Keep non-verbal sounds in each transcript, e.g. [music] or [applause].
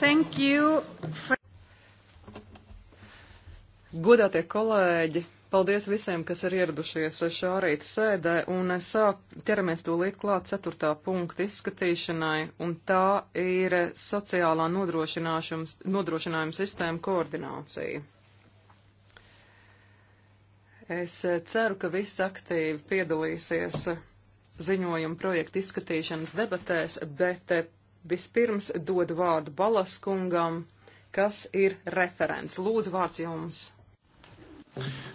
Thank you. For... Godātie kolēģi, paldies visiem, kas ir ieradušies šā rīta sēdē, un sāk ķeramies tūlīt klāt ceturtā punkta izskatīšanai, un tā ir sociālā nodrošinājuma sistēma koordinācija. Es ceru, ka viss aktīvi piedalīsies ziņojuma projekta izskatīšanas debatēs, bet eh, vispirms dodu vārdu Balaskungam, kas ir referents. Lūdzu, vārds jums.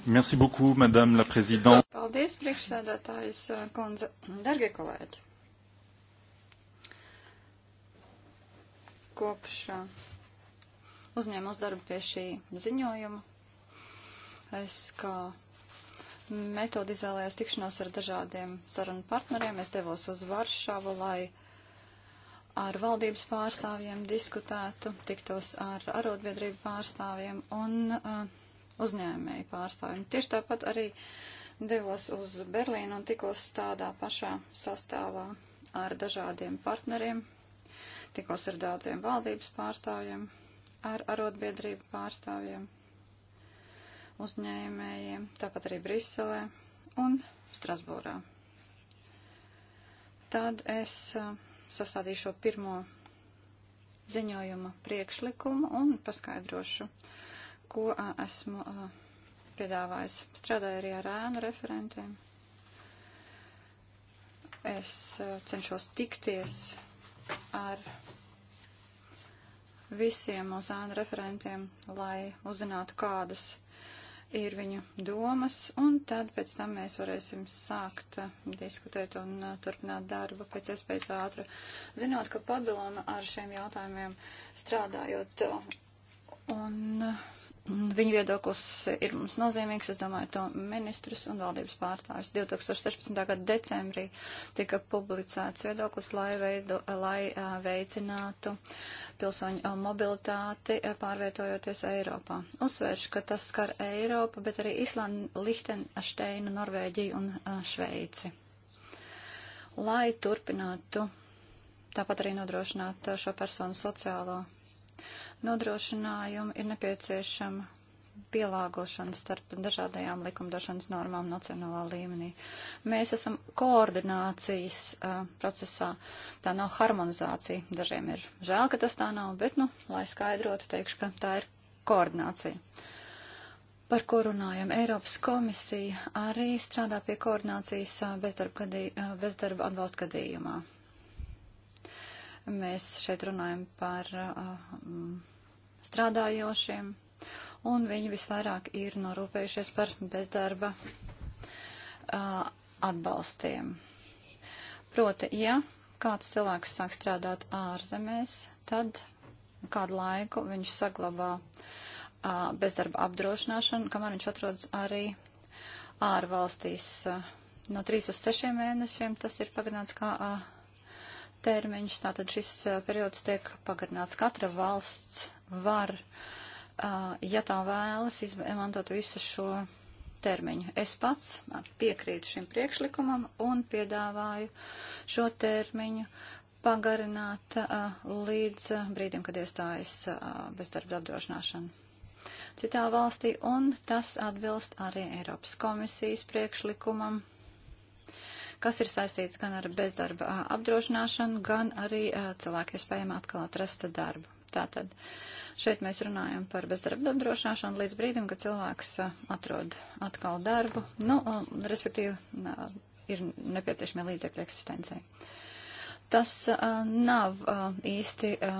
Merci beaucoup, madame la présidente. Paldies, priekšsēdētājs eh, kundze. Dargie kolēģi. Kopš eh, uzņēmos darbu pie šī ziņojuma, es kā metodizēlējos tikšanos ar dažādiem sarunu partneriem. Es devos uz Varšavu, lai ar valdības pārstāvjiem diskutētu, tiktos ar arotbiedrību pārstāvjiem un uh, uzņēmēju pārstāvjiem. Tieši tāpat arī devos uz Berlīnu un tikos tādā pašā sastāvā ar dažādiem partneriem, tikos ar daudziem valdības pārstāvjiem, ar arotbiedrību pārstāvjiem uzņēmējiem, tāpat arī Briselē un Strasbūrā. Tad es uh, sastādīšu pirmo ziņojuma priekšlikumu un paskaidrošu, ko a, uh, esmu a, uh, piedāvājis. Strādāju arī ar ēnu referentiem. Es a, cenšos tikties ar visiem uz ēnu referentiem, lai uzzinātu, kādas ir viņu domas, un tad pēc tam mēs varēsim sākt uh, diskutēt un uh, turpināt darbu pēc iespējas ātri. Zinot, ka padoma ar šiem jautājumiem strādājot uh, un uh, Viņu viedoklis ir mums nozīmīgs, es domāju, to ministrs un valdības pārstāvis. 2016. gada decembrī tika publicēts viedoklis, lai, veido, lai veicinātu pilsoņu mobilitāti, pārvietojoties Eiropā. Uzsvēršu, ka tas skar Eiropu, bet arī Islandu, Lihtenšteinu, Norvēģiju un Šveici. Lai turpinātu, tāpat arī nodrošinātu šo personu sociālo nodrošinājumu ir nepieciešama pielāgošana starp dažādajām likumdošanas normām nacionālā līmenī. Mēs esam koordinācijas uh, procesā, tā nav harmonizācija. Dažiem ir žēl, ka tas tā nav, bet, nu, lai skaidrotu, teikšu, ka tā ir koordinācija. Par ko runājam? Eiropas komisija arī strādā pie koordinācijas uh, bezdarba, gadī, uh, bezdarba atbalsta gadījumā. Mēs šeit runājam par uh, strādājošiem, un viņi visvairāk ir norūpējušies par bezdarba uh, atbalstiem. Proti, ja kāds cilvēks sāk strādāt ārzemēs, tad kādu laiku viņš saglabā uh, bezdarba apdrošināšanu, kamēr viņš atrodas arī ārvalstīs. Uh, no 3 uz 6 mēnešiem tas ir pagarināts kā uh, termiņš. Tātad šis periods tiek pagarināts. Katra valsts var, ja tā vēlas, izmantot visu šo termiņu. Es pats piekrītu šim priekšlikumam un piedāvāju šo termiņu pagarināt līdz brīdim, kad iestājas bezdarba apdrošināšana citā valstī, un tas atbilst arī Eiropas komisijas priekšlikumam kas ir saistīts gan ar bezdarba apdrošināšanu, gan arī cilvēku iespējām atkal atrast darbu. Tātad šeit mēs runājam par bezdarba apdrošināšanu līdz brīdim, kad cilvēks atrod atkal darbu, nu, respektīvi ir nepieciešamie līdzekļi eksistencei. Tas uh, nav uh, īsti uh,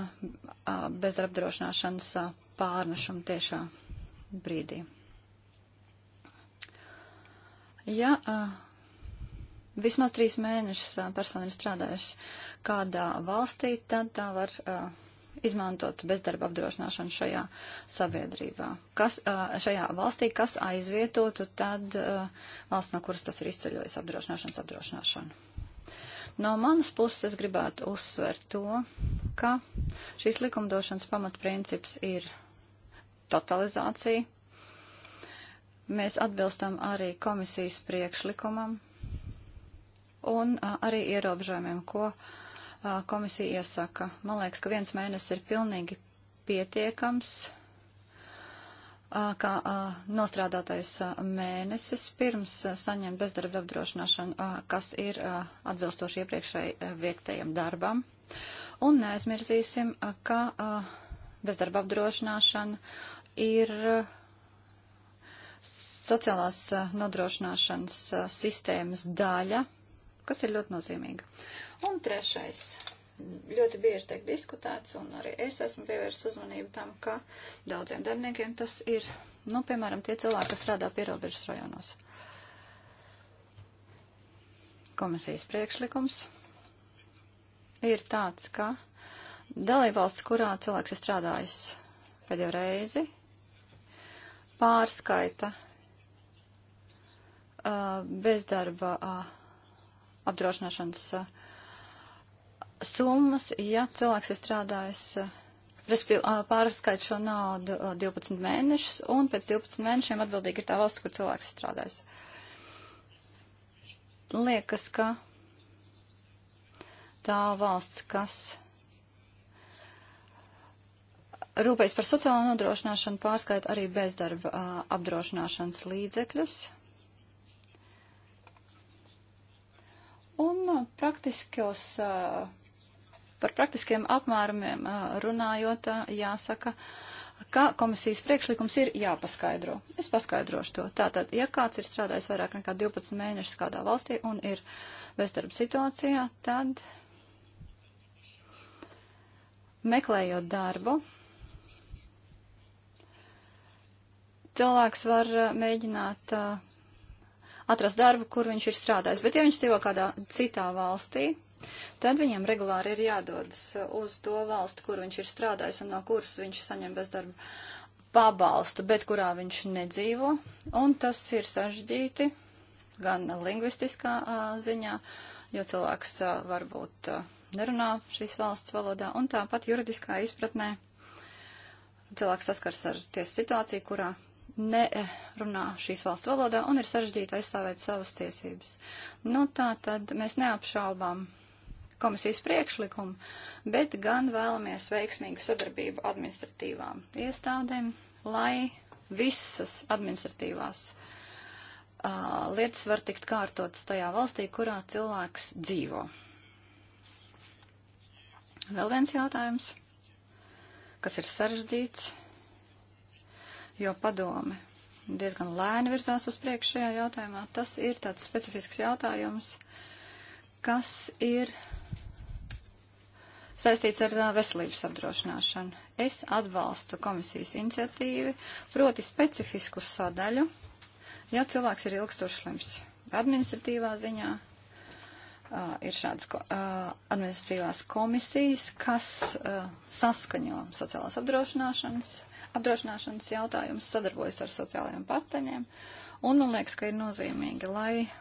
bezdarba drošināšanas uh, pārnešuma tiešā brīdī. Ja uh, vismaz trīs mēnešus persona ir strādājusi kādā valstī, tad tā var uh, izmantot bezdarba apdrošināšanu šajā sabiedrībā. Kas, uh, šajā valstī, kas aizvietotu tad uh, valsts, no kuras tas ir izceļojis apdrošināšanas apdrošināšanu. No manas puses es gribētu uzsvērt to, ka šīs likumdošanas pamatprincips ir totalizācija. Mēs atbilstam arī komisijas priekšlikumam, un a, arī ierobežojumiem, ko a, komisija iesaka. Man liekas, ka viens mēnesis ir pilnīgi pietiekams a, kā nostrādātais mēnesis pirms saņemt bezdarba apdrošināšanu, kas ir atbilstoši iepriekšēji viektajam darbam. Un neaizmirsīsim, ka bezdarba apdrošināšana ir sociālās nodrošināšanas sistēmas daļa, kas ir ļoti nozīmīga. Un trešais, ļoti bieži tiek diskutēts, un arī es esmu pievērsis uzmanību tam, ka daudziem darbiniekiem tas ir, nu, piemēram, tie cilvēki, kas strādā pierobežas rajonos. Komisijas priekšlikums ir tāds, ka dalībvalsts, kurā cilvēks ir strādājis pēdējo reizi, pārskaita uh, bezdarba uh, apdrošināšanas uh, summas, ja cilvēks ir strādājis, uh, respektīvi uh, pārskait šo naudu 12 mēnešus, un pēc 12 mēnešiem atbildīgi ir tā valsts, kur cilvēks strādājis. Liekas, ka tā valsts, kas rūpējas par sociālo nodrošināšanu, pārskaita arī bezdarba apdrošināšanas līdzekļus. Un uh, praktiskos, uh, par praktiskiem apmērumiem uh, runājot, jāsaka, ka komisijas priekšlikums ir jāpaskaidro. Es paskaidrošu to. Tātad, ja kāds ir strādājis vairāk nekā 12 mēnešus kādā valstī un ir bezdarba situācijā, tad meklējot darbu, cilvēks var mēģināt uh, atrast darbu, kur viņš ir strādājis. Bet ja viņš dzīvo kādā citā valstī, tad viņam regulāri ir jādodas uz to valsti, kur viņš ir strādājis un no kuras viņš saņem bezdarba pabalstu, bet kurā viņš nedzīvo. Un tas ir sažģīti gan lingvistiskā a, ziņā, jo cilvēks a, varbūt a, nerunā šīs valsts valodā, un tāpat juridiskā izpratnē cilvēks saskars ar tiesu situāciju, kurā nerunā šīs valsts valodā un ir sarežģīti aizstāvēt savas tiesības. Nu, tā tad mēs neapšaubām komisijas priekšlikumu, bet gan vēlamies veiksmīgu sadarbību administratīvām iestādēm, lai visas administratīvās uh, lietas var tikt kārtotas tajā valstī, kurā cilvēks dzīvo. Vēl viens jautājums, kas ir sarežģīts jo padome diezgan lēni virzās uz priekšu šajā jautājumā. Tas ir tāds specifisks jautājums, kas ir saistīts ar veselības apdrošināšanu. Es atbalstu komisijas iniciatīvi, proti specifisku sadaļu, ja cilvēks ir ilgstoši slims. Administratīvā ziņā uh, ir šādas uh, administratīvās komisijas, kas uh, saskaņo sociālās apdrošināšanas apdrošināšanas jautājums sadarbojas ar sociālajiem partneriem, un man liekas, ka ir nozīmīgi, lai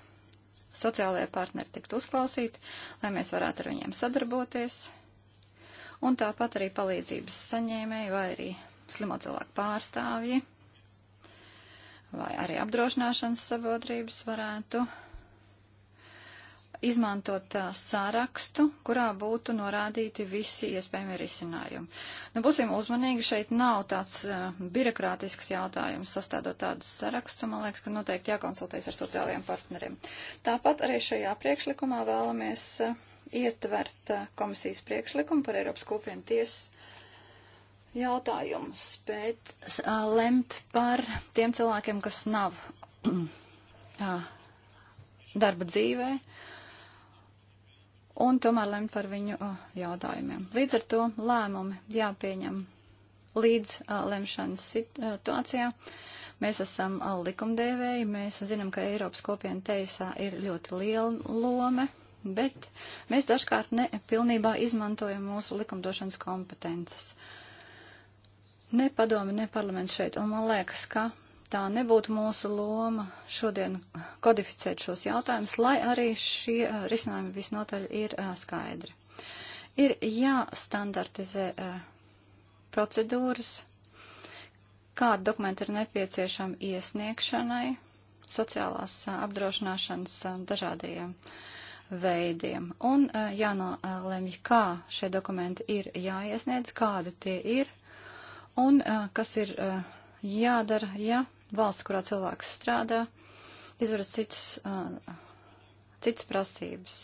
sociālajie partneri tiktu uzklausīti, lai mēs varētu ar viņiem sadarboties, un tāpat arī palīdzības saņēmēji vai arī slimo cilvēku pārstāvji vai arī apdrošināšanas sabiedrības varētu izmantot uh, sārakstu, kurā būtu norādīti visi iespējami risinājumi. Nu, būsim uzmanīgi, šeit nav tāds uh, birokrātisks jautājums sastādot tādus sarakstus, man liekas, ka noteikti jākonsultējas ar sociālajiem partneriem. Tāpat arī šajā priekšlikumā vēlamies uh, ietvert uh, komisijas priekšlikumu par Eiropas kopienu tiesas jautājumus, bet uh, lemt par tiem cilvēkiem, kas nav darba dzīvē, uh, un tomēr lemt par viņu oh, jautājumiem. Līdz ar to lēmumi jāpieņem līdz uh, lemšanas situācijā. Mēs esam uh, likumdevēji, mēs zinām, ka Eiropas kopiena teisā ir ļoti liela lome, bet mēs dažkārt nepilnībā izmantojam mūsu likumdošanas kompetences. Ne padomi, ne parlaments šeit, un man liekas, ka tā nebūtu mūsu loma šodien kodificēt šos jautājumus, lai arī šie risinājumi visnotaļ ir skaidri. Ir jāstandartizē procedūras, kāda dokumenta ir nepieciešama iesniegšanai, sociālās apdrošināšanas dažādajiem veidiem. Un jānolemj, kā šie dokumenti ir jāiesniedz, kādi tie ir un kas ir jādara, ja valsts, kurā cilvēks strādā, izvaras citas, uh, citas prasības.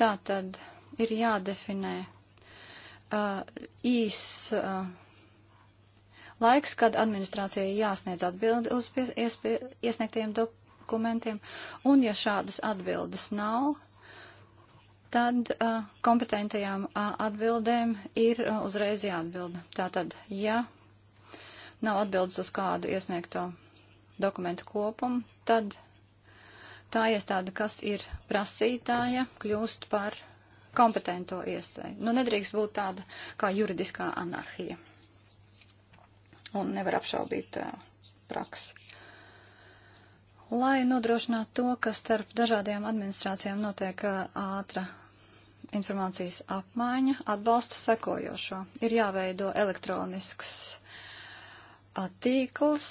Tā tad ir jādefinē uh, īs uh, laiks, kad administrācijai jāsniedz atbildi uz pie, iespie, iesniegtiem dokumentiem, un ja šādas atbildes nav, tad uh, kompetentajām uh, atbildēm ir uh, uzreiz jāatbilda. Tātad, ja nav atbildes uz kādu iesniegto dokumentu kopumu, tad tā iestāde, kas ir prasītāja, kļūst par kompetento iestādi. Nu, nedrīkst būt tāda kā juridiskā anarhija. Un nevar apšaubīt uh, praksi. Lai nodrošinātu to, ka starp dažādajām administrācijām notiek uh, ātra informācijas apmaiņa, atbalsta sekojošo. Ir jāveido elektronisks tīkls,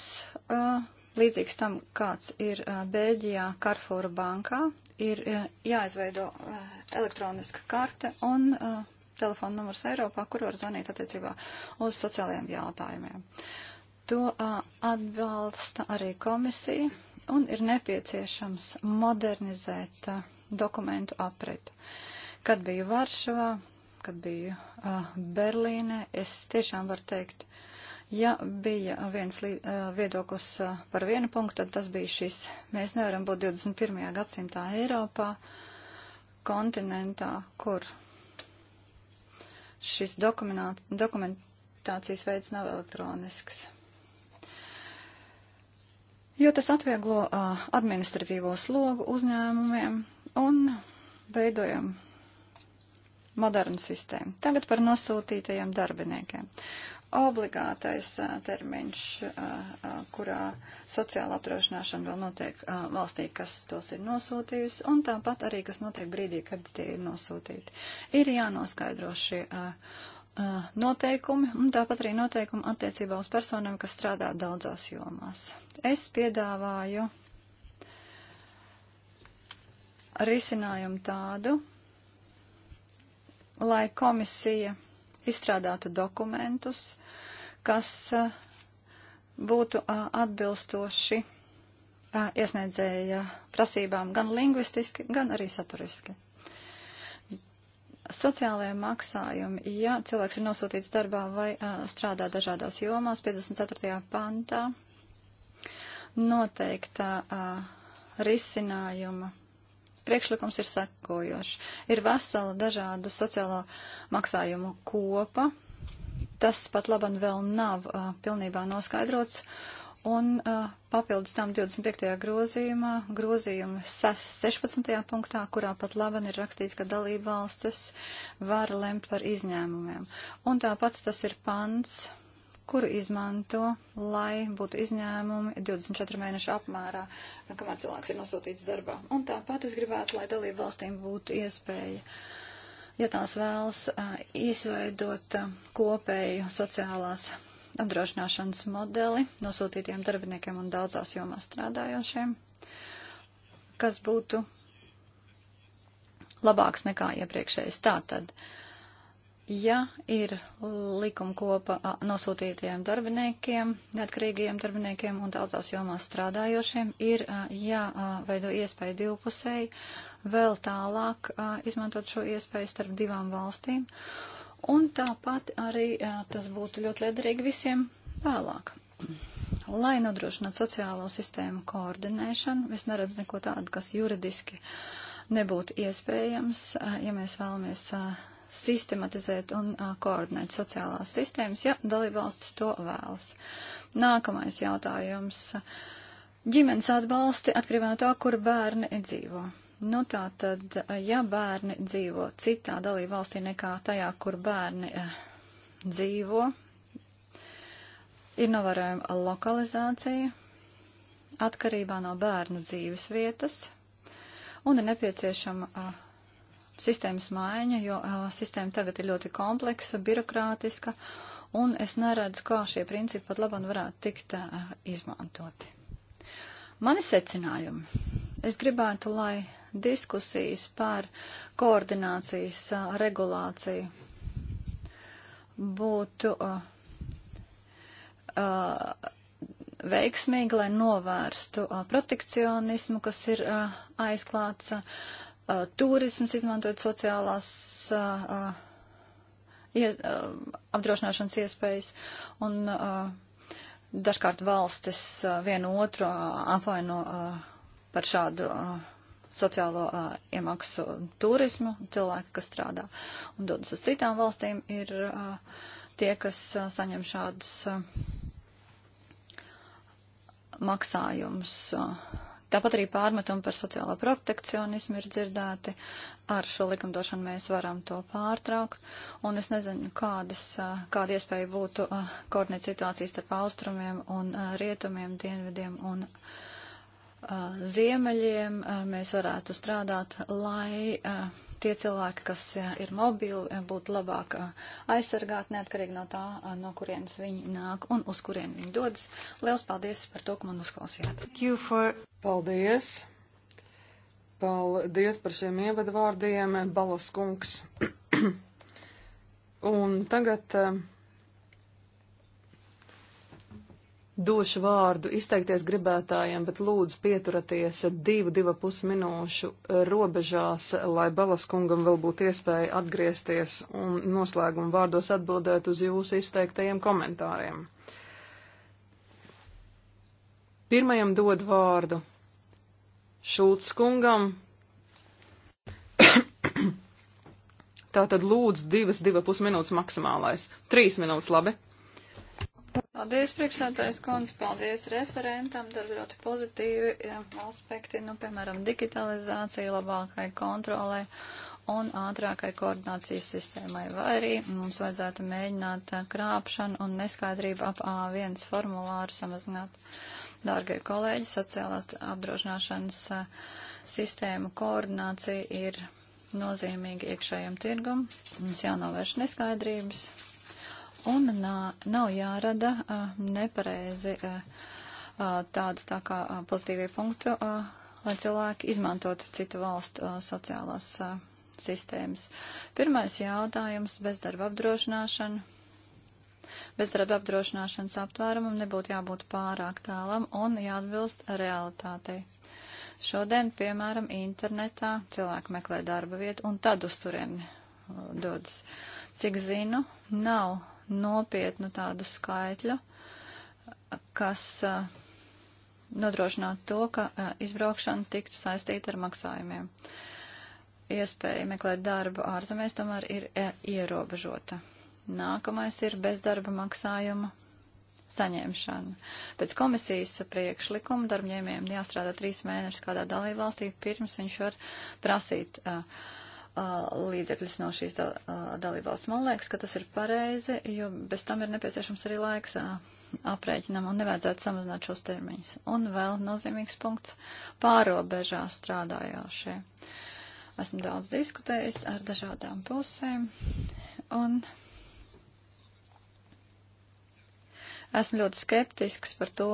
līdzīgs tam, kāds ir Bēļģijā Karfūra bankā, ir jāizveido elektroniska karte un telefona numurs Eiropā, kur var zvanīt attiecībā uz sociālajiem jautājumiem. To atbalsta arī komisija un ir nepieciešams modernizēt dokumentu apretu. Kad biju Varšavā, kad biju Berlīnē, es tiešām varu teikt, uh, Ja bija viens eh, viedoklis eh, par vienu punktu, tad tas bija šis. Mēs nevaram būt 21. gadsimtā Eiropā, kontinentā, kur šis dokumentācijas veids nav elektronisks. Jo tas atvieglo uh, administratīvo slogu uzņēmumiem un veidojam modernu sistēmu. Tagad par nosūtītajiem darbiniekiem obligātais uh, termiņš, uh, uh, kurā sociāla apdrošināšana vēl notiek uh, valstī, kas tos ir nosūtījusi, un tāpat arī, kas notiek brīdī, kad tie ir nosūtīti. Ir jānoskaidro šie. Uh, noteikumi un tāpat arī noteikumi attiecībā uz personām, kas strādā daudzās jomās. Es piedāvāju risinājumu tādu, lai komisija izstrādātu dokumentus, kas uh, būtu uh, atbilstoši uh, iesniedzēja prasībām gan lingvistiski, gan arī saturiski. Sociālajie maksājumi, ja cilvēks ir nosūtīts darbā vai strādā dažādās jomās, 54. pantā noteikta risinājuma priekšlikums ir sekojošs. Ir vesela dažādu sociālo maksājumu kopa. Tas pat laban vēl nav uh, pilnībā noskaidrots. Un uh, papildus tam 25. grozījumā, grozījuma 16. punktā, kurā pat laban ir rakstīts, ka dalība valstis var lemt par izņēmumiem. Un tāpat tas ir pants kuru izmanto, lai būtu izņēmumi 24 mēnešu apmērā, kamēr cilvēks ir nosūtīts darbā. Un tāpat es gribētu, lai dalību valstīm būtu iespēja, ja tās vēlas, izveidot kopēju sociālās apdrošināšanas modeli nosūtītiem darbiniekiem un daudzās jomās strādājošiem, kas būtu labāks nekā iepriekšējais. Tātad. Uh, Ja ir likuma kopa nosūtītajiem darbiniekiem, neatkarīgajiem darbiniekiem un daudzās jomās strādājošiem, ir jāveido ja, iespēja divpusēji vēl tālāk izmantot šo iespēju starp divām valstīm. Un tāpat arī tas būtu ļoti liederīgi visiem vēlāk. Lai nodrošinātu sociālo sistēmu koordinēšanu, es neredzu neko tādu, kas juridiski nebūtu iespējams, ja mēs vēlamies sistematizēt un uh, koordinēt sociālās sistēmas, ja dalībvalstis to vēlas. Nākamais jautājums. Ģimenes atbalsti atkarībā no tā, kur bērni dzīvo. Nu tā tad, ja bērni dzīvo citā dalībvalstī nekā tajā, kur bērni uh, dzīvo, ir novērojama lokalizācija atkarībā no bērnu dzīves vietas un ir nepieciešama uh, sistēmas maiņa, jo uh, sistēma tagad ir ļoti kompleksa, birokrātiska, un es neredzu, kā šie principi pat labam varētu tikt uh, izmantoti. Mani secinājumi. Es gribētu, lai diskusijas par koordinācijas uh, regulāciju būtu uh, uh, veiksmīgi, lai novērstu protekcionismu, kas ir aizklāts uh, turisms, izmantot sociālās uh, uh, ies, uh, apdrošināšanas iespējas un uh, dažkārt valstis uh, vienu otru uh, apvaino uh, par šādu. Uh, sociālo uh, iemaksu turismu, cilvēki, kas strādā un dodas uz citām valstīm, ir uh, tie, kas uh, saņem šādus uh, maksājumus. Uh, Tāpat arī pārmetumi par sociālo protekcionismu ir dzirdēti. Ar šo likumdošanu mēs varam to pārtraukt. Un es nezinu, kādas, kāda iespēja būtu koordinēt situācijas starp austrumiem un rietumiem, dienvidiem un. Uh, ziemeļiem mēs varētu strādāt, lai tie cilvēki, kas ir mobili, būtu labāk aizsargāti, neatkarīgi no tā, no kurienes viņi nāk un uz kurien viņi dodas. Liels paldies par to, ka man uzklausījāt. For... Paldies! Paldies par šiem ievadvārdiem, Balas kungs. [clears throat] un tagad. Uh... došu vārdu izteikties gribētājiem, bet lūdzu pieturaties divu, divu pus minūšu robežās, lai Balaskungam vēl būtu iespēja atgriezties un noslēguma vārdos atbildēt uz jūsu izteiktajiem komentāriem. Pirmajam dod vārdu Šulc kungam. [coughs] Tātad lūdzu divas, divu pus minūtes maksimālais. Trīs minūtes, labi? Paldies, priekšsētājs kundze, paldies referentam, dar ļoti pozitīvi jā, aspekti, nu, piemēram, digitalizācija, labākai kontrolē un ātrākai koordinācijas sistēmai. Vai arī mums vajadzētu mēģināt eh, krāpšanu un neskaidrību ap A1 formulāru samazināt. Dārgie kolēģi, sociālās apdrošināšanas eh, sistēmu koordinācija ir nozīmīga iekšējiem tirgum. Mums jānovērš neskaidrības, un nā, nav jārada nepareizi tāda tā kā pozitīvie punkti, lai cilvēki izmantotu citu valstu sociālās sistēmas. Pirmais jautājums - bezdarba apdrošināšana. Bezdarba apdrošināšanas aptvērumam nebūtu jābūt pārāk tālam un jāatbilst realitātei. Šodien, piemēram, internetā cilvēki meklē darba vietu un tad uz turieni dodas. Cik zinu, nav nopietnu tādu skaitļu, kas nodrošinātu to, ka izbraukšana tiktu saistīta ar maksājumiem. Iespēja meklēt darbu ārzemēs tomēr ir ierobežota. Nākamais ir bezdarba maksājuma saņemšana. Pēc komisijas priekšlikuma darbņēmējiem jāstrādā trīs mēnešus kādā dalībvalstī, pirms viņš var prasīt uh, līdzekļus no šīs da, dalībvalsts. Man liekas, ka tas ir pareizi, jo bez tam ir nepieciešams arī laiks aprēķinam un nevajadzētu samazināt šos termiņus. Un vēl nozīmīgs punkts - pārobežā strādājošie. Esmu daudz diskutējis ar dažādām pusēm un Esmu ļoti skeptisks par to,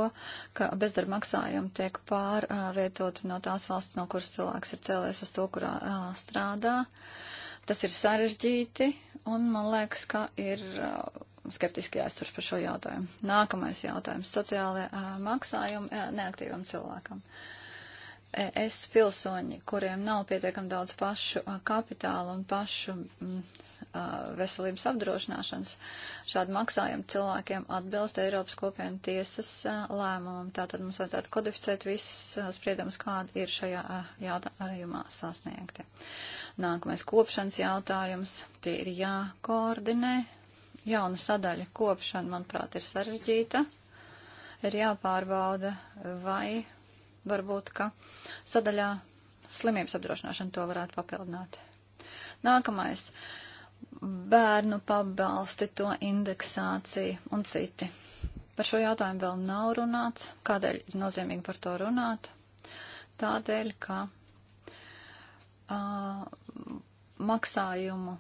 ka bezdarba maksājumi tiek pārvietoti no tās valsts, no kuras cilvēks ir cēlējis uz to, kurā strādā. Tas ir sarežģīti, un man liekas, ka ir skeptiski jāizturas par šo jautājumu. Nākamais jautājums - sociālajie maksājumi neaktīvam cilvēkam. E, es pilsoņi, kuriem nav pietiekam daudz pašu kapitāla un pašu veselības apdrošināšanas. Šādi maksājumi cilvēkiem atbilst Eiropas kopienu tiesas lēmumam. Tātad mums vajadzētu kodificēt visus spriedumus, kādi ir šajā jautājumā sasniegti. Nākamais kopšanas jautājums. Tie ir jākoordinē. Jauna sadaļa kopšana, manuprāt, ir sarežģīta. Ir jāpārbauda, vai varbūt, ka sadaļā slimības apdrošināšana to varētu papildināt. Nākamais bērnu pabalsti, to indeksācija un citi. Par šo jautājumu vēl nav runāts. Kādēļ ir nozīmīgi par to runāt? Tādēļ, ka uh, maksājumu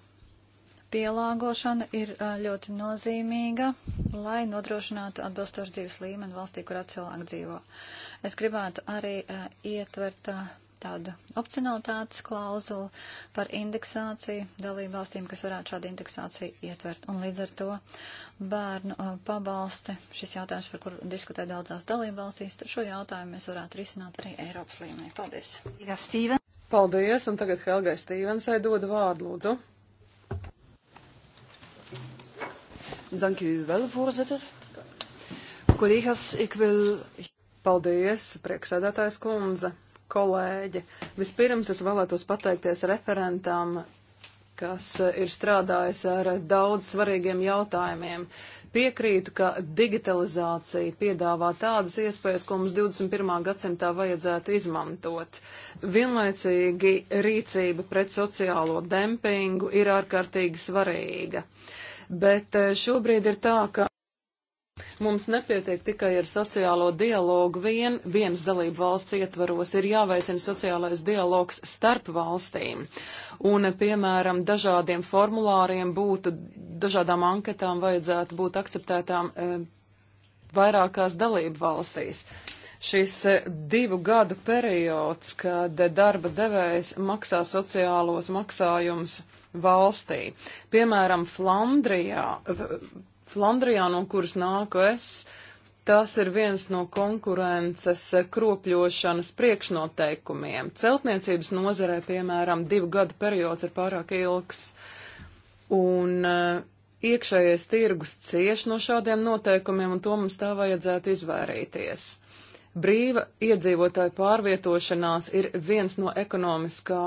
pielāgošana ir uh, ļoti nozīmīga, lai nodrošinātu atbilstošu dzīves līmeni valstī, kurā cilvēki dzīvo. Es gribētu arī uh, ietvert uh, tādu opcionalitātes klauzulu par indeksāciju dalību valstīm, kas varētu šādu indeksāciju ietvert. Un līdz ar to bērnu uh, pabalste, šis jautājums, par kuru diskutē daudzās dalību valstīs, šo jautājumu mēs varētu risināt arī Eiropas līmenī. Paldies! Jā, Stīven! Paldies, un tagad Helgai Stīvensai dodu vārdu, lūdzu. Dank u wel, voorzitter. Collega's, ik wil... Paldies, prieksēdētājs kundze kolēģi. Vispirms es vēlētos pateikties referentam, kas ir strādājis ar daudz svarīgiem jautājumiem. Piekrītu, ka digitalizācija piedāvā tādas iespējas, ko mums 21. gadsimtā vajadzētu izmantot. Vienlaicīgi rīcība pret sociālo dempingu ir ārkārtīgi svarīga. Bet šobrīd ir tā, ka Mums nepietiek tikai ar sociālo dialogu vien, vienas dalību valsts ietvaros ir jāveicina sociālais dialogs starp valstīm. Un, piemēram, dažādiem formulāriem būtu, dažādām anketām vajadzētu būt akceptētām e, vairākās dalību valstīs. Šis e, divu gadu periods, kad darba devējs maksā sociālos maksājumus valstī. Piemēram, Flandrijā, Flandrijā, no kuras nāku es, tas ir viens no konkurences kropļošanas priekšnoteikumiem. Celtniecības nozarē, piemēram, divu gadu periods ir pārāk ilgs. Un eh, iekšējais tirgus cieš no šādiem noteikumiem, un to mums tā vajadzētu izvairīties. Brīva iedzīvotāja pārvietošanās ir viens no ekonomiskā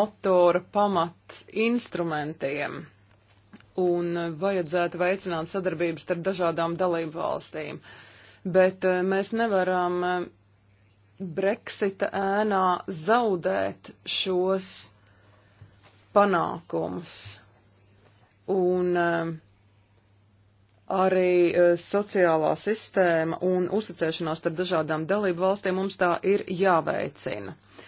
motora pamat instrumentiem un vajadzētu veicināt sadarbības starp dažādām dalību valstīm. Bet eh, mēs nevaram eh, Brexita ēnā zaudēt šos panākumus. Un eh, arī sociālā sistēma un uzticēšanās starp dažādām dalību valstīm mums tā ir jāveicina. Uh,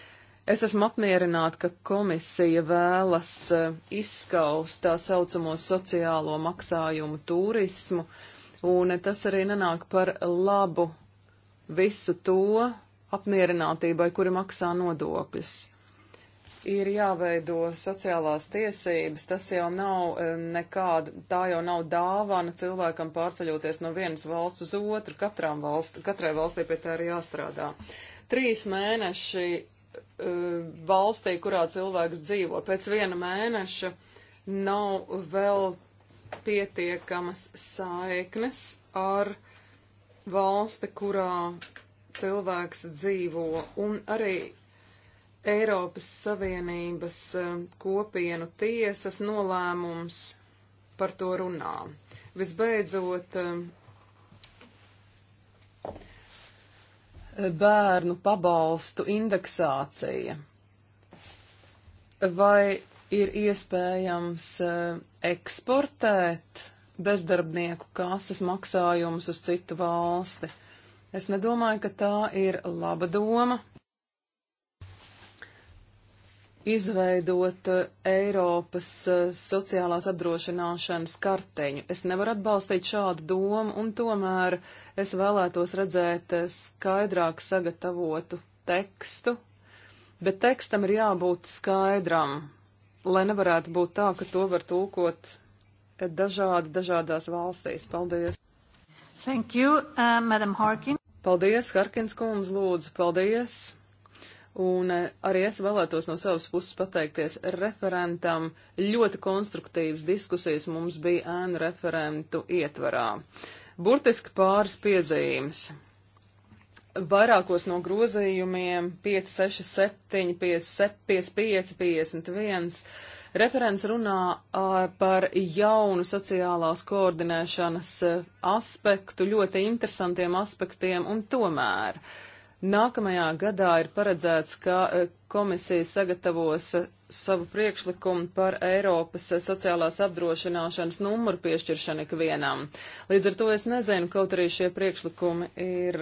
Es esmu apmierināta, ka komisija vēlas eh, izskaust tā saucamo sociālo maksājumu turismu, un tas arī nenāk par labu visu to apmierinātībai, kuri maksā nodokļus. Ir jāveido sociālās tiesības, tas jau nav eh, nekāda, tā jau nav dāvana cilvēkam pārceļoties no vienas valsts uz otru, valst, katrai valstī pie tā ir jāstrādā. Trīs mēneši Eh, valstī, kurā cilvēks dzīvo. Pēc viena mēneša nav vēl pietiekamas saiknes ar valsti, kurā cilvēks dzīvo, un arī Eiropas Savienības eh, kopienu tiesas nolēmums par to runā. Visbeidzot, eh, bērnu pabalstu indeksācija. Vai ir iespējams eh, eksportēt bezdarbnieku kases maksājumus uz citu valsti? Es nedomāju, ka tā ir laba doma izveidot eh, Eiropas eh, sociālās apdrošināšanas karteņu. Es nevaru atbalstīt šādu domu, un tomēr es vēlētos redzēt eh, skaidrāk sagatavotu tekstu, bet tekstam ir jābūt skaidram, lai nevarētu būt tā, ka to var tulkot dažādi dažādās valstīs. Paldies! Thank you, uh, Madam Harkin. Paldies, Harkins kundze, lūdzu, paldies! Un eh, arī es vēlētos no savas puses pateikties referentam. Ļoti konstruktīvas diskusijas mums bija ēnu referentu ietvarā. Burtiski pāris piezīmes. Vairākos no grozījumiem 5, 6, 7, 5, 5, 51 referents runā par jaunu sociālās koordinēšanas aspektu, ļoti interesantiem aspektiem un tomēr. Uh, Nākamajā gadā ir paredzēts, ka eh, komisija sagatavos eh, savu priekšlikumu par Eiropas eh, sociālās apdrošināšanas numuru piešķiršanu ikvienam. Līdz ar to es nezinu, kaut arī šie priekšlikumi ir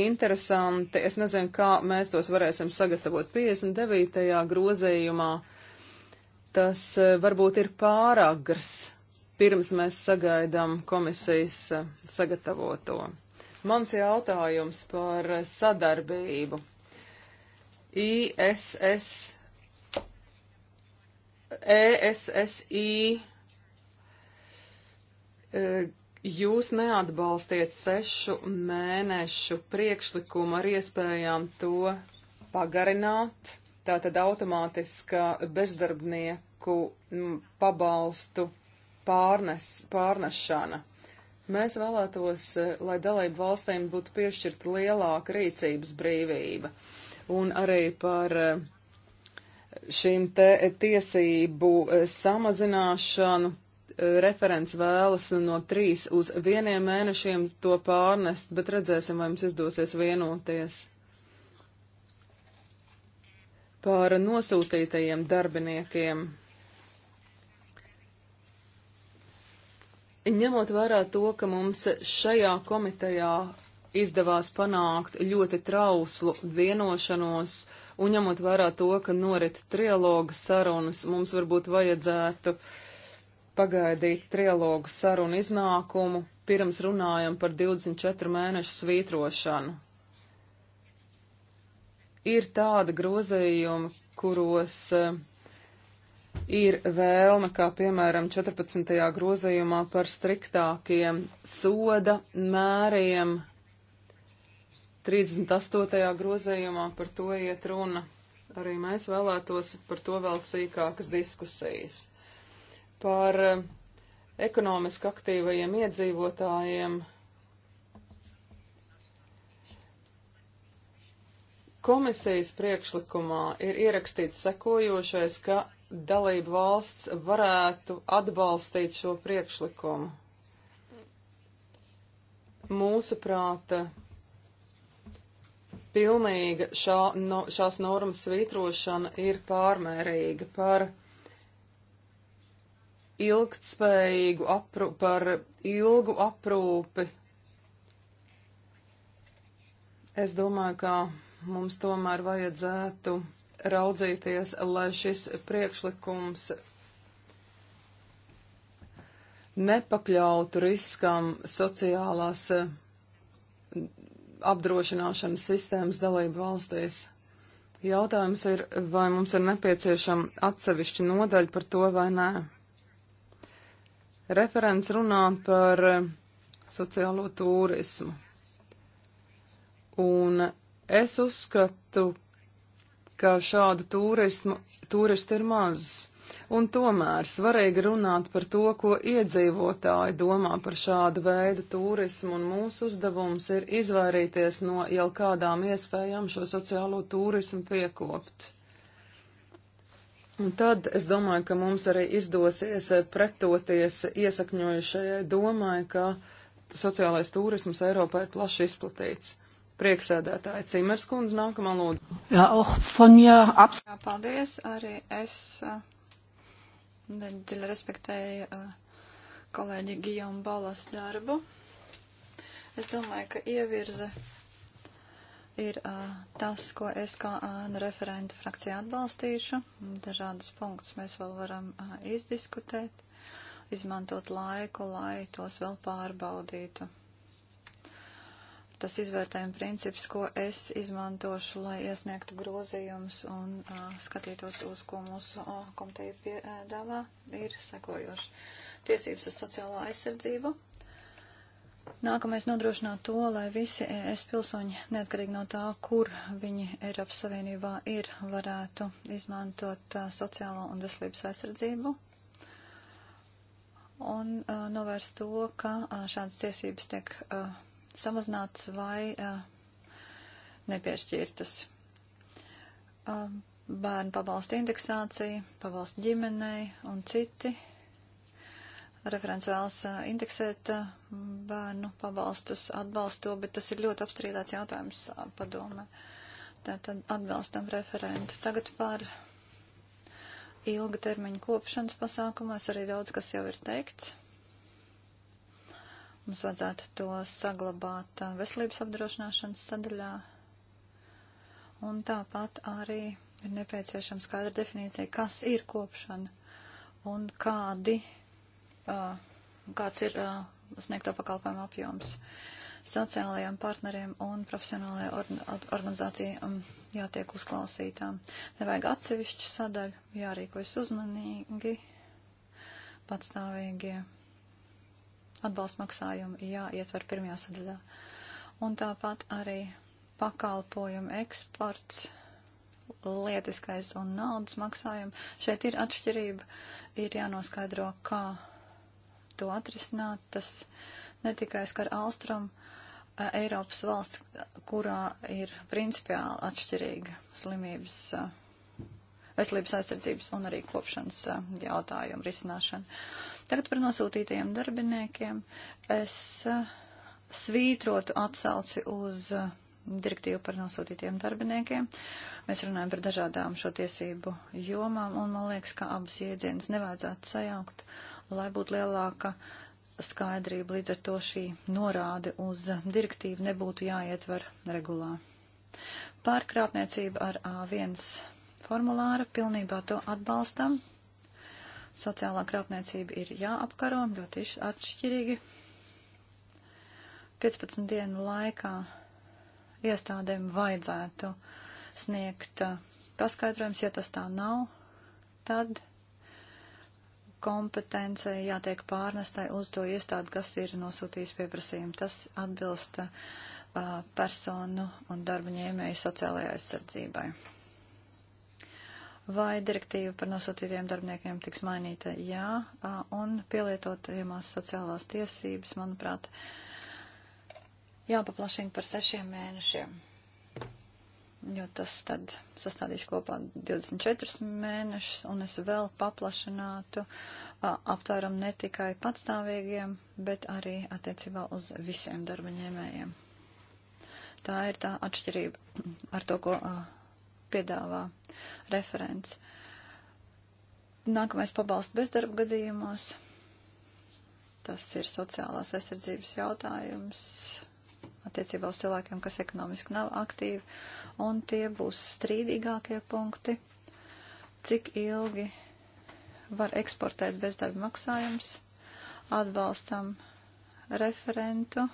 interesanti. Es nezinu, kā mēs tos varēsim sagatavot 59. grozējumā. Tas varbūt ir pāragrs, pirms mēs sagaidām komisijas sagatavoto. Mans jautājums par sadarbību. ISS, ESSI, e, jūs neatbalstiet sešu mēnešu priekšlikumu ar iespējām to pagarināt, tātad automātiska bezdarbnieku pabalstu pārnes, pārnešana. Mēs vēlētos, eh, lai dalību valstīm būtu piešķirta lielāka rīcības brīvība un arī par eh, šīm te tiesību eh, samazināšanu referents vēlas no trīs uz vieniem mēnešiem to pārnest, bet redzēsim, vai mums izdosies vienoties. Par nosūtītajiem darbiniekiem. Ņemot vērā to, ka mums šajā komitejā izdevās panākt ļoti trauslu vienošanos, un ņemot vērā to, ka norit trialoga sarunas, mums varbūt vajadzētu pagaidīt trialoga sarunu iznākumu, pirms runājam par 24 mēnešu svītrošanu. Ir tāda grozījuma, kuros uh, ir vēlme, kā piemēram 14. grozījumā par striktākiem soda mēriem, 38. grozījumā par to iet runa. Arī mēs vēlētos par to vēl sīkākas diskusijas. Par eh, ekonomiski aktīvajiem iedzīvotājiem Komisijas priekšlikumā ir ierakstīts sekojošais, ka dalību valsts varētu atbalstīt šo priekšlikumu. Mūsuprāt, pilnīga šā, no, šās normas svītrošana ir pārmērīga par ilgtspējīgu aprūpi, par ilgu aprūpi. Es domāju, ka mums tomēr vajadzētu raudzīties, lai šis priekšlikums nepakļautu riskam sociālās eh, apdrošināšanas sistēmas dalību valstīs. Jautājums ir, vai mums ir nepieciešama atsevišķa nodaļa par to vai nē. Referents runā par eh, sociālo turismu. Un es uzskatu, ka šādu turismu, turistu ir maz. Un tomēr svarīgi runāt par to, ko iedzīvotāji domā par šādu veidu turismu, un mūsu uzdevums ir izvairīties no jau kādām iespējām šo sociālo turismu piekopt. Un tad es domāju, ka mums arī izdosies pretoties iesakņojušajai domai, ka sociālais turisms Eiropā ir plaši izplatīts. Prieksēdētāji Cimers kundze, nākamā lūdzu. Jā, oh, Fonja, ap. Jā, paldies, arī es dziļi respektēju kolēģi Gijom Balas darbu. Es domāju, ka ievirze ir uh, tas, ko es kā uh, referenta frakcija atbalstīšu. Dažādus punktus mēs vēl varam uh, izdiskutēt, izmantot laiku, lai tos vēl pārbaudītu tas izvērtējuma princips, ko es izmantošu, lai iesniegtu grozījumus un uh, skatītos uz, ko mūsu uh, komiteja piedāvā, ir sekojoši. Tiesības uz sociālo aizsardzību. Nākamais nodrošināt to, lai visi ES pilsoņi, neatkarīgi no tā, kur viņi Eiropas Savienībā ir, varētu izmantot uh, sociālo un veselības aizsardzību, un uh, novērst to, ka uh, šādas tiesības tiek uh, samazināts vai nepiešķirtas. Bērnu pabalstu indeksācija, pabalstu ģimenei un citi. Referents vēlas indeksēt bērnu pabalstus, atbalsto, bet tas ir ļoti apstrīdēts jautājums padomē. Tātad atbalstam referentu. Tagad par ilga termiņa kopšanas pasākumās arī daudz, kas jau ir teikts. Mums vajadzētu to saglabāt uh, veselības apdrošināšanas sadaļā. Un tāpat arī ir nepieciešama skaidra definīcija, kas ir kopšana un kādi, uh, kāds ir uh, sniegto pakalpojumu apjoms. Sociālajiem partneriem un profesionālajai organizācijai um, jātiek uzklausītām. Nevajag atsevišķu sadaļu, jārīkojas uzmanīgi, patstāvīgie atbalsta maksājumi jāietver pirmajā sadaļā. Un tāpat arī pakalpojumu eksports, lietiskais un naudas maksājumi. Šeit ir atšķirība, ir jānoskaidro, kā to atrisināt. Tas ne tikai skar austrumu Eiropas valsts, kurā ir principiāli atšķirīga slimības veselības aizsardzības un arī kopšanas eh, jautājumu risināšanu. Tagad par nosūtītajiem darbiniekiem. Es eh, svītrotu atsauci uz eh, direktīvu par nosūtītiem darbiniekiem. Mēs runājam par dažādām šo tiesību jomām, un man liekas, ka abas iedzienas nevajadzētu sajaukt, lai būtu lielāka skaidrība. Līdz ar to šī norāde uz direktīvu nebūtu jāietver regulā. Pārkrāpniecība ar A1 formulāra, pilnībā to atbalstam. Sociālā krāpniecība ir jāapkaro ļoti atšķirīgi. 15 dienu laikā iestādēm vajadzētu sniegt uh, paskaidrojums, ja tas tā nav, tad kompetence jātiek pārnestai uz to iestādi, kas ir nosūtījis pieprasījumu. Tas atbilst uh, personu un darba ņēmēju sociālajai aizsardzībai. Vai direktīva par nosūtītiem darbiniekiem tiks mainīta? Jā, un pielietotajamās sociālās tiesības, manuprāt, jāpaplašina par sešiem mēnešiem, jo tas tad sastādīs kopā 24 mēnešus, un es vēl paplašinātu aptvērumu ne tikai patstāvīgiem, bet arī attiecībā uz visiem darbaņēmējiem. Tā ir tā atšķirība ar to, ko. A, piedāvā referents. Nākamais pabalsts bezdarba gadījumos. Tas ir sociālās aizsardzības jautājums attiecībā uz cilvēkiem, kas ekonomiski nav aktīvi, un tie būs strīdīgākie punkti, cik ilgi var eksportēt bezdarba maksājums, atbalstam referentu,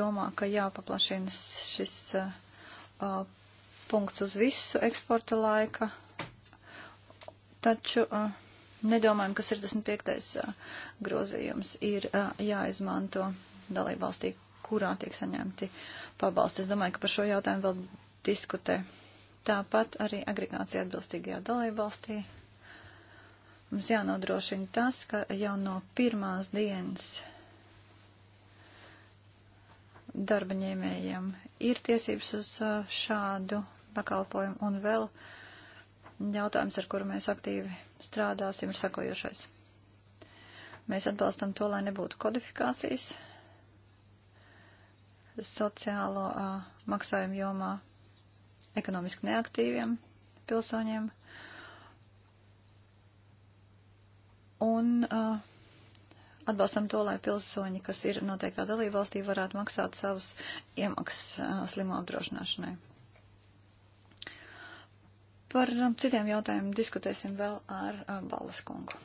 domā, ka jāpaplašina šis. Uh, uh, punkts uz visu eksporta laika, taču uh, nedomājam, ka 65. Uh, grozījums ir uh, jāizmanto dalībvalstī, kurā tiek saņemti pabalsti. Es domāju, ka par šo jautājumu vēl diskutē. Tāpat arī agregācija atbilstīgajā dalībvalstī. Mums jānodrošina tas, ka jau no pirmās dienas darba ņēmējiem ir tiesības uz uh, šādu pakalpojumu. Un vēl jautājums, ar kuru mēs aktīvi strādāsim, ir sakojošais. Mēs atbalstam to, lai nebūtu kodifikācijas sociālo uh, maksājumu jomā ekonomiski neaktīviem pilsoņiem. Un uh, Atbalstam to, lai pilsoņi, kas ir noteiktā dalībvalstī, varētu maksāt savus iemaksas slimo apdrošināšanai. Par um, citiem jautājumiem diskutēsim vēl ar um, Balas kungu.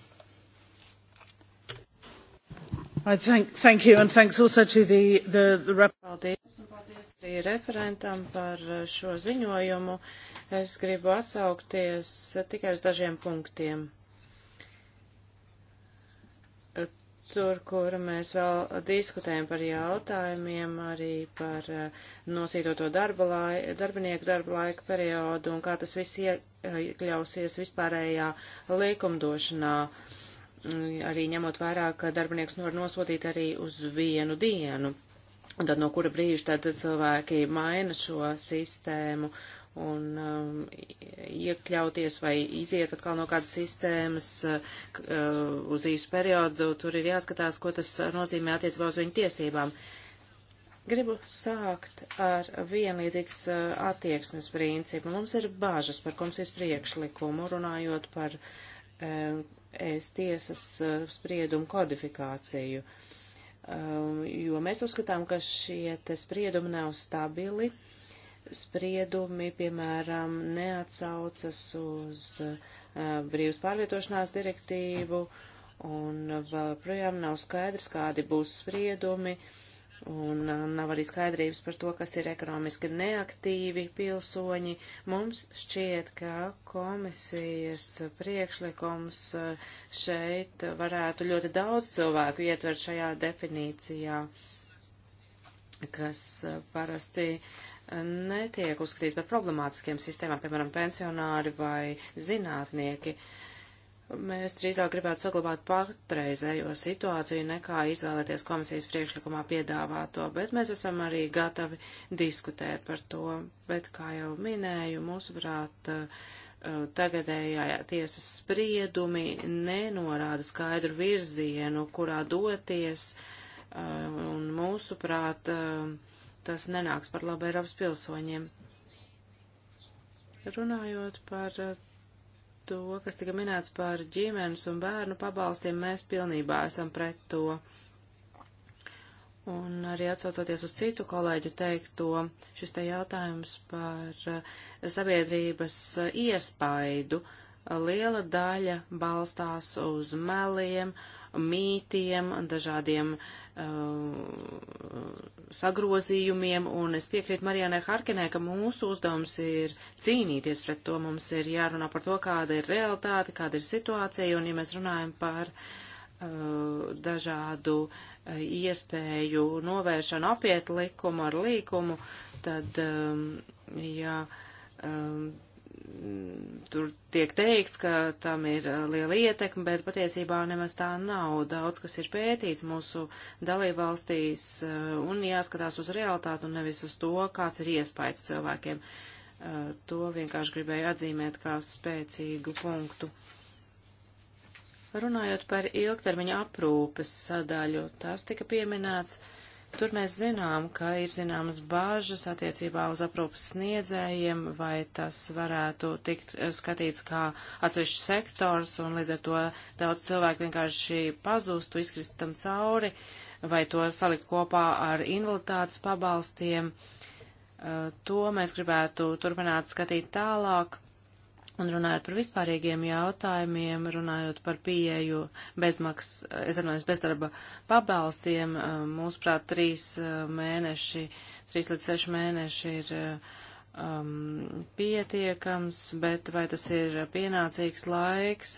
Thank, thank you and thanks also to the, the, the Paldies un paldies arī referentam par uh, šo ziņojumu. Es gribu atsaukties tikai uz dažiem punktiem. tur, kur mēs vēl diskutējam par jautājumiem, arī par eh, nosītoto darba lai, darbinieku darba laika periodu un kā tas viss iekļausies vispārējā likumdošanā, mm, arī ņemot vērā, ka darbinieks var nosūtīt arī uz vienu dienu. Un tad no kura brīža tad cilvēki maina šo sistēmu. Uh, un um, iekļauties vai iziet atkal no kādas sistēmas uh, uz īsu periodu, tur ir jāskatās, ko tas nozīmē attiecībā uz viņu tiesībām. Gribu sākt ar vienlīdzīgas uh, attieksmes principu. Mums ir bāžas par komisijas priekšlikumu, runājot par uh, es tiesas uh, spriedumu kodifikāciju, um, jo mēs uzskatām, ka šie te spriedumi nav stabili. Uh, spriedumi, piemēram, neatsaucas uz brīvas pārvietošanās direktīvu, un projām nav skaidrs, kādi būs spriedumi, un nav arī skaidrības par to, kas ir ekonomiski neaktīvi pilsoņi. Mums šķiet, ka komisijas priekšlikums šeit varētu ļoti daudz cilvēku ietvert šajā definīcijā kas parasti uh, netiek uzskatīti par problemātiskiem sistēmām, piemēram, pensionāri vai zinātnieki. Mēs drīzāk gribētu saglabāt patreizējo situāciju, nekā izvēlēties komisijas priekšlikumā piedāvāto, bet mēs esam arī gatavi diskutēt par to. Bet, kā jau minēju, mūsuprāt, eh, tagadējā tiesas spriedumi nenorāda skaidru virzienu, kurā doties, eh, un mūsuprāt, eh, tas nenāks par labu Eiropas pilsoņiem. Runājot par eh, to, kas tika minēts par ģimenes un bērnu pabalstiem, mēs pilnībā esam pret to. Un arī atsaucoties uz citu kolēģu teikto, šis te jautājums par eh, sabiedrības eh, iespaidu liela daļa balstās uz meliem, mītiem, dažādiem uh, Uh, sagrozījumiem, un es piekrītu Marijānai Harkinē, ka mūsu uzdevums ir cīnīties pret to. Mums ir jārunā par to, kāda ir realitāte, kāda ir situācija, un ja mēs runājam par uh, dažādu uh, iespēju novēršanu apiet likumu ar līkumu, tad, um, ja um, tur tiek teikts, ka tam ir uh, liela ietekme, bet patiesībā nemaz tā nav. Daudz, kas ir pētīts mūsu dalībvalstīs uh, un jāskatās uz realitāti un nevis uz to, kāds ir iespējas cilvēkiem. Uh, to vienkārši gribēju atzīmēt kā spēcīgu punktu. Runājot par ilgtermiņa aprūpes sadaļu, tas tika pieminēts. Uh, Tur mēs zinām, ka ir zināmas bāžas attiecībā uz aprūpas sniedzējiem, vai tas varētu tikt eh, skatīts kā atsevišķs sektors, un līdz ar to daudz cilvēku vienkārši pazūstu, izkristam cauri, vai to salikt kopā ar invaliditātes pabalstiem. Eh, to mēs gribētu turpināt skatīt tālāk Un runājot par vispārīgiem jautājumiem, runājot par pieeju bezmaks, es atvainojos bezdarba pabalstiem, eh, mūsuprāt, trīs eh, mēneši, trīs līdz seši mēneši ir eh, um, pietiekams, bet vai tas ir pienācīgs laiks,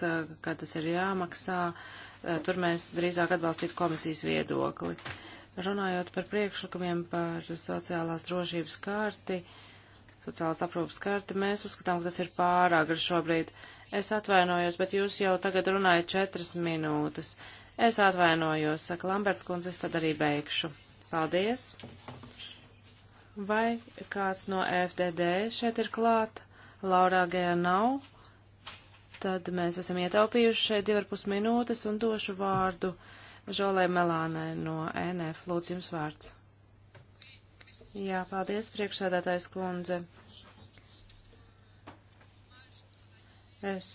kad tas ir jāmaksā, tur mēs drīzāk atbalstītu komisijas viedokli. Runājot par priekšlikumiem par sociālās drošības kārti, uh, sociālās aprūpas karti, mēs uzskatām, ka tas ir pārāk ar šobrīd. Es atvainojos, bet jūs jau tagad runājat četras minūtes. Es atvainojos, saka Lamberts kundze, es tad arī beigšu. Paldies! Vai kāds no FDD šeit ir klāt? Laurā Gēja nav. Tad mēs esam ietaupījuši šeit divarpus minūtes un došu vārdu Žolē Melānai no NF. Lūdzu, jums vārds. Jā, paldies, priekšsēdētājs kundze. Es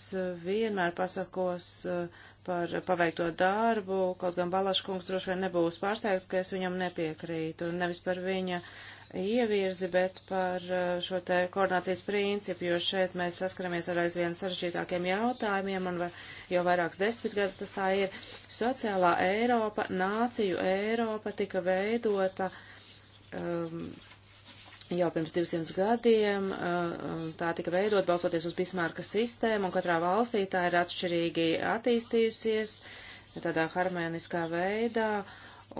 vienmēr pasakos eh, par paveikto darbu, kaut gan Balaškungs droši vien nebūs pārsteigts, ka es viņam nepiekrītu, nevis par viņa ievirzi, bet par eh, šo te koordinācijas principu, jo šeit mēs saskaramies ar aizvien sarežģītākiem jautājumiem, un jau vairākas desmitgadus tas tā ir. Sociālā Eiropa, nāciju Eiropa tika veidota um, jau pirms 200 gadiem uh, um, tā tika veidot balstoties uz Bismarka sistēmu, un katrā valstī tā ir atšķirīgi attīstījusies tādā harmoniskā veidā,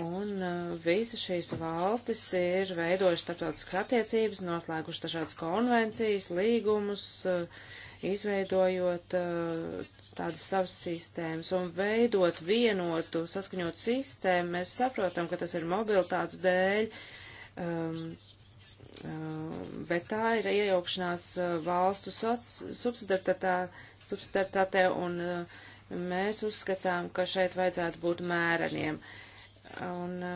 un uh, visas šīs valstis ir veidojuši starptautiskas attiecības, noslēguši dažādas konvencijas, līgumus, uh, izveidojot tādas savas sistēmas un veidot vienotu, saskaņotu sistēmu, mēs saprotam, ka tas ir mobilitātes dēļ, um, Um, bet tā ir iejaukšanās uh, valstu subsidiartātē, un uh, mēs uzskatām, ka šeit vajadzētu būt mēreniem. Un uh,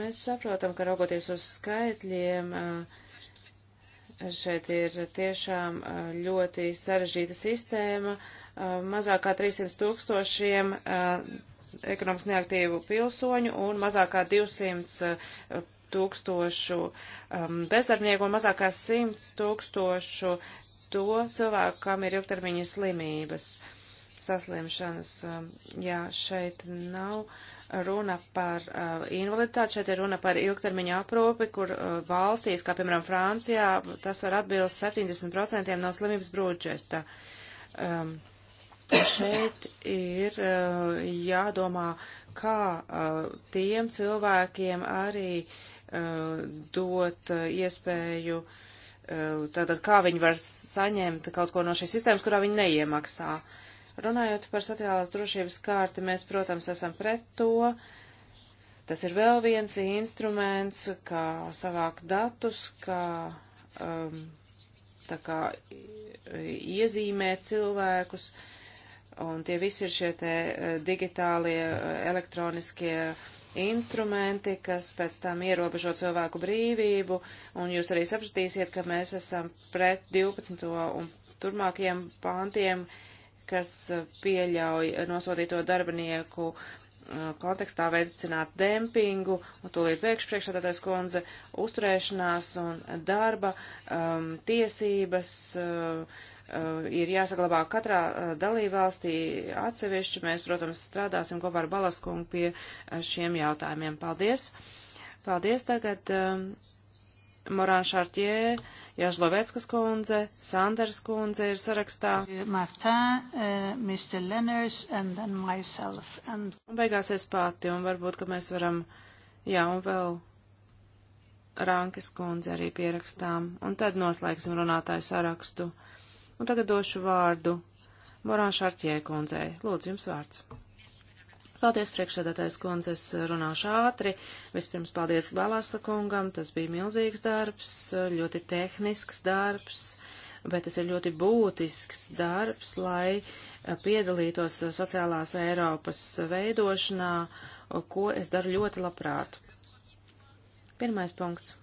mēs saprotam, ka raugoties uz skaitļiem, šeit ir tiešām ļoti sarežģīta sistēma. Mazāk kā 300 tūkstošiem ekonomiski neaktīvu pilsoņu un mazāk kā 200 tūkstošu um, bezdarbnieku un mazākās simts tūkstošu to cilvēku, kam ir ilgtermiņa slimības saslimšanas. Um, jā, šeit nav runa par uh, invaliditāti, šeit ir runa par ilgtermiņa aprūpi, kur uh, valstīs, kā piemēram Francijā, tas var atbilst 70% no slimības budžeta. Um, šeit ir uh, jādomā, kā uh, tiem cilvēkiem arī uh, Uh, dot uh, iespēju, uh, tātad kā viņi var saņemt kaut ko no šīs sistēmas, kurā viņi neiemaksā. Runājot par sociālās drošības kārti, mēs, protams, esam pret to. Tas ir vēl viens instruments, kā savākt datus, kā, um, tā kā iezīmēt cilvēkus, un tie visi ir šie te digitālie, elektroniskie uh, instrumenti, kas pēc tam ierobežo cilvēku brīvību, un jūs arī sapratīsiet, ka mēs esam pret 12. un turmākajiem pāntiem, kas eh, pieļauj nosodīto darbinieku eh, kontekstā veicināt dempingu, un tūlīt beigšu priekšsādātais kundze, uzturēšanās un darba um, tiesības. Uh, Uh, ir jāsaglabā katrā uh, dalībvalstī atsevišķi. Mēs, protams, strādāsim kopā ar Balaskungu pie uh, šiem jautājumiem. Paldies! Paldies tagad um, Morāna Šārtjē, Jažloveckas kundze, Sanders kundze ir sarakstā. Martin, uh, Mr. Lenners and then myself. And... Un beigās es pati, un varbūt, ka mēs varam, jā, un vēl Rankas kundze arī pierakstām. Un tad noslēgsim runātāju sarakstu. Uh, Un tagad došu vārdu Morāna Šarķē kundzei. Lūdzu, jums vārds. Paldies, priekšsēdētājs kundze, es runāšu ātri. Vispirms paldies Balasa kungam, tas bija milzīgs darbs, ļoti tehnisks darbs, bet tas ir ļoti būtisks darbs, lai piedalītos sociālās Eiropas veidošanā, ko es daru ļoti labprāt. Pirmais punkts.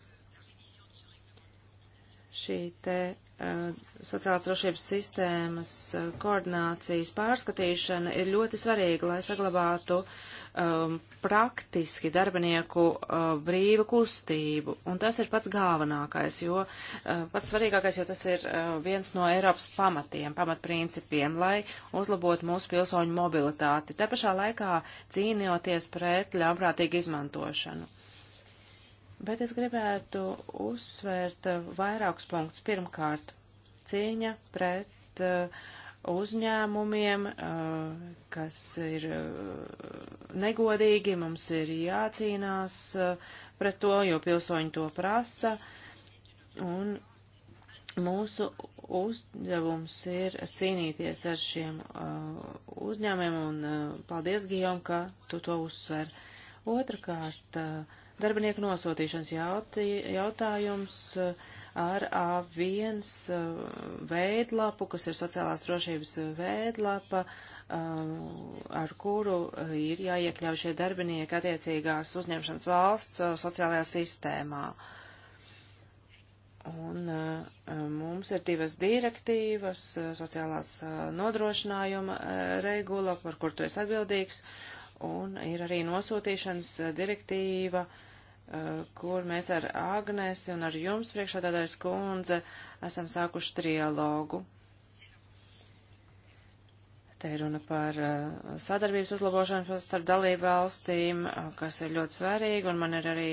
Šī te Eh, sociālās drošības sistēmas eh, koordinācijas pārskatīšana ir ļoti svarīga, lai saglabātu um, praktiski darbinieku uh, brīvu kustību. Un tas ir pats galvenākais, jo uh, pats svarīgākais, jo tas ir uh, viens no Eiropas pamatiem, pamatprincipiem, lai uzlabotu mūsu pilsoņu mobilitāti, te pašā laikā cīnījoties pret ļaunprātīgu izmantošanu. Uh, Bet es gribētu uzsvērt eh, vairākus punktus. Pirmkārt, cīņa pret eh, uzņēmumiem, eh, kas ir negodīgi, mums ir jācīnās pret to, jo pilsoņi to prasa. Un mūsu uzdevums ir cīnīties ar šiem uzņēmumiem, un paldies, Gijom, ka tu to uzsver. Otrakārt, uh, Darbinieku nosūtīšanas jautī, jautājums eh, ar A1 eh, veidlapu, kas ir sociālās drošības veidlapa, eh, ar kuru ir jāiekļauj šie darbinieki attiecīgās uzņemšanas valsts sociālajā sistēmā. Un mums ir divas direktīvas, sociālās nodrošinājuma regula, par kur tu esi atbildīgs, un ir arī nosūtīšanas direktīva, uh, Eh, kur mēs ar Agnesi un ar jums priekšādādājas kundze esam sākuši trialogu. Te ir runa par eh, sadarbības uzlabošanu starp dalību valstīm, eh, kas ir ļoti svarīgi, un man ir arī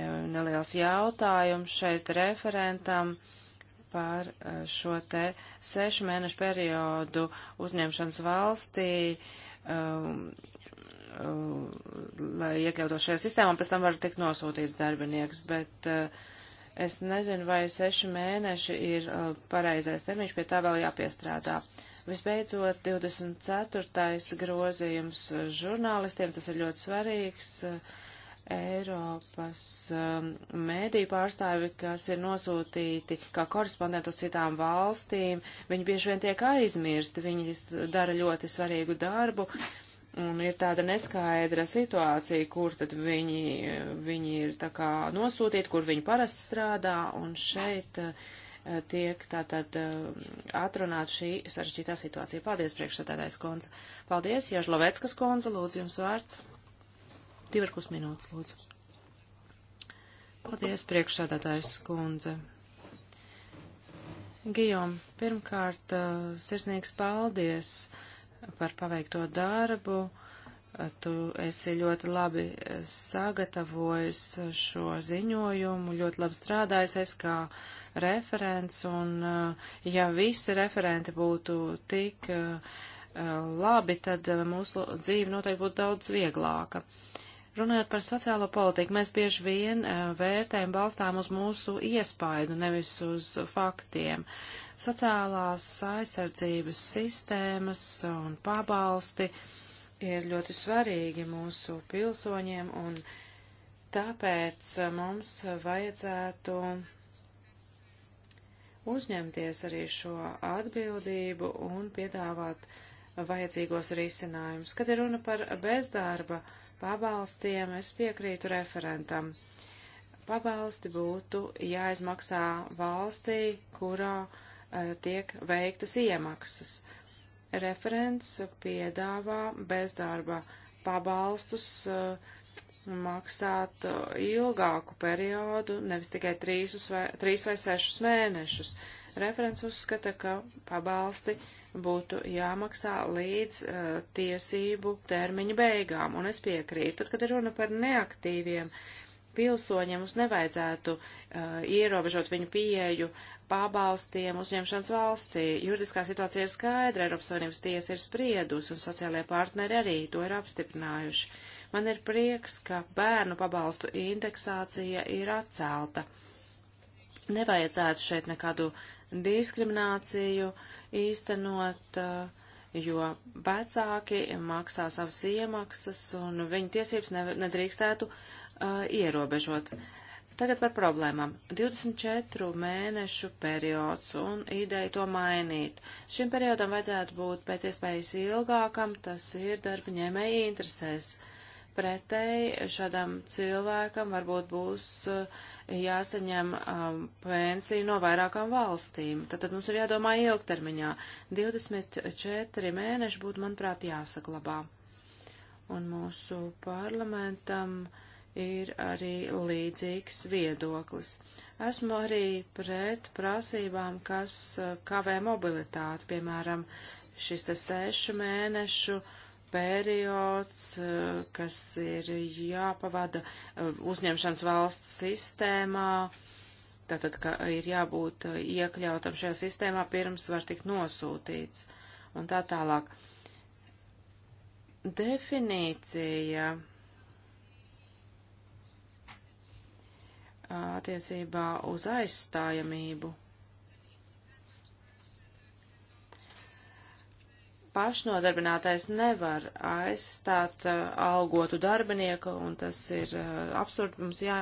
neliels jautājums šeit referentam par šo te sešu mēnešu periodu uzņemšanas valstī, Uh, lai iekļautos šajā sistēmā, pēc tam var tikt nosūtīts darbinieks, bet uh, es nezinu, vai seši mēneši ir uh, pareizais termiņš, pie tā vēl jāpiestrādā. Visbeidzot, 24. grozījums uh, žurnālistiem, tas ir ļoti svarīgs. Uh, Eiropas um, mēdīju pārstāvi, kas ir nosūtīti kā korespondenti uz citām valstīm, viņi bieži vien tiek aizmirsti, viņi dara ļoti svarīgu darbu, Un ir tāda neskaidra situācija, kur tad viņi, viņi ir tā kā nosūtīti, kur viņi parasti strādā, un šeit eh, tiek tātad eh, atrunāt šī sarežģītā situācija. Paldies, priekšsēdētājs kundze. Paldies, Jožloveckas kundze, lūdzu jums vārds. Divarkus minūtes, lūdzu. Paldies, priekšsēdētājs kundze. Gijom, pirmkārt, eh, sirsnīgs paldies. Uh, par paveikto darbu. Tu esi ļoti labi sagatavojis šo ziņojumu, ļoti labi strādājis, es kā referents, un eh, ja visi referenti būtu tik eh, labi, tad eh, mūsu dzīve noteikti būtu daudz vieglāka. Runājot par sociālo politiku, mēs bieži vien vērtējam balstām uz mūsu iespaidu, nevis uz faktiem. Uh, Sociālās aizsardzības sistēmas un pabalsti ir ļoti svarīgi mūsu pilsoņiem, un tāpēc uh, mums vajadzētu uzņemties arī šo atbildību un piedāvāt vajadzīgos risinājumus. Kad ir runa par bezdarba pabalstiem, es piekrītu referentam. Pabalsti būtu jāizmaksā valstī, kurā uh, Eh, tiek veiktas iemaksas. Referents piedāvā bezdarba pabalstus eh, maksāt eh, ilgāku periodu, nevis tikai trīs vai, trīs vai sešus mēnešus. Referents uzskata, ka pabalsti būtu jāmaksā līdz uh, tiesību termiņa beigām, un es piekrītu. Tad, kad ir runa par neaktīviem uh, pilsoņiem mums nevajadzētu uh, ierobežot viņu pieeju pabalstiem uzņemšanas valstī. Juridiskā situācija ir skaidra, Eiropas Savienības tiesa ir spriedus, un sociālajie partneri arī to ir apstiprinājuši. Man ir prieks, ka bērnu pabalstu indeksācija ir atcelta. Nevajadzētu šeit nekādu diskrimināciju īstenot. Uh, jo vecāki maksā savas iemaksas un viņu tiesības nedrīkstētu uh, ierobežot. Tagad par problēmām. 24 mēnešu periods un ideja to mainīt. Šim periodam vajadzētu būt pēc iespējas ilgākam, tas ir darba ņēmēji interesēs. Pretēji šādam cilvēkam varbūt būs uh, jāsaņem um, pensija no vairākām valstīm. Tad, tad mums ir jādomā ilgtermiņā. 24 mēneši būtu, manuprāt, jāsaklabā. Un mūsu parlamentam uh, ir arī līdzīgs viedoklis. Esmu arī pret prasībām, kas uh, kavē mobilitāti, piemēram, šis te sešu mēnešu periods, uh, kas ir jāpavada uh, uzņemšanas valsts sistēmā, tātad, ka ir jābūt iekļautam šajā sistēmā pirms var tikt nosūtīts un tā tālāk. Definīcija attiecībā uz aizstājamību. Pašnodarbinātais nevar aizstāt uh, algotu darbinieku, un tas ir uh, absurdi. Mums jā,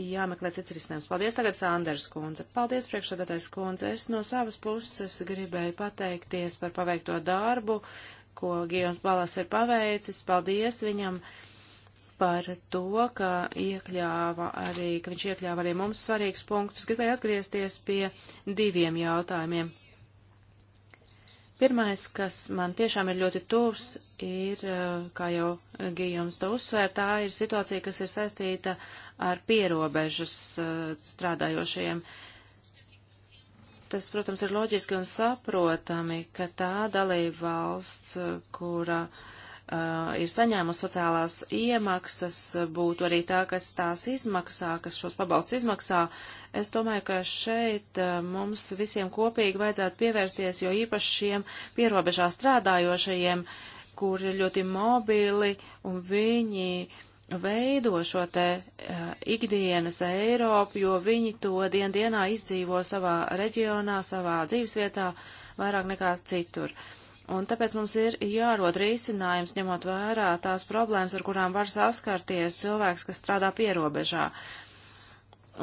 jāmeklē cits risinājums. Paldies tagad Sanders kundze. Paldies priekšsēdētais kundze. Es no savas puses gribēju pateikties par paveikto darbu, ko Gijons Balas ir paveicis. Paldies viņam. Uh, par to, ka iekļāva arī, ka viņš iekļāva arī mums svarīgus punktus. Gribēju atgriezties pie diviem jautājumiem. Pirmais, kas man tiešām ir ļoti tuvs, ir, eh, kā jau Gijums to uzsvēr, tā ir situācija, kas ir saistīta ar pierobežas eh, strādājošajiem. Tas, protams, ir loģiski un saprotami, ka tā dalība valsts, eh, kura uh, uh, ir saņēmusi sociālās iemaksas, būtu arī tā, kas tās izmaksā, kas šos pabalstus izmaksā. Es domāju, ka šeit uh, mums visiem kopīgi vajadzētu pievērsties, jo īpaši šiem pierobežā strādājošajiem, kur ir ļoti mobili un viņi veido šo te uh, ikdienas Eiropu, jo viņi to dien dienā izdzīvo savā reģionā, savā dzīvesvietā vairāk nekā citur. Uh, Un tāpēc mums ir jārod risinājums, ņemot vērā tās problēmas, ar kurām var saskarties cilvēks, kas strādā pierobežā.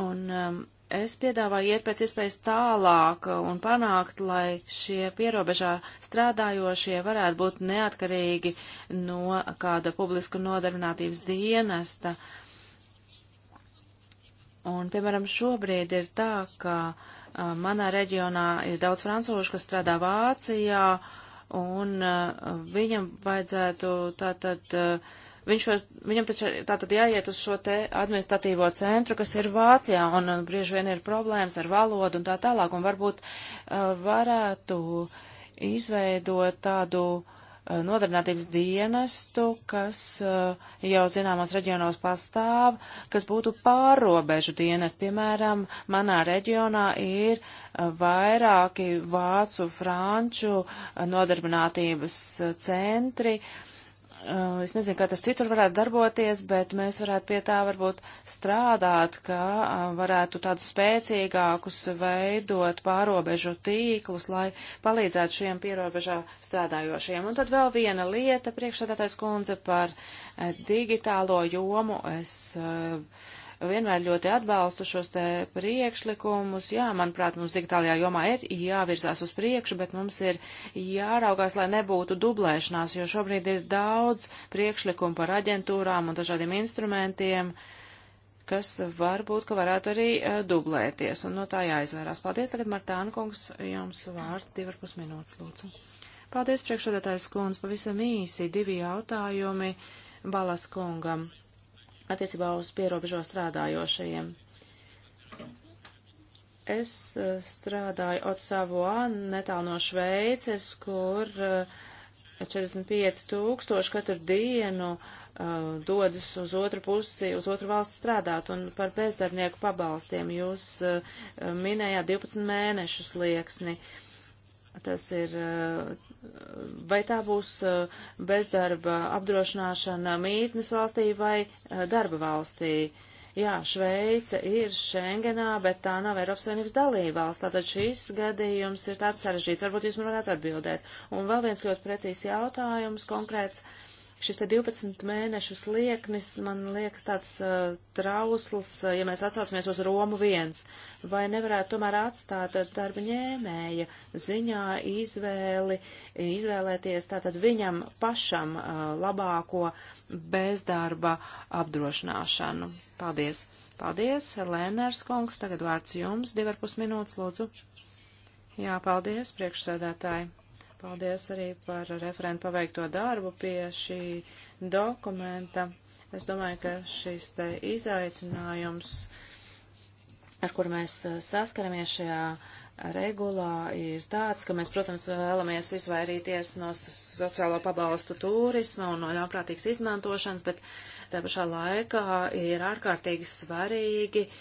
Un um, es piedāvāju iet pēc iespējas tālāk un panākt, lai šie pierobežā strādājošie varētu būt neatkarīgi no kāda publiska nodarbinātības dienesta. Un, piemēram, šobrīd ir tā, ka uh, manā reģionā ir daudz francūžu, kas strādā Vācijā, uh, un uh, viņam vajadzētu tātad, uh, viņš, var, viņam taču tātad jāiet uz šo te administratīvo centru, kas ir Vācijā, un uh, brieži vien ir problēmas ar valodu un tā tālāk, un varbūt uh, varētu izveidot tādu uh, Eh, nodarbinātības dienestu, kas eh, jau zināmos reģionos pastāv, kas būtu pārrobežu dienest. Piemēram, manā reģionā ir eh, vairāki vācu, franču nodarbinātības centri, uh, Uh, es nezinu, kā tas citur varētu darboties, bet mēs varētu pie tā varbūt strādāt, ka uh, varētu tādus spēcīgākus veidot pārobežu tīklus, lai palīdzētu šiem pierobežā strādājošiem. Un tad vēl viena lieta, priekšsādātais kundze, par uh, digitālo jomu. Es vienmēr ļoti atbalstu šos te priekšlikumus. Jā, manuprāt, mums digitālajā jomā ir jāvirzās uz priekšu, bet mums ir jāraugās, lai nebūtu dublēšanās, jo šobrīd ir daudz priekšlikumu par aģentūrām un dažādiem instrumentiem kas varbūt, ka varētu arī eh, dublēties, un no tā jāizvērās. Paldies, tagad Martāna kungs, jums vārds divar pus minūtes, lūdzu. Paldies, priekšsēdētājs kundz, pavisam īsi divi jautājumi Balas kungam attiecībā uz pierobežo strādājošajiem. Es eh, strādāju Otsavoā, netālu no Šveices, kur 45 eh, tūkstoši katru dienu uh, dodas uz otru pusi, uz otru valsts strādāt. Un par bezdarbnieku pabalstiem jūs uh, minējāt 12 mēnešus lieksni. Tas ir uh, vai tā būs uh, bezdarba apdrošināšana mītnes valstī vai uh, darba valstī. Jā, Šveice ir Šengenā, bet tā nav Eiropas Savienības dalībvalsts, tātad šis gadījums ir tāds sarežģīts. Varbūt jūs man varētu atbildēt. Un vēl viens ļoti precīzs jautājums konkrēts. Uh, Šis te 12 mēnešu slieknis, man liekas, tāds uh, trausls, ja mēs atsaucamies uz Romu viens, vai nevarētu tomēr atstāt darba ņēmēja ziņā izvēli, izvēlēties tātad viņam pašam uh, labāko bezdarba apdrošināšanu. Paldies! Paldies, Lēners kungs, tagad vārds jums, divarpus minūtes, lūdzu. Jā, paldies, priekšsēdētāji. Paldies arī par referentu paveikto darbu pie šī dokumenta. Es domāju, ka šis te izaicinājums, ar kur mēs eh, saskaramies šajā regulā, ir tāds, ka mēs, protams, vēlamies izvairīties no sociālo pabalstu turisma un no ļaunprātīgas izmantošanas, bet te pašā laikā ir ārkārtīgi svarīgi uh,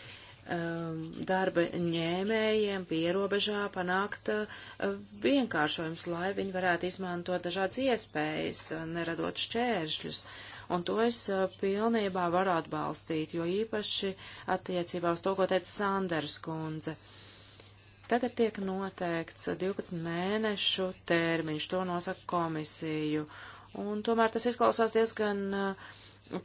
Um, darba ņēmējiem pierobežā panākt uh, vienkāršojums, lai viņi varētu izmantot dažādas iespējas, uh, neradot šķēršļus. Un to es uh, pilnībā varu atbalstīt, jo īpaši attiecībā uz to, ko teica Sanders kundze. Tagad tiek noteikts 12 mēnešu termiņš, to nosaka komisiju. Un tomēr tas izklausās diezgan uh,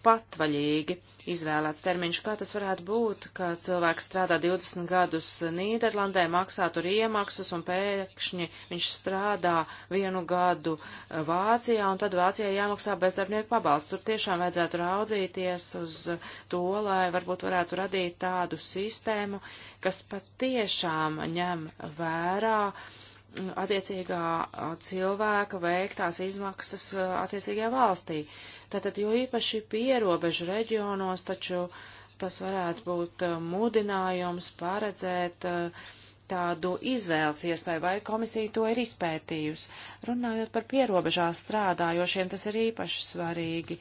patvaļīgi izvēlēts termiņš. Kā tas varētu būt, ka cilvēks strādā 20 gadus Nīderlandē, maksā tur iemaksas un pēkšņi viņš strādā vienu gadu eh, Vācijā un tad Vācijā jāmaksā bezdarbnieku pabalsts. Tur tiešām vajadzētu raudzīties uz eh, to, lai varbūt varētu radīt tādu sistēmu, kas patiešām ņem vērā uh, attiecīgā cilvēka veiktās izmaksas attiecīgajā valstī. Tātad, jo īpaši pierobežu reģionos, taču tas varētu būt mudinājums paredzēt tādu izvēles iespēju, vai komisija to ir izpētījusi. Runājot par pierobežā strādājošiem, tas ir īpaši svarīgi.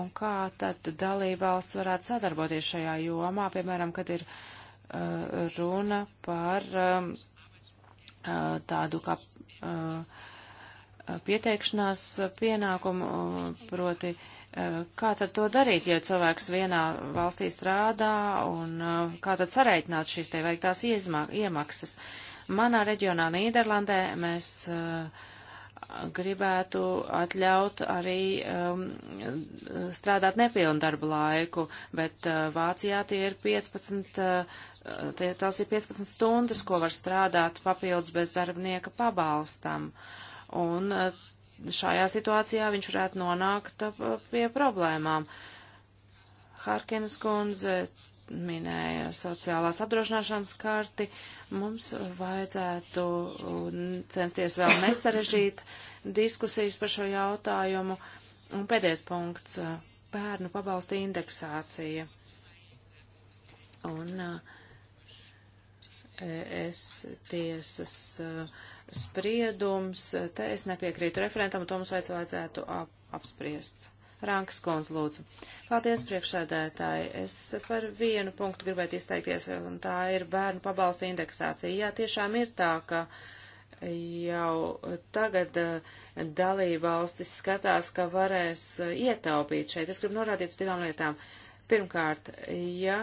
Un kā tad dalībvalsts varētu sadarboties šajā jomā, piemēram, kad ir uh, runa par uh, Eh, tādu kā eh, pieteikšanās pienākumu, eh, proti, kā tad to darīt, ja cilvēks vienā valstī strādā un kā tad sareiķināt šīs te veiktās iemaksas. Manā reģionā Nīderlandē mēs gribētu atļaut arī um, strādāt nepilnu darbu laiku, bet uh, Vācijā tie ir 15 uh, Tie, tās ir 15 stundas, ko var strādāt papildus bezdarbnieka pabalstam. Un eh, šajā situācijā viņš varētu nonākt eh, pie problēmām. Harkinas kundze minēja sociālās apdrošināšanas karti. Mums vajadzētu censties vēl nesarežģīt diskusijas par šo jautājumu. Un pēdējais punkts eh, - bērnu pabalstu indeksācija. Un uh, ES tiesas e, spriedums. Te es nepiekrītu referentam, to mums vajadzētu ap, apspriest. Rankas Kons, lūdzu. Paldies, priekšsēdētāji. Es par vienu punktu gribētu izteikties, un tā ir bērnu pabalstu indeksācija. Jā, tiešām ir tā, ka jau tagad e, dalība valstis skatās, ka varēs e, ietaupīt šeit. Es gribu norādīt uz divām lietām. Uh, Pirmkārt, ja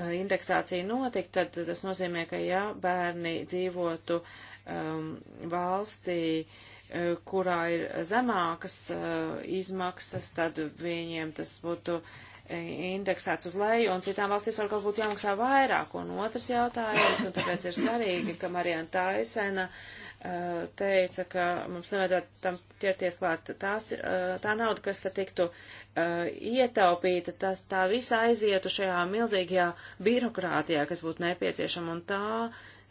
eh, indeksācija notiktu, tad tas nozīmē, ka ja bērni dzīvotu um, valstī, eh, kurā ir zemākas uh, izmaksas, tad viņiem tas būtu indeksēts uz leju, un citām valstīs varbūt būtu jāmaksā vairāk. Un otrs jautājums, un tāpēc ir svarīgi, ka Marijana Taisena uh, teica, ka mums nevajadzētu tam ķerties klāt. Tās, tā nauda, kas te tiktu ietaupīta, tas tā visa aizietu šajā milzīgajā birokrātijā, kas būtu nepieciešama, un tā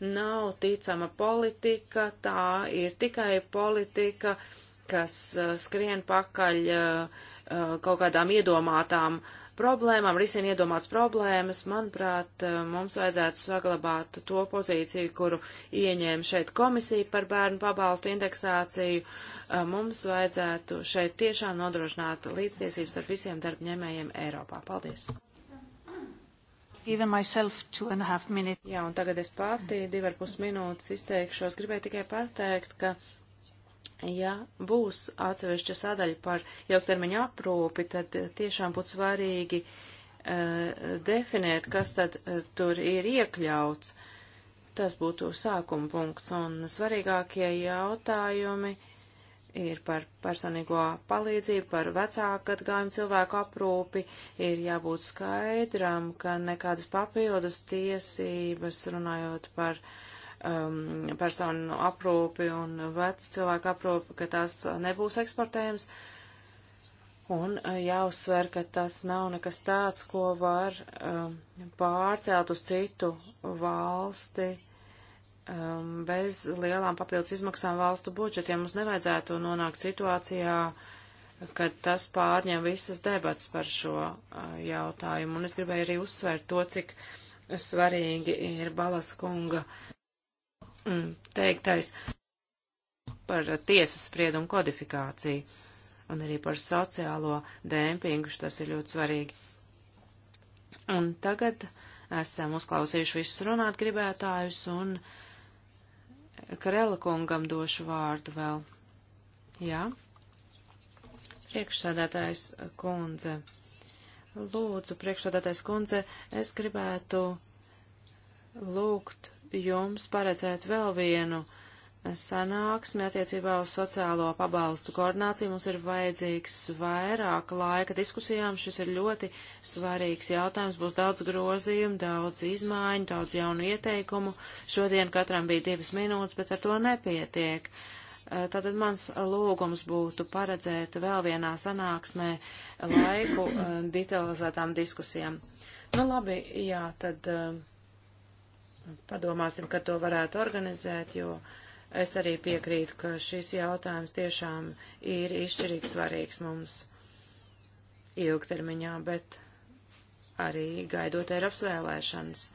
nav ticama politika, tā ir tikai politika, kas skrien pakaļ kaut kādām iedomātām uh, problēmām, risina iedomāts problēmas. Manuprāt, eh, mums vajadzētu saglabāt to pozīciju, kuru ieņēma šeit komisija par bērnu pabalstu indeksāciju. Eh, mums vajadzētu šeit tiešām nodrošināt līdztiesības ar visiem darbņēmējiem Eiropā. Paldies! Jā, un tagad es pati divi ar pus minūtes izteikšos. Gribēju tikai pateikt, ka ja būs atsevišķa sadaļa par ilgtermiņu aprūpi, tad eh, tiešām būtu svarīgi uh, definēt, kas tad uh, tur ir iekļauts. Tas būtu sākuma punkts, un svarīgākie jautājumi ir par personīgo palīdzību, par vecāku atgājumu cilvēku aprūpi, ir jābūt skaidram, ka nekādas papildus tiesības, runājot par uh, um, personu aprūpi un vecu cilvēku aprūpi, ka tās nebūs eksportējams. Un uh, jāuzsver, ka tas nav nekas tāds, ko var um, pārcelt uz citu valsti um, bez lielām papildus izmaksām valstu budžetiem. Mums nevajadzētu nonākt situācijā, kad tas pārņem visas debats par šo uh, jautājumu. Un es gribēju arī uzsvērt to, cik svarīgi ir Balas kunga uh, Mm, teiktais par tiesas spriedumu kodifikāciju un arī par sociālo dēmpingu, tas ir ļoti svarīgi. Un tagad esam uzklausījuši visus runāt gribētājus un Karela kungam došu vārdu vēl. Jā? Priekšsādātājs kundze. Lūdzu, priekšsādātājs kundze, es gribētu lūgt jums paredzēt vēl vienu sanāksmi attiecībā uz sociālo pabalstu koordināciju. Mums ir vajadzīgs vairāk laika diskusijām. Šis ir ļoti svarīgs jautājums. Būs daudz grozījumu, daudz izmaiņu, daudz jaunu ieteikumu. Šodien katram bija divas minūtes, bet ar to nepietiek. Tātad mans lūgums būtu paredzēt vēl vienā sanāksmē laiku detalizētām diskusijām. Nu labi, jā, tad. Uh, padomāsim, ka to varētu organizēt, jo es arī piekrītu, ka šis jautājums tiešām ir izšķirīgi svarīgs mums ilgtermiņā, bet arī gaidot Eiropas vēlēšanas.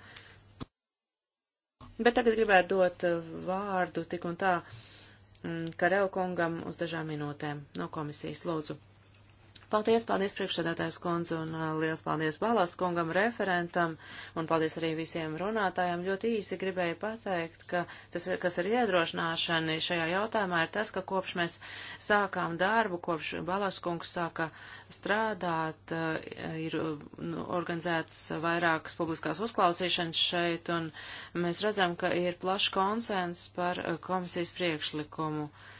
Bet tagad gribētu dot uh, vārdu tik un tā mm, Karelkungam uz dažām minūtēm no komisijas. Lūdzu. Paldies, paldies priekšsēdētājs kundze un uh, liels paldies Balas kungam, referentam un paldies arī visiem runātājiem. Ļoti īsi gribēju pateikt, ka tas, kas ir iedrošināšana šajā jautājumā, ir tas, ka kopš mēs sākām darbu, kopš Balas kungs sāka strādāt, uh, ir nu, organizēts vairākas publiskās uzklausīšanas šeit un mēs redzam, ka ir plašs konsens par uh, komisijas priekšlikumu. Uh,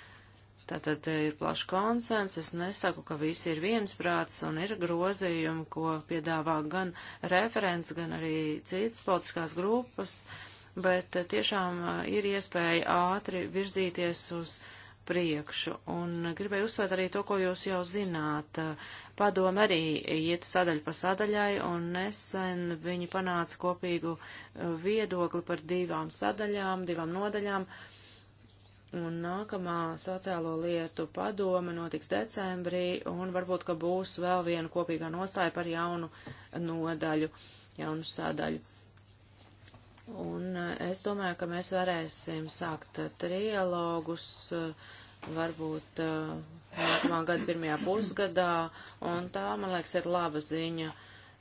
Tātad eh, ir plašs konsens, es nesaku, ka visi ir viensprāts un ir grozījumi, ko piedāvā gan referents, gan arī citas politiskās grupas, bet eh, tiešām eh, ir iespēja ātri virzīties uz priekšu. Un gribēju uzsvērt arī to, ko jūs jau zināt. Padome arī iet sadaļa pa sadaļai, un nesen viņi panāca kopīgu viedokli par divām sadaļām, divām nodaļām. Uh, Un nākamā sociālo lietu padome notiks decembrī, un varbūt, ka būs vēl viena kopīgā nostāja par jaunu nodaļu, jaunu sādaļu. Un eh, es domāju, ka mēs varēsim sākt trialogus, eh, varbūt eh, nākamā gada pirmajā pusgadā, un tā, man liekas, ir laba ziņa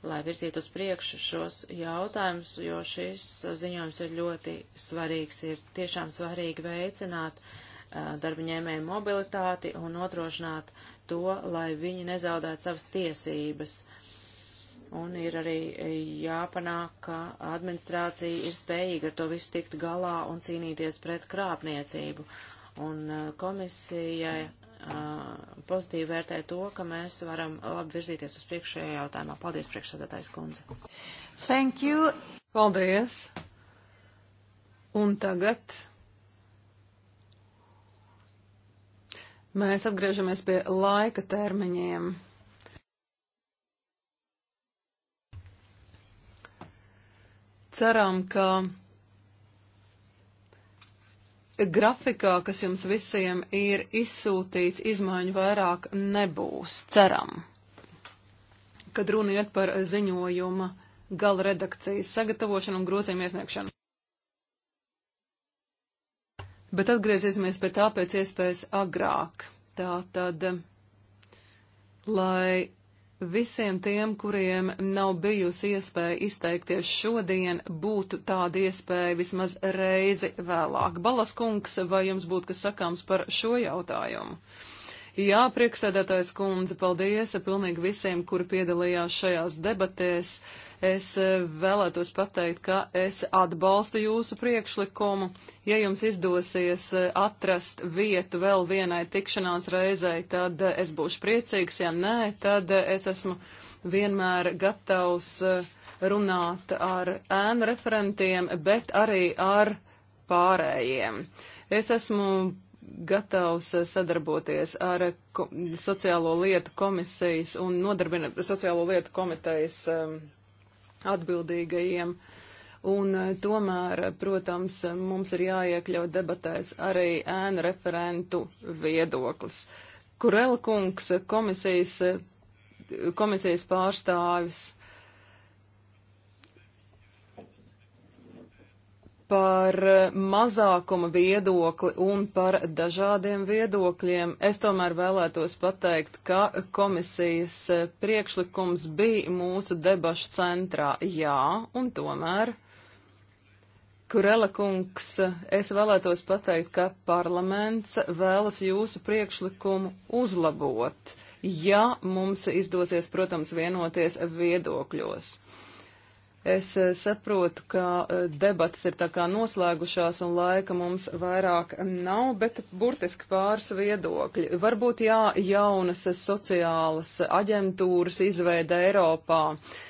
lai virzītu uz priekšu šos jautājumus, jo šis ziņojums ir ļoti svarīgs. Ir tiešām svarīgi veicināt uh, darba ņēmēju mobilitāti un nodrošināt to, lai viņi nezaudētu savas tiesības. Un ir arī jāpanāk, ka administrācija ir spējīga ar to visu tikt galā un cīnīties pret krāpniecību. Un uh, komisijai pozitīvi vērtē to, ka mēs varam labi virzīties uz priekšējā jautājumā. Paldies, priekšsēdētājs kundze. Thank you. Paldies. Un tagad mēs atgriežamies pie laika termiņiem. Ceram, ka grafikā, kas jums visiem ir izsūtīts, izmaiņu vairāk nebūs, ceram. Kad runa iet par ziņojuma gala redakcijas sagatavošanu un grozījumu iesniegšanu. Bet atgriezīsimies pie tā pēc iespējas agrāk. Tā tad, lai visiem tiem, kuriem nav bijusi iespēja izteikties šodien, būtu tāda iespēja vismaz reizi vēlāk. Balas kungs, vai jums būtu kas sakāms par šo jautājumu? Jā, priekšsēdētājs kundze, paldies pilnīgi visiem, kuri piedalījās šajās debatēs. Uh, Es e, vēlētos pateikt, ka es atbalstu jūsu priekšlikumu. Ja jums izdosies e, atrast vietu vēl vienai tikšanās reizei, tad e, es būšu priecīgs. Ja nē, tad es esmu vienmēr gatavs runāt ar ēnu referentiem, bet arī ar pārējiem. Es esmu gatavs sadarboties ar ko, sociālo lietu komisijas un nodarbina sociālo lietu komitejas um, atbildīgajiem. Un eh, tomēr, protams, mums ir jāiekļaut debatēs arī ēnu referentu viedoklis. Kurel kungs, komisijas, eh, komisijas pārstāvis, par eh, mazākuma viedokli un par dažādiem viedokļiem. Es tomēr vēlētos pateikt, ka komisijas eh, priekšlikums bija mūsu debašu centrā. Jā, un tomēr. Kurela kungs, es vēlētos pateikt, ka parlaments vēlas jūsu priekšlikumu uzlabot, ja mums izdosies, protams, vienoties viedokļos. Es eh, saprotu, ka eh, debatas ir tā kā noslēgušās un laika mums vairāk nav, bet burtiski pāris viedokļi. Varbūt jā, jaunas sociālas aģentūras izveida Eiropā.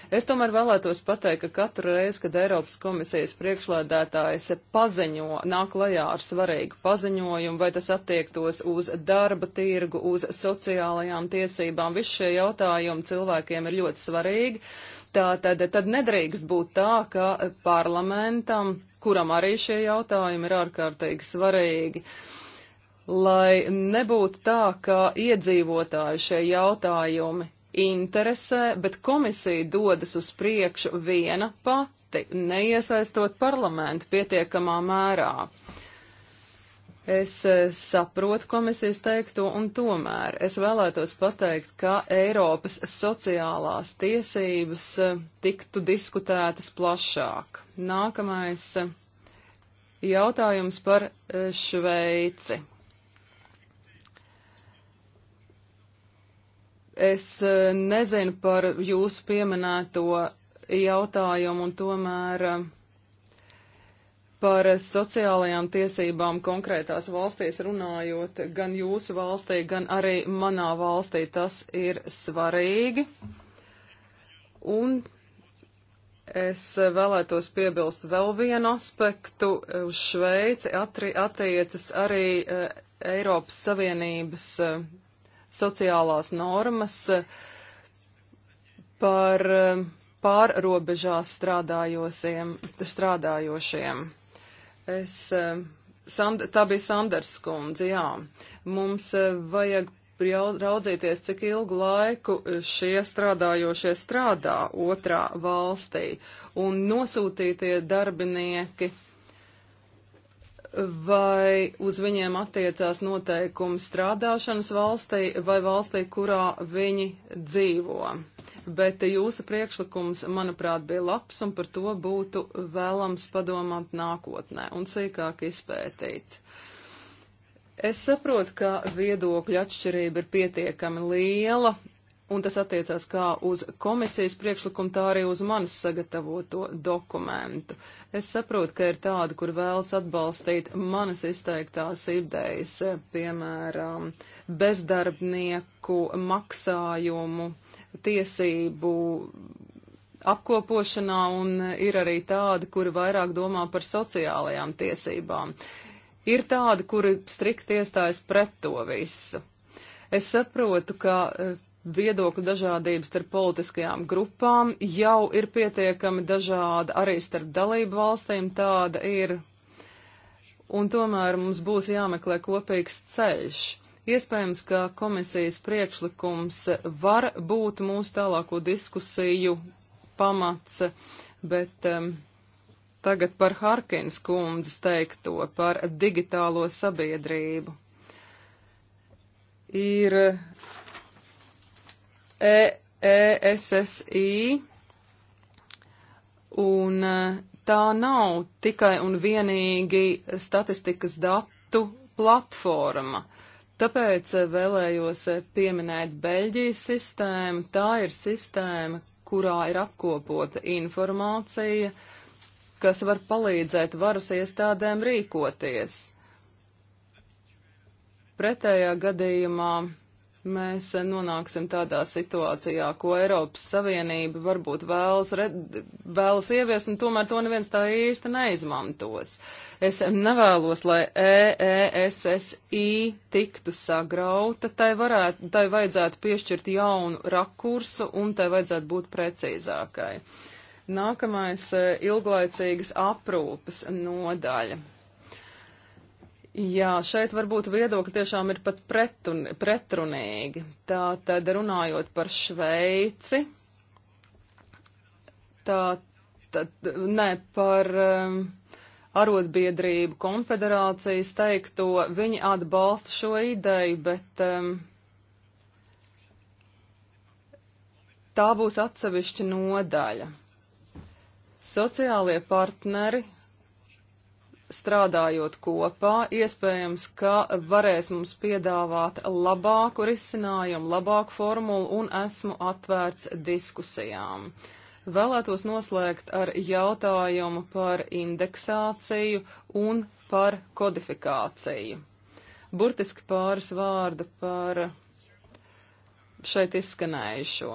Es tomēr vēlētos pateikt, ka katru reizi, kad Eiropas komisijas priekšlēdētājs paziņo, nāk lajā ar svarīgu paziņojumu, vai tas attiektos uz darba tirgu, uz sociālajām tiesībām, visi šie jautājumi cilvēkiem ir ļoti svarīgi. Tātad tad nedrīkst būt tā, ka parlamentam, kuram arī šie jautājumi ir ārkārtīgi svarīgi, lai nebūtu tā, ka iedzīvotāji šie jautājumi interesē, bet komisija dodas uz priekšu viena pati, neiesaistot parlamentu pietiekamā mērā. Es eh, saprotu komisijas teikto, un tomēr es vēlētos pateikt, ka Eiropas sociālās tiesības eh, tiktu diskutētas plašāk. Nākamais eh, jautājums par Šveici. Es nezinu par jūsu pieminēto jautājumu, un tomēr Par sociālajām tiesībām konkrētās valstīs runājot, gan jūsu valstī, gan arī manā valstī tas ir svarīgi. Un es vēlētos piebilst vēl vienu aspektu. Uz Šveici atri, attiecas arī eh, Eiropas Savienības eh, sociālās normas eh, par pārrobežās strādājošiem Es, eh, sand, tā bija Sanders skundze, jā. Mums eh, vajag raudzīties, cik ilgu laiku eh, šie strādājošie strādā otrā valstī. Un nosūtītie darbinieki vai uz viņiem attiecās noteikumi strādāšanas valstī vai valstī, kurā viņi dzīvo. Bet jūsu priekšlikums, manuprāt, bija labs un par to būtu vēlams padomāt nākotnē un sīkāk izpētīt. Es saprotu, ka viedokļa atšķirība ir pietiekami liela, un tas attiecās kā uz komisijas priekšlikumu, tā arī uz manis sagatavoto dokumentu. Es saprotu, ka ir tādi, kur vēlas atbalstīt manas izteiktās idejas, piemēram, bezdarbnieku maksājumu, tiesību apkopošanā, un ir arī tādi, kuri vairāk domā par sociālajām tiesībām. Ir tādi, kuri strikt iestājas pret to visu. Es saprotu, ka viedokļu dažādības starp politiskajām grupām jau ir pietiekami dažāda, arī starp dalību valstīm tāda ir, un tomēr mums būs jāmeklē kopīgs ceļš. Iespējams, ka komisijas priekšlikums var būt mūsu tālāko diskusiju pamats, bet um, tagad par Harkins kundzes teikto par digitālo sabiedrību. Ir ESSI, e un e, tā nav tikai un vienīgi statistikas datu platforma. Tāpēc e, vēlējos pieminēt Beļģijas sistēmu. Tā ir sistēma, kurā ir apkopota informācija, kas var palīdzēt varas iestādēm rīkoties. Pretējā gadījumā mēs nonāksim tādā situācijā, ko Eiropas Savienība varbūt vēlas, red, vēlas ieviest, un tomēr to neviens tā īsti neizmantos. Es nevēlos, lai EESSI tiktu sagrauta, tai, varētu, tai vajadzētu piešķirt jaunu rakursu, un tai vajadzētu būt precīzākai. Nākamais e, - ilglaicīgas aprūpes nodaļa. Jā, šeit varbūt viedokļi tiešām ir pat pretun, pretrunīgi. Tā tad runājot par Šveici, tā tad, ne, par um, arotbiedrību konfederācijas teikto, viņi atbalsta šo ideju, bet. Um, tā būs atsevišķa nodaļa. Sociālie partneri strādājot kopā, iespējams, ka varēs mums piedāvāt labāku risinājumu, labāku formulu un esmu atvērts diskusijām. Vēlētos noslēgt ar jautājumu par indeksāciju un par kodifikāciju. Burtiski pāris vārdu par šeit izskanējušo.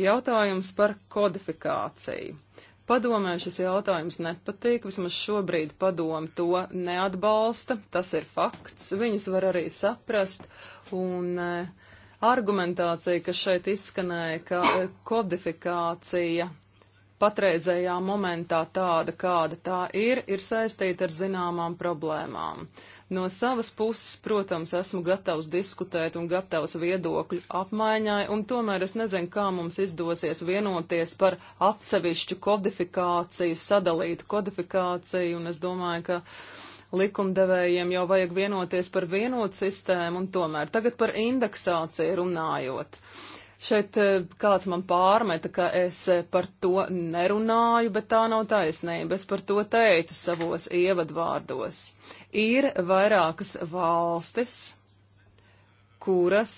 Jautājums par kodifikāciju. Padomē šis jautājums nepatīk, vismaz šobrīd padomu to neatbalsta, tas ir fakts, viņus var arī saprast, un e, argumentācija, kas šeit izskanēja, ka e, kodifikācija patreizējā momentā tāda, kāda tā ir, ir saistīta ar zināmām problēmām. Uh, No savas puses, protams, esmu gatavs diskutēt un gatavs viedokļu apmaiņai, un tomēr es nezinu, kā mums izdosies vienoties par atsevišķu kodifikāciju, sadalītu kodifikāciju, un es domāju, ka likumdevējiem jau vajag vienoties par vienotu sistēmu, un tomēr tagad par indeksāciju runājot. Šeit eh, kāds man pārmeta, ka es eh, par to nerunāju, bet tā nav taisnība. Es par to teicu savos ievadvārdos. Ir vairākas valstis, kuras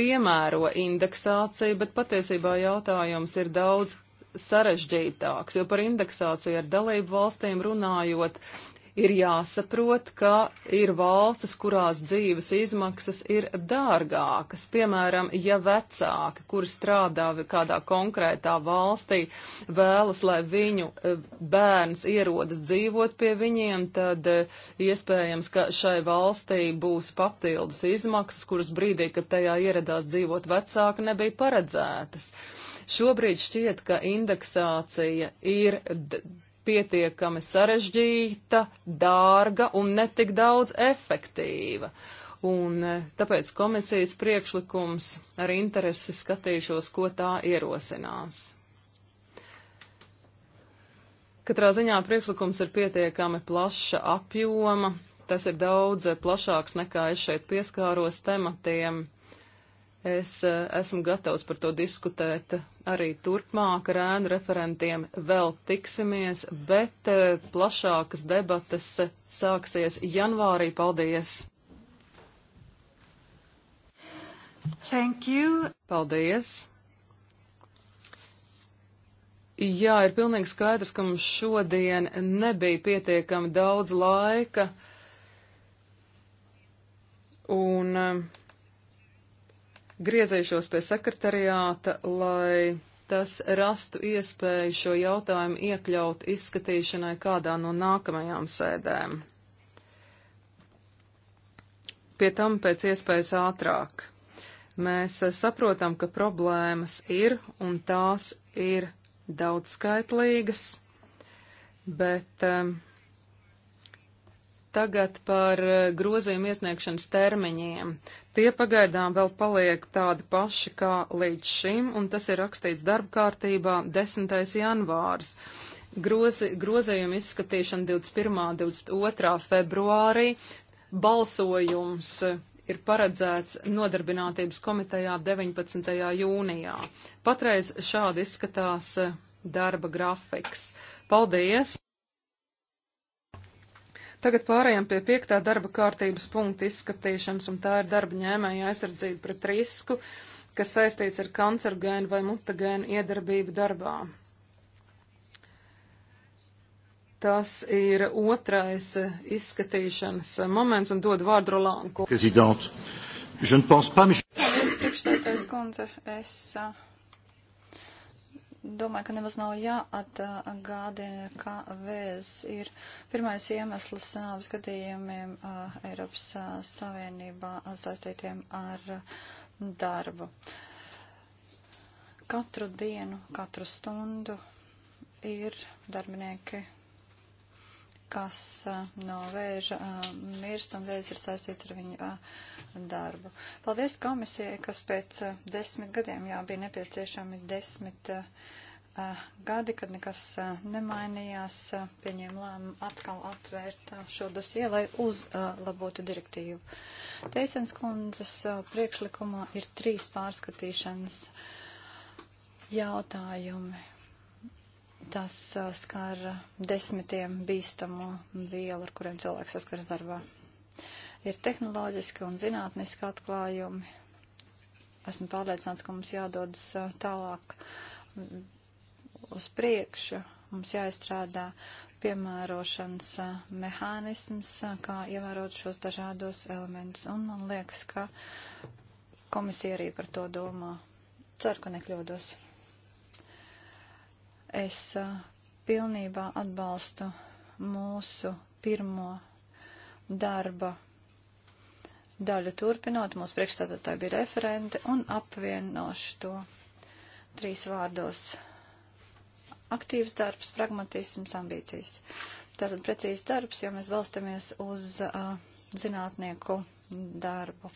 piemēro indeksāciju, bet patiesībā jautājums ir daudz sarežģītāks, jo par indeksāciju ar dalību valstīm runājot, ir jāsaprot, ka ir valstis, kurās dzīves izmaksas ir dārgākas. Piemēram, ja vecāki, kuri strādā kādā konkrētā valstī, vēlas, lai viņu e, bērns ierodas dzīvot pie viņiem, tad e, iespējams, ka šai valstī būs papildus izmaksas, kuras brīdī, kad tajā ieradās dzīvot vecāki, nebija paredzētas. Šobrīd šķiet, ka indeksācija ir pietiekami sarežģīta, dārga un netik daudz efektīva. Un e, tāpēc komisijas priekšlikums ar interesi skatīšos, ko tā ierosinās. Katrā ziņā priekšlikums ir pietiekami plaša apjoma, tas ir daudz e, plašāks nekā es šeit pieskāros tematiem. Es e, esmu gatavs par to diskutēt arī turpmāk ar ēnu referentiem vēl tiksimies, bet eh, plašākas debatas eh, sāksies janvārī. Paldies! Thank you. Paldies! Jā, ir pilnīgi skaidrs, ka mums šodien nebija pietiekami daudz laika. Un uh, Griezīšos pie sekretariāta, lai tas rastu iespēju šo jautājumu iekļaut izskatīšanai kādā no nākamajām sēdēm. Pie tam pēc iespējas ātrāk. Mēs eh, saprotam, ka problēmas ir un tās ir daudzskaitlīgas, bet um, Tagad par eh, grozījumu iesniegšanas termiņiem. Tie pagaidām vēl paliek tādi paši kā līdz šim, un tas ir rakstīts darba kārtībā 10. janvārs. Grozi, grozījumu izskatīšana 21. 22. februārī. Balsojums eh, ir paredzēts nodarbinātības komitejā 19. jūnijā. Patreiz šādi izskatās eh, darba grafiks. Paldies! Tagad pārējām pie piektā darba kārtības punkta izskatīšanas, un tā ir darba ņēmēja aizsardzība pret risku, kas saistīts ar kancerogēnu vai mutagēnu iedarbību darbā. Tas ir otrais eh, izskatīšanas eh, moments, un dod vārdu Rolānku. Prezidents, je ne pense pas, mais... Priekšstādājs kundze, es eh, domāju, ka nemaz nav jāatgādina, ka vēzis ir pirmais iemesls nāves gadījumiem uh, Eiropas uh, Savienībā saistītiem ar uh, darbu. Katru dienu, katru stundu ir darbinieki kas no vēža mirst un vēzis ir saistīts ar viņu darbu. Paldies komisijai, kas pēc desmit gadiem jau bija nepieciešami desmit gadi, kad nekas nemainījās, pieņēma lēmumu atkal atvērt šo dosie, lai uzlabotu direktīvu. Teisens kundzes priekšlikumā ir trīs pārskatīšanas jautājumi Tas uh, skar desmitiem bīstamo vielu, ar kuriem cilvēks saskars darbā. Ir tehnoloģiski un zinātniski atklājumi. Esmu pārliecināts, ka mums jādodas uh, tālāk uz priekšu. Mums jāizstrādā piemērošanas uh, mehānisms, uh, kā ievērot šos dažādos elementus. Un man liekas, ka komisija arī par to domā. Ceru, ka nekļūdos es pilnībā atbalstu mūsu pirmo darba daļu turpinot. Mūsu priekšstādātāji bija referenti un apvienošu to trīs vārdos. Aktīvs darbs, pragmatisms, ambīcijas. Tātad precīzs darbs, jo mēs balstamies uz uh, zinātnieku darbu.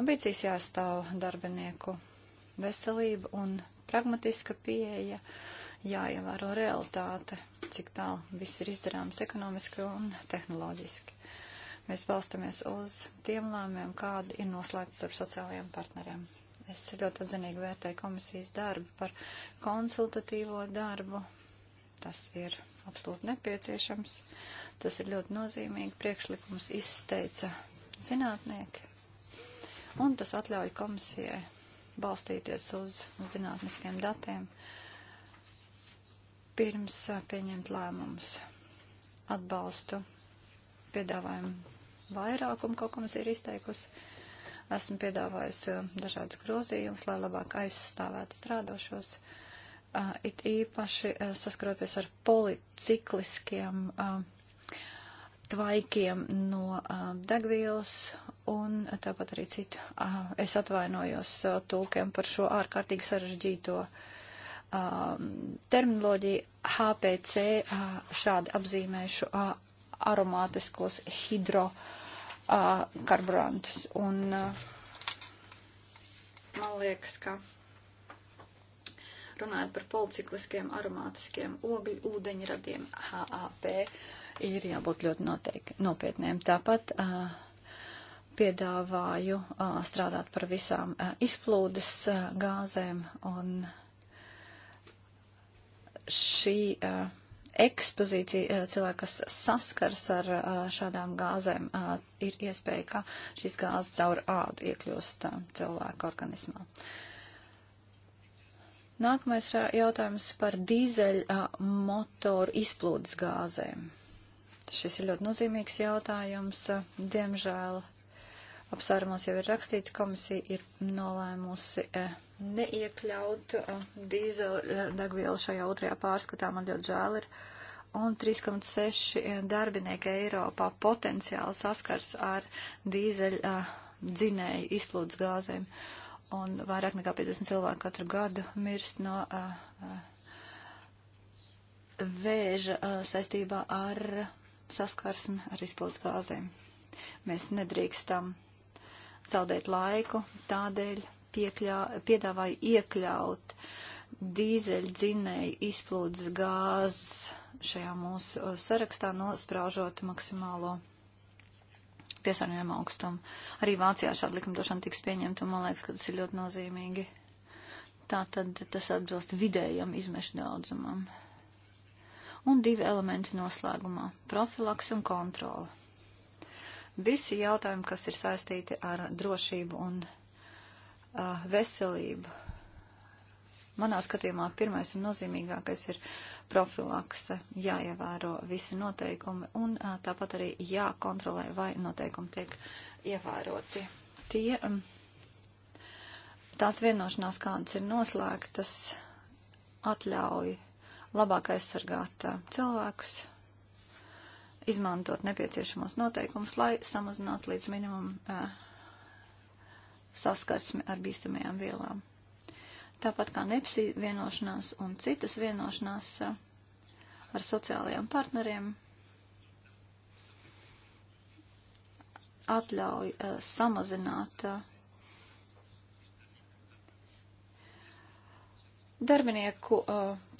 Ambīcijas jāstāv darbinieku veselība un pragmatiska pieeja. Uh, jāievēro realitāte, cik tālu viss ir izdarāms ekonomiski un tehnoloģiski. Mēs balstamies uz tiem lēmumiem, kādi ir noslēgts ar sociālajiem partneriem. Es ļoti atzinīgi vērtēju komisijas darbu par konsultatīvo darbu. Tas ir absolūti nepieciešams. Tas ir ļoti nozīmīgi. Priekšlikums izteica zinātnieki. Un tas atļauj komisijai balstīties uz zinātniskiem datiem, uh, pirms pieņemt lēmumus. Atbalstu piedāvājumu vairākumu, ko komisija ir izteikusi. Esmu piedāvājusi dažādas grozījumus, lai labāk aizstāvētu strādošos. It īpaši saskaroties ar policikliskiem tvaikiem no degvielas un tāpat arī citu. Es atvainojos tulkiem par šo ārkārtīgi sarežģīto uh, Um, terminoloģija HPC uh, šādi apzīmēšu uh, aromātiskos hidrokarburantus. Uh, un man liekas, ka runājot par policikliskiem aromātiskiem ogļu ūdeņradiem HAP, ir jābūt ļoti noteikti, nopietniem. Tāpat uh, piedāvāju uh, strādāt par visām uh, izplūdes uh, gāzēm un uh, šī uh, ekspozīcija cilvēki, kas saskars ar šādām gāzēm, ir iespēja, ka šīs gāzes caur ādu iekļūst cilvēka organismā. Nākamais jautājums par dīzeļa motoru izplūdes gāzēm. Šis ir ļoti nozīmīgs jautājums. Diemžēl apsvērumos jau ir rakstīts, komisija ir nolēmusi e, neiekļaut e, dīzeļdegvielu e, šajā otrajā pārskatā, man ļoti žēl ir. Un 3,6 darbinieki Eiropā potenciāli saskars ar dīzeļa dzinēju izplūdes gāzēm. Un vairāk nekā 50 cilvēku katru gadu mirst no uh, uh, vēža uh, saistībā ar saskarsmi ar izplūdes gāzēm. Mēs nedrīkstam uh, zaudēt laiku, tādēļ piekļā, piedāvāju iekļaut dīzeļdzinēju izplūdes gāzes šajā mūsu uh, sarakstā, nosprāžot maksimālo piesārņojumu augstumu. Arī Vācijā šāda likumdošana tiks pieņemta, un man liekas, ka tas ir ļoti nozīmīgi. Tā tad tas atbilst vidējam izmešu daudzumam. Un divi elementi noslēgumā - profilaks un kontrola. Visi jautājumi, kas ir saistīti ar drošību un uh, veselību. Manā skatījumā pirmais un nozīmīgākais ir profilakse, jāievēro visi noteikumi un uh, tāpat arī jākontrolē, vai noteikumi tiek ievēroti. Tie, um, tās vienošanās, kādas ir noslēgtas, atļauj labāk aizsargāt uh, cilvēkus, izmantot nepieciešamos noteikumus, lai samazinātu līdz minimumu eh, saskarsmi ar bīstamajām vielām. Tāpat kā NEPSI vienošanās un citas vienošanās eh, ar sociālajiem partneriem atļauj eh, samazināt darbinieku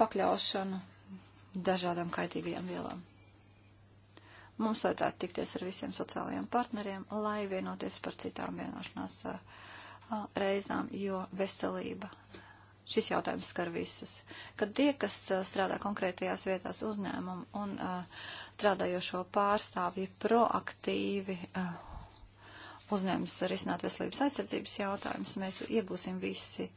pakļaušanu dažādām kaitīgajām vielām. Mums vajadzētu tikties ar visiem sociālajiem partneriem, lai vienoties par citām vienošanās reizām, jo veselība. Šis jautājums skar visus. Kad tie, kas strādā konkrētajās vietās uzņēmumu un uh, strādājošo pārstāvji proaktīvi uh, uzņēmums risināt veselības aizsardzības jautājumus, mēs iegūsim visi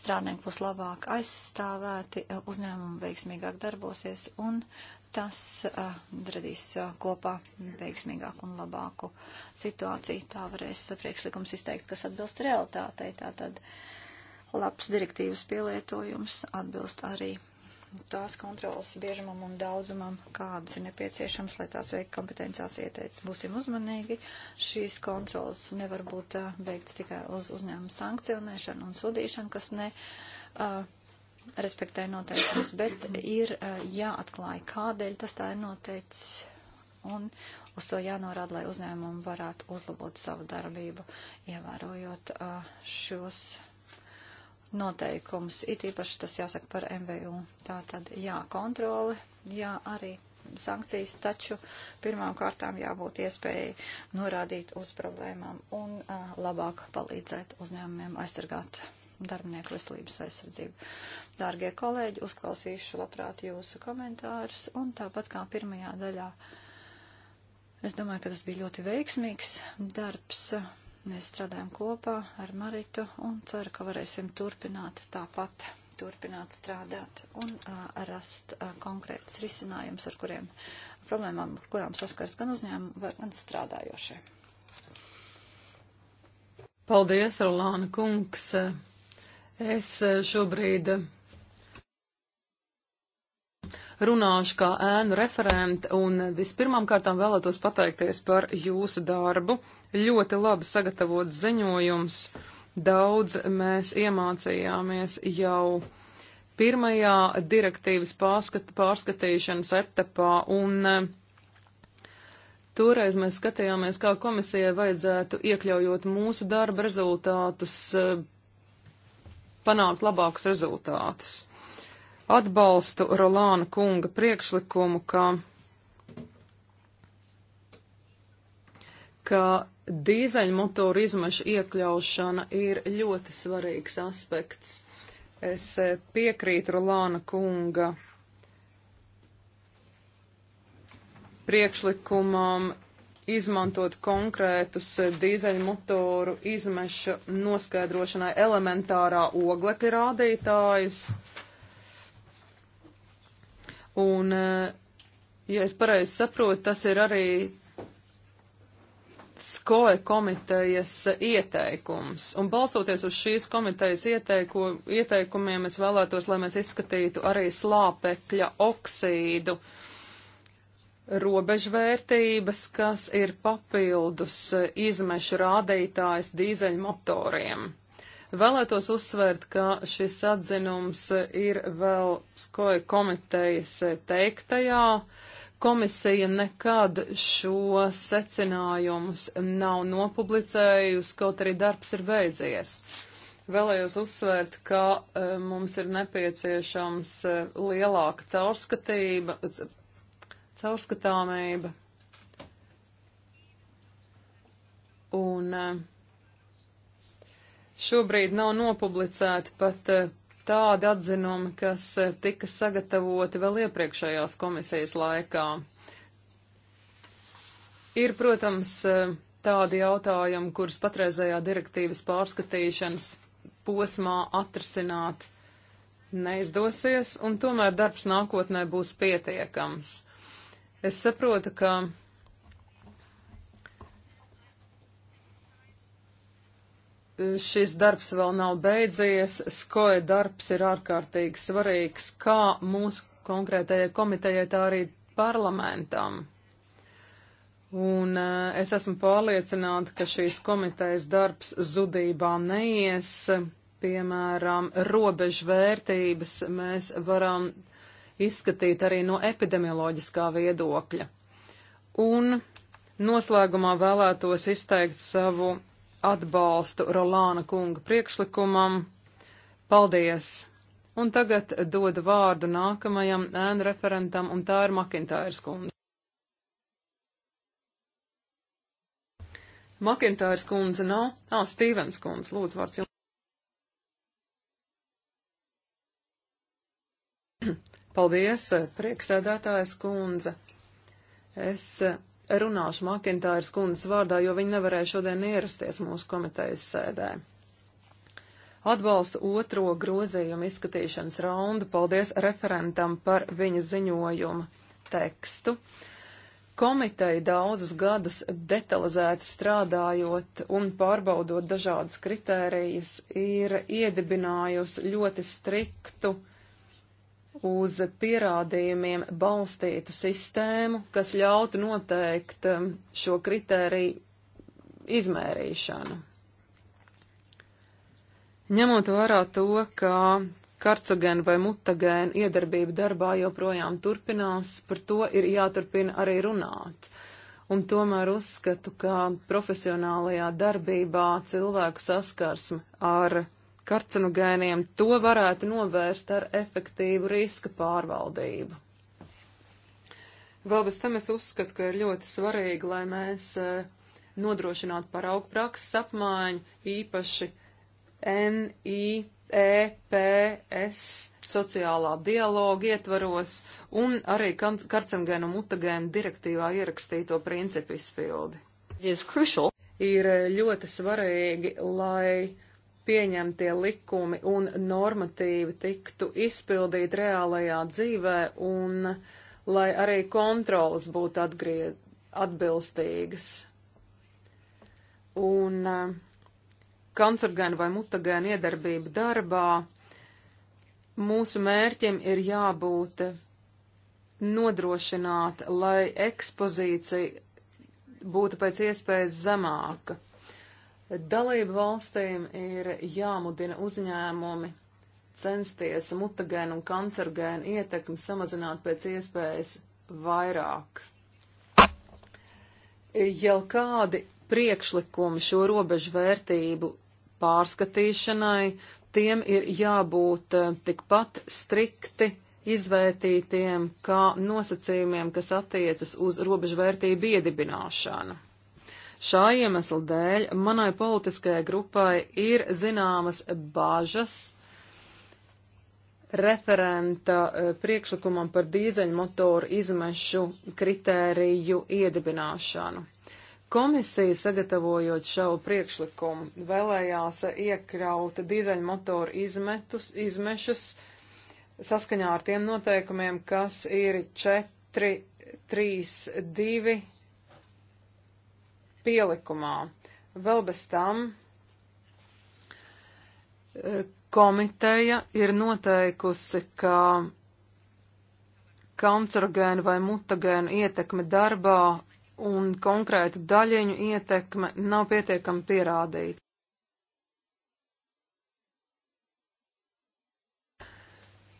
strādnieki būs labāk aizstāvēti, uzņēmumi veiksmīgāk darbosies un Tas uh, radīs uh, kopā veiksmīgāku un labāku situāciju. Tā varēs uh, priekšlikums izteikt, kas atbilst realitātei. Tātad labs direktīvas pielietojums atbilst arī tās kontrolas biežumam un daudzumam, kādas ir nepieciešams, lai tās veikt kompetencijās ieteicis. Būsim uzmanīgi. Šīs kontrolas nevar būt veikts eh, tikai uz uzņēmumu sankcionēšanu un sudīšanu, kas ne. Uh, respektēja noteikumus, bet ir eh, jāatklāja, kādēļ tas tā ir noteicis, un uz to jānorāda, lai uzņēmumi varētu uzlabot savu darbību, ievērojot eh, šos noteikumus. It īpaši tas jāsaka par MVU. Tā tad jā, kontroli, jā, arī sankcijas, taču pirmām kārtām jābūt iespējai norādīt uz problēmām un uh, labāk palīdzēt uzņēmumiem aizsargāt darbinieku veselības aizsardzību. Dārgie kolēģi, uzklausīšu labprāt jūsu komentārus un tāpat kā pirmajā daļā. Es domāju, ka tas bija ļoti veiksmīgs darbs. Mēs strādājam kopā ar Maritu un ceru, ka varēsim turpināt tāpat turpināt strādāt un uh, rast uh, konkrētus risinājumus, ar kuriem problēmām, ar kurām saskars gan uzņēmumi, gan strādājošie. Paldies, Rolāna kungs. Es eh, šobrīd eh, runāšu kā ēnu referente un eh, vispirmām kārtām vēlētos pateikties par jūsu darbu. Ļoti labi sagatavot ziņojums. Daudz mēs iemācījāmies jau pirmajā direktīvas pārskat, pārskatīšanas etapā un Toreiz mēs skatījāmies, kā komisijai vajadzētu iekļaujot mūsu darba rezultātus panākt labākus rezultātus. Atbalstu Rolāna kunga priekšlikumu, ka, ka dīzeļmotoru izmešu iekļaušana ir ļoti svarīgs aspekts. Es e, piekrītu Rolāna kunga priekšlikumam izmantot konkrētus dīzeļmotoru izmeša noskaidrošanai elementārā oglekļa rādītājus. Un, eh, ja es pareizi saprotu, tas ir arī skoja komitejas ieteikums. Un balstoties uz šīs komitejas ieteiku, ieteikumiem, es vēlētos, lai mēs izskatītu arī slāpekļa oksīdu. Uh, robežvērtības, kas ir papildus izmešu rādītājs dīzeļmotoriem. Vēlētos uzsvērt, ka šis atzinums ir vēl skoja komitejas teiktajā. Komisija nekad šo secinājumus nav nopublicējusi, kaut arī darbs ir beidzies. Vēlējos uzsvērt, ka eh, mums ir nepieciešams eh, lielāka caurskatība, caurskatāmība. Un e, šobrīd nav nopublicēti pat e, tādi atzinumi, kas e, tika sagatavoti vēl iepriekšējās komisijas laikā. Ir, protams, tādi jautājumi, kurus patreizējā direktīvas pārskatīšanas posmā atrisināt neizdosies, un tomēr darbs nākotnē būs pietiekams. Es saprotu, ka šis darbs vēl nav beidzies. Skoja darbs ir ārkārtīgi svarīgs, kā mūsu konkrētajai komitejai, tā arī parlamentam. Un eh, es esmu pārliecināta, ka šīs komitejas darbs zudībā neies. Piemēram, robežvērtības mēs varam uh, izskatīt arī no epidemioloģiskā viedokļa. Un noslēgumā vēlētos izteikt savu atbalstu Rolāna kunga priekšlikumam. Paldies! Un tagad dodu vārdu nākamajam ēnu referentam, un tā ir Makintājas kundze. Makintājas kundze nav. Ā, Stīvens kundze, lūdzu vārds jums. Paldies, eh, prieksēdētājas kundze. Es eh, runāšu Makintājas kundzes vārdā, jo viņa nevarēja šodien ierasties mūsu komitejas sēdē. Atbalsta otro grozījumu izskatīšanas raundu. Paldies referentam par viņa ziņojumu tekstu. Komiteja daudzus gadus detalizēti strādājot un pārbaudot dažādas kritērijas, ir iedibinājusi ļoti striktu uh, uz pierādījumiem balstītu sistēmu, kas ļautu noteikt um, šo kritēriju izmērīšanu. Ņemot vērā to, ka karcogēna vai mutagēna iedarbība darbā joprojām turpinās, par to ir jāturpina arī runāt. Un tomēr uzskatu, ka profesionālajā darbībā cilvēku saskarsme ar karcinogēniem, to varētu novērst ar efektīvu riska pārvaldību. Vēl bez tam es uzskatu, ka ir ļoti svarīgi, lai mēs eh, nodrošinātu paraugu prakses apmaiņu, īpaši NIEPS sociālā dialoga ietvaros un arī karcinogēnu mutagēnu direktīvā ierakstīto principu izpildi. Ir eh, ļoti svarīgi, lai pieņemtie likumi un normatīvi tiktu izpildīti reālajā dzīvē un lai arī kontrolas būtu atgried, atbilstīgas. Un uh, eh, kancergēna vai mutagēna iedarbība darbā, mūsu mērķim ir jābūt nodrošināt, lai ekspozīcija būtu pēc iespējas zemāka. Dalību valstīm ir jāmudina uzņēmumi censties mutagēnu un kancergēnu ietekmi samazināt pēc iespējas vairāk. Jau kādi priekšlikumi šo robežu vērtību pārskatīšanai, tiem ir jābūt eh, tikpat strikti izvērtītiem kā nosacījumiem, kas attiecas uz robežu vērtību iedibināšanu. Šā iemesla dēļ manai politiskajai grupai ir zināmas bāžas referenta e, priekšlikumam par dīzeļmotoru izmešu kritēriju iedibināšanu. Komisija, sagatavojot šo priekšlikumu, vēlējās iekļaut dīzeļmotoru izmetus, izmešus saskaņā ar tiem noteikumiem, kas ir 4, 3, 2 pielikumā. Vēl bez tam e, komiteja ir noteikusi, ka kancerogēna vai mutagēna ietekme darbā un konkrētu daļiņu ietekme nav pietiekami pierādīta.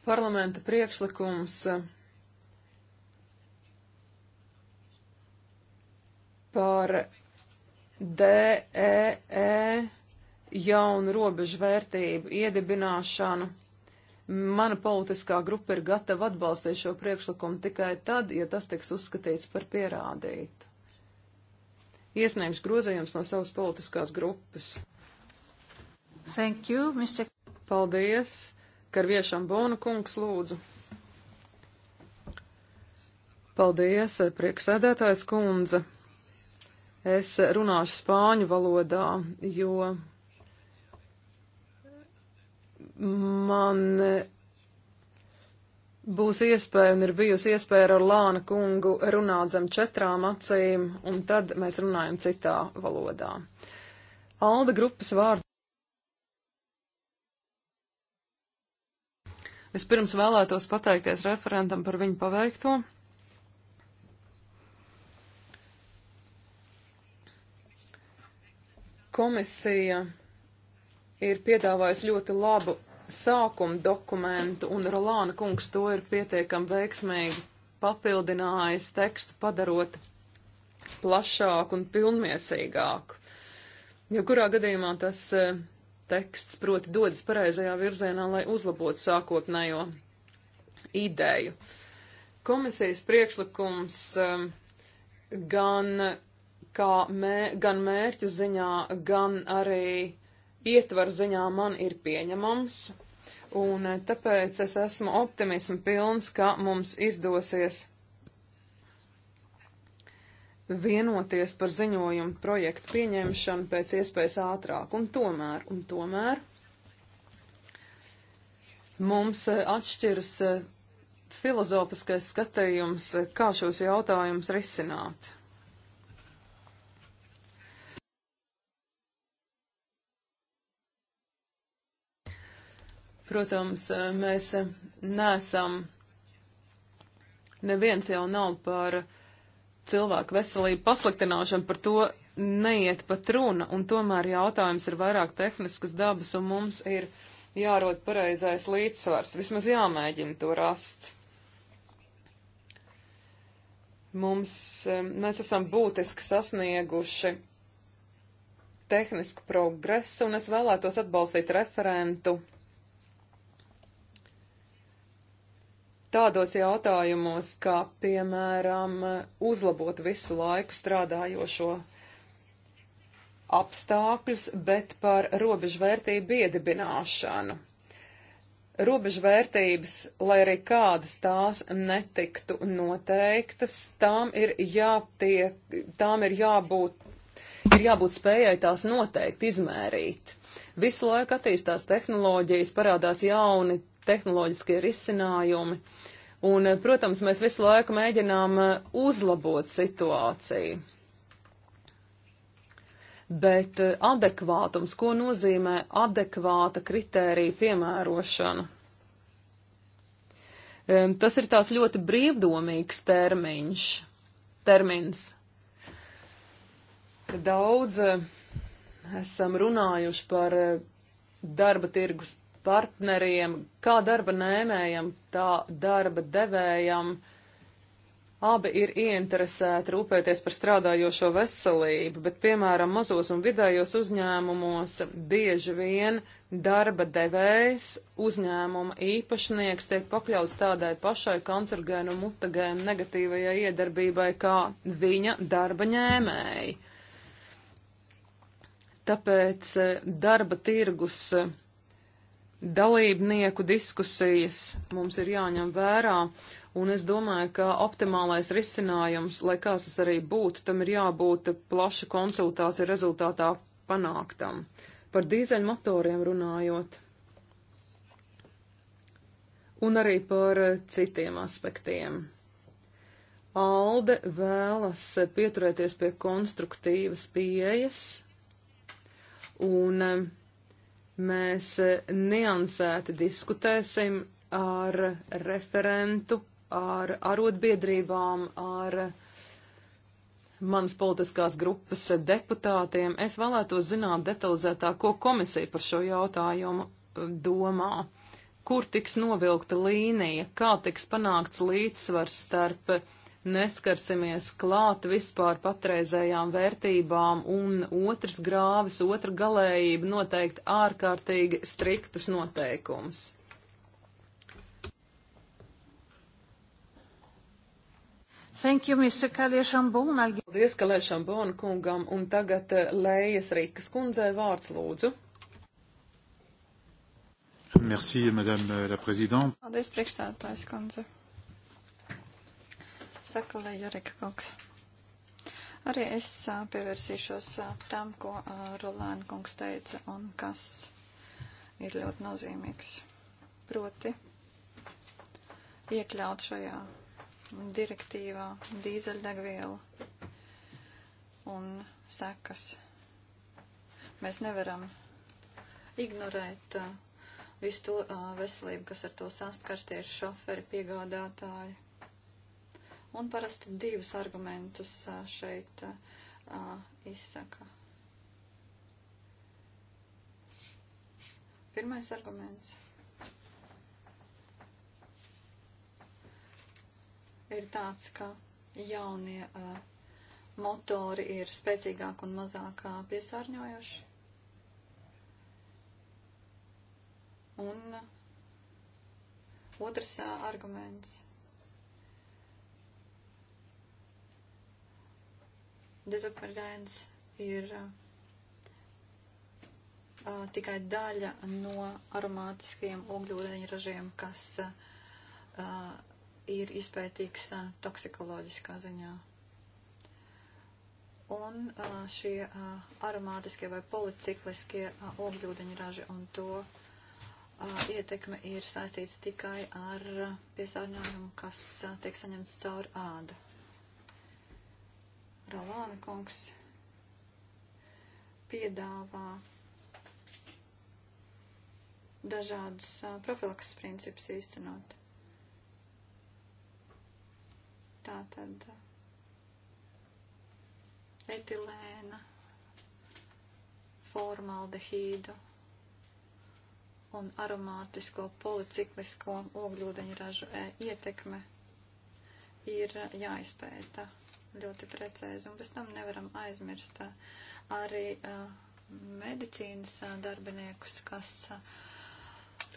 Parlamenta priekšlikums e, par DEE e, jaunu robežu vērtību iedibināšanu. Mana politiskā grupa ir gatava atbalstīt šo priekšlikumu tikai tad, ja tas tiks uzskatīts par pierādītu. Iesniegšu grozījums no savas politiskās grupas. Thank you, Mr. Paldies. Karviešam Bona kungs lūdzu. Paldies, prieksēdētājs kundze. Es runāšu spāņu valodā, jo man būs iespēja un ir bijusi iespēja ar Lāna kungu runāt zem četrām acīm, un tad mēs runājam citā valodā. Alda grupas vārdu. Vispirms vēlētos pateikties referentam par viņu paveikto. Komisija ir piedāvājusi ļoti labu sākumu dokumentu, un Rolāna kungs to ir pietiekami veiksmīgi papildinājis tekstu padarot plašāku un pilnmiesīgāku. Jo kurā gadījumā tas e, teksts proti dodas pareizajā virzienā, lai uzlabotu sākotnējo ideju. Komisijas priekšlikums e, gan kā mē, gan mērķu ziņā, gan arī ietvaru ziņā man ir pieņemams. Un eh, tāpēc es esmu optimismu pilns, ka mums izdosies vienoties par ziņojumu projektu pieņemšanu pēc iespējas ātrāk. Un tomēr, un tomēr mums eh, atšķiras eh, filozofiskais skatījums, kā šos jautājumus risināt. Protams, eh, mēs eh, nesam, neviens jau nav par cilvēku veselību pasliktināšanu, par to neiet pat runa, un tomēr jautājums ir vairāk tehniskas dabas, un mums ir jārod pareizais līdzsvars, vismaz jāmēģina to rast. Mums, eh, mēs esam būtiski sasnieguši tehnisku progresu, un es vēlētos atbalstīt referentu tādos jautājumos, kā piemēram uzlabot visu laiku strādājošo apstākļus, bet par robežvērtību iedibināšanu. Robežvērtības, lai arī kādas tās netiktu noteiktas, tām ir, jātiek, tām ir, jābūt, ir jābūt spējai tās noteikt, izmērīt. Visu laiku attīstās tehnoloģijas, parādās jauni tehnoloģiskie risinājumi. Un, eh, protams, mēs visu laiku mēģinām eh, uzlabot situāciju. Bet eh, adekvātums, ko nozīmē adekvāta kritērija piemērošana? Tas ir tās ļoti brīvdomīgs termiņš, termins. Daudz esam runājuši par darba tirgus partneriem, kā darba nēmējam, tā darba devējam. Abi ir ieinteresēti rūpēties par strādājošo veselību, bet, piemēram, mazos un vidējos uzņēmumos bieži vien darba devējs, uzņēmuma īpašnieks tiek pakļauts tādai pašai kancergēnu mutagēnu negatīvajai iedarbībai kā viņa darba ņēmēji. Tāpēc eh, darba tirgus dalībnieku diskusijas mums ir jāņem vērā, un es domāju, ka optimālais risinājums, lai kāds tas arī būtu, tam ir jābūt plaša konsultācija rezultātā panāktam. Par dīzeļmotoriem runājot. Un arī par citiem aspektiem. Alde vēlas pieturēties pie konstruktīvas pieejas, un Mēs e, niansēti diskutēsim ar referentu, ar arotbiedrībām, ar manas politiskās grupas deputātiem. Es vēlētos zināt detalizētāk, ko komisija par šo jautājumu e, domā kur tiks novilkta līnija, kā tiks panākts līdzsvars starp neskarsimies klāt vispār patreizējām vērtībām, un otrs grāvis, otra galējība noteikti ārkārtīgi striktus noteikumus. Thank you, Mr. Kaliešambona. Paldies, Kaliešambona kungam, un tagad eh, Lējas Rīkas kundzē vārds lūdzu. Merci, madame la présidente. Paldies, priekšstādātājs kundze. Saka Lejarika kungs. Arī es pievērsīšos tam, ko Rolēna kungs teica un kas ir ļoti nozīmīgs. Proti iekļaut šajā direktīvā dīzeļdegvielu un sekas. Mēs nevaram ignorēt uh, visu to uh, veselību, kas ar to saskars, tie ir šoferi, piegādātāji, un parasti divus argumentus šeit izsaka. Pirmais arguments ir tāds, ka jaunie motori ir spēcīgāk un mazāk piesārņojoši. Un otrs arguments. dezopergāns ir uh, uh, tikai daļa no aromātiskajiem ogļūdeņu ražiem, kas uh, uh, ir izpētīgs uh, toksikoloģiskā ziņā. Un uh, šie uh, aromātiskie vai policikliskie uh, ogļūdeņu raži un to uh, ietekme ir saistīta tikai ar uh, piesārņojumu, kas uh, tiek saņemts caur ādu. Rolāna kungs piedāvā dažādus profilaks principus īstenot. Tā tad etilēna, formaldehīdu un aromātisko policiklisko ogļūdeņražu ietekme ir jāizpēta ļoti precēzi, un bez tam nevaram aizmirst uh, arī uh, medicīnas uh, darbiniekus, kas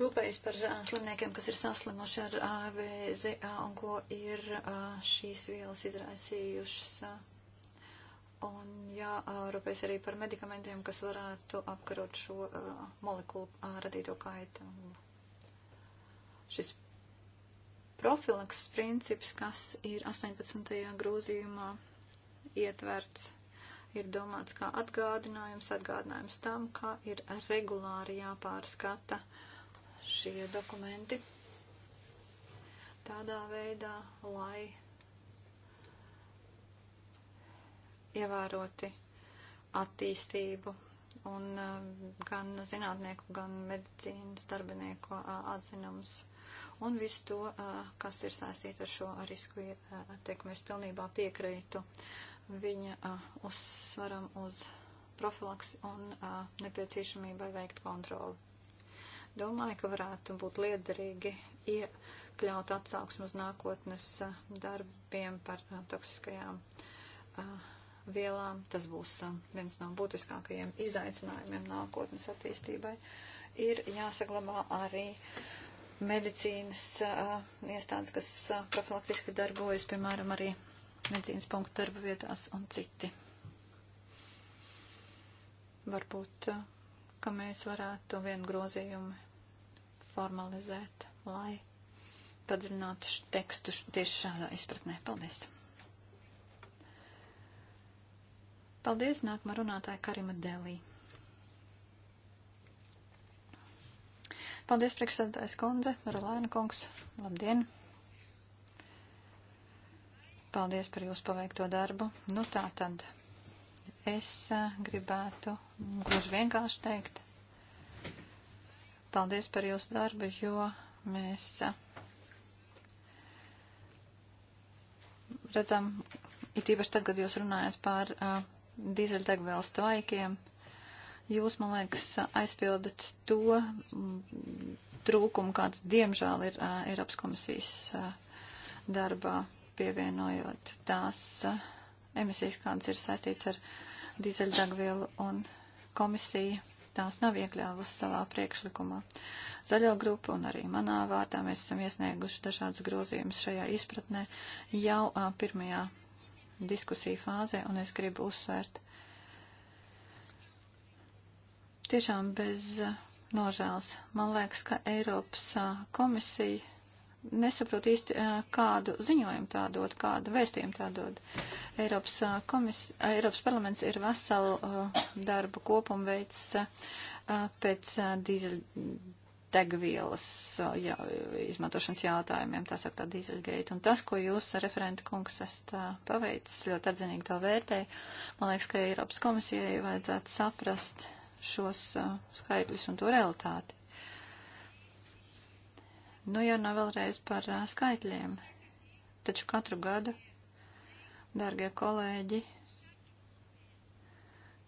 rūpējas par slimniekiem, kas ir saslimuši ar vēzi un ko ir šīs vielas izraisījušas. Un jārūpējas arī par medikamentiem, kas varētu apkarot šo molekulu radīto kaitējumu. Šis profilaks princips, kas ir 18. grozījumā ietverts, ir domāts kā atgādinājums, atgādinājums tam, kā ir regulāri jāpārskata šie dokumenti tādā veidā, lai ievēroti attīstību un eh, gan zinātnieku, gan medicīnas darbinieku atzinums un visu to, kas ir saistīta ar šo risku attiekumu. Es pilnībā piekrītu viņa uzsvaram uz profilaks un nepieciešamībai veikt kontroli. Domāju, ka varētu būt liederīgi iekļaut atsauksmu uz nākotnes darbiem par toksiskajām vielām. Tas būs viens no būtiskākajiem izaicinājumiem nākotnes attīstībai. Ir jāsaglabā arī uh, medicīnas uh, iestādes, kas uh, profilaktiski darbojas, piemēram, arī medicīnas punktu darba vietās un citi. Varbūt, uh, ka mēs varētu vienu grozījumu formalizēt, lai padarinātu tekstu tieši šādā izpratnē. Paldies! Paldies, nākamā runātāja Karima Delī. Paldies, priekšsēdētājs kundze, Rolēna kungs. Labdien! Paldies par jūsu paveikto darbu. Nu tā tad es eh, gribētu gluži vienkārši teikt. Paldies par jūsu darbu, jo mēs eh, redzam, it īpaši tad, kad jūs runājat par eh, dīzeļdegvielas tvaikiem, Jūs, man liekas, aizpildat to trūkumu, kāds diemžēl ir uh, Eiropas komisijas uh, darbā, pievienojot tās uh, emisijas, kādas ir saistīts ar dīzeļdagvielu un komisiju. Tās nav iekļāvusi savā priekšlikumā. Zaļo grupu un arī manā vārdā mēs esam iesnieguši dažādas grozījumus šajā izpratnē jau uh, pirmajā diskusiju fāzē, un es gribu uzsvērt Tiešām bez eh, nožēlas. Man liekas, ka Eiropas eh, komisija nesaprot īsti, eh, kādu ziņojumu tā dod, kādu vēstījumu tā dod. Eiropas, komis, Eiropas parlaments ir veselu uh, darbu kopumu veids uh, pēc uh, dīzeļdegvielas jā, izmantošanas jautājumiem, tā saka tā dīzeļgeita. Un tas, ko jūs, referenta kungs, esat paveicis, ļoti atzinīgi to vērtēju, man liekas, ka Eiropas komisijai vajadzētu saprast, šos uh, skaitļus un to realitāti. Nu, ja nav vēlreiz par uh, skaitļiem, taču katru gadu, dārgie kolēģi,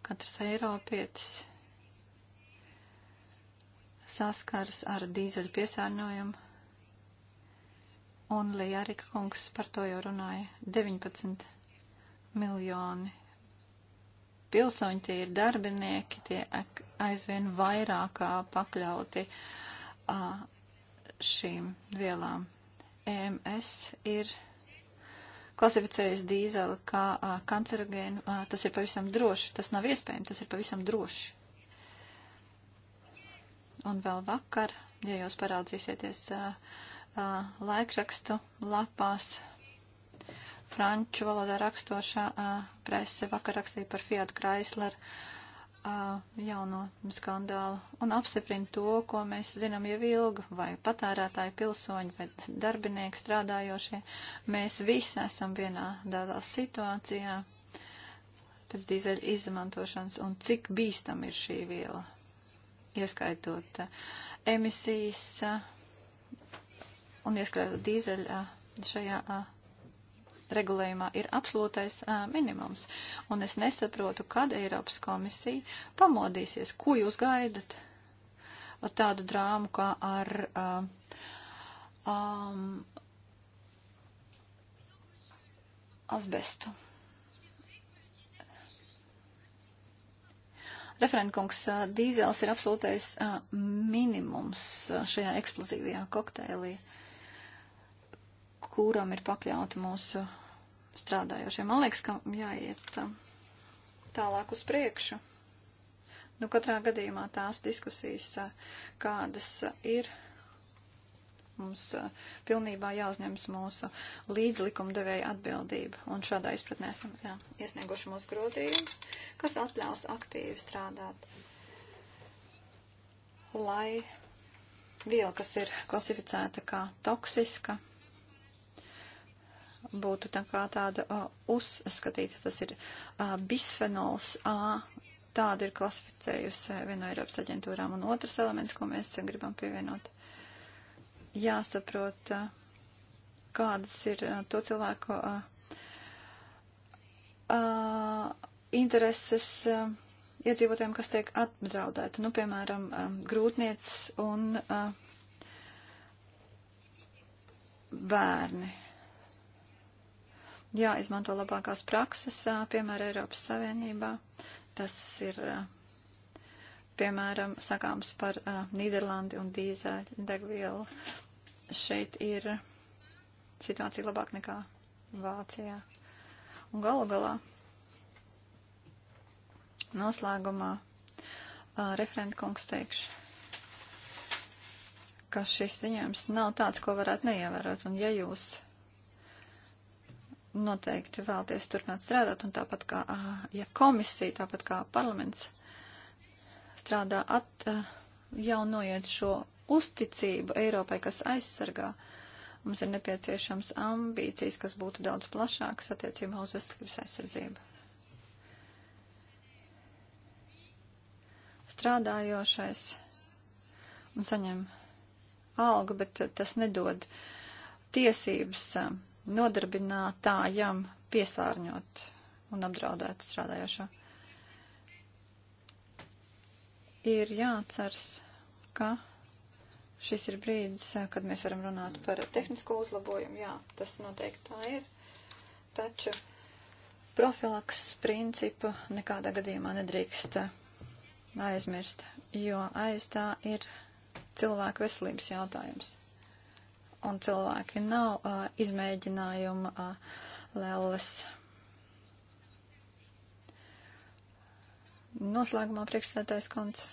katrs eiropietis saskars ar dīzeļu piesārņojumu, un Lijārika kungs par to jau runāja 19 miljoni pilsoņi, tie ir darbinieki, tie aizvien vairāk pakļauti šīm vielām. EMS ir klasificējis dīzeli kā kancerogēnu. Tas ir pavisam droši. Tas nav iespējams, tas ir pavisam droši. Un vēl vakar, ja jūs paraudzīsieties laikrakstu lapās, franču valodā rakstošā prese vakar rakstīja par Fiat Chrysler jauno skandālu un apstiprina to, ko mēs zinām jau ilgu, vai patērētāji, pilsoņi, vai darbinieki strādājošie. Mēs visi esam vienā tādā situācijā pēc dīzeļa izmantošanas un cik bīstam ir šī viela, ieskaitot emisijas un ieskaitot dīzeļa šajā regulējumā ir absolūtais uh, minimums. Un es nesaprotu, kad Eiropas komisija pamodīsies. Ko jūs gaidat? Tādu drāmu kā ar. Uh, um, asbestu. Referentkungs, dīzels ir absolūtais minimums šajā eksplozīvajā kokteilī. Uh, kuram ir pakļauti mūsu strādājošie. Man liekas, ka jāiet um, tālāk uz priekšu. Nu, katrā gadījumā tās diskusijas, uh, kādas ir, mums uh, pilnībā jāuzņemas mūsu līdzlikumdevēja atbildība. Un šādā izpratnē esam jā, iesnieguši mūsu grozījumus, kas atļaus aktīvi strādāt, lai viela, kas ir klasificēta kā toksiska, būtu tā kā tāda uh, uzskatīta. Tas ir uh, bisfenols A. Tādu ir klasificējusi viena no Eiropas aģentūrām. Un otrs elements, ko mēs gribam pievienot, jāsaprot, uh, kādas ir uh, to cilvēku uh, uh, intereses uh, iedzīvotājiem, kas tiek apdraudēti. Nu, piemēram, uh, grūtniec un. Uh, bērni jāizmanto labākās prakses, piemēram, Eiropas Savienībā. Tas ir, piemēram, sakāms par Nīderlandi un dīzeļdegvielu. Šeit ir situācija labāk nekā Vācijā. Un galu galā noslēgumā referenta kungs teikšu, ka šis ziņojums nav tāds, ko varētu neievērot. Un ja jūs noteikti vēlties turpināt strādāt, un tāpat kā, ja komisija, tāpat kā parlaments strādā at, jau noiet šo uzticību Eiropai, kas aizsargā, mums ir nepieciešams ambīcijas, kas būtu daudz plašākas attiecībā uz veselības aizsardzību. Strādājošais un saņem algu, bet tas nedod tiesības nodarbinātājam piesārņot un apdraudēt strādājošo. Ir jāatceras, ka šis ir brīdis, kad mēs varam runāt par tehnisko uzlabojumu. Jā, tas noteikti tā ir. Taču profilaks principu nekādā gadījumā nedrīkst aizmirst, jo aiz tā ir cilvēku veselības jautājums un cilvēki nav uh, izmēģinājuma uh, lelles. Noslēgumā priekšstādājs konts.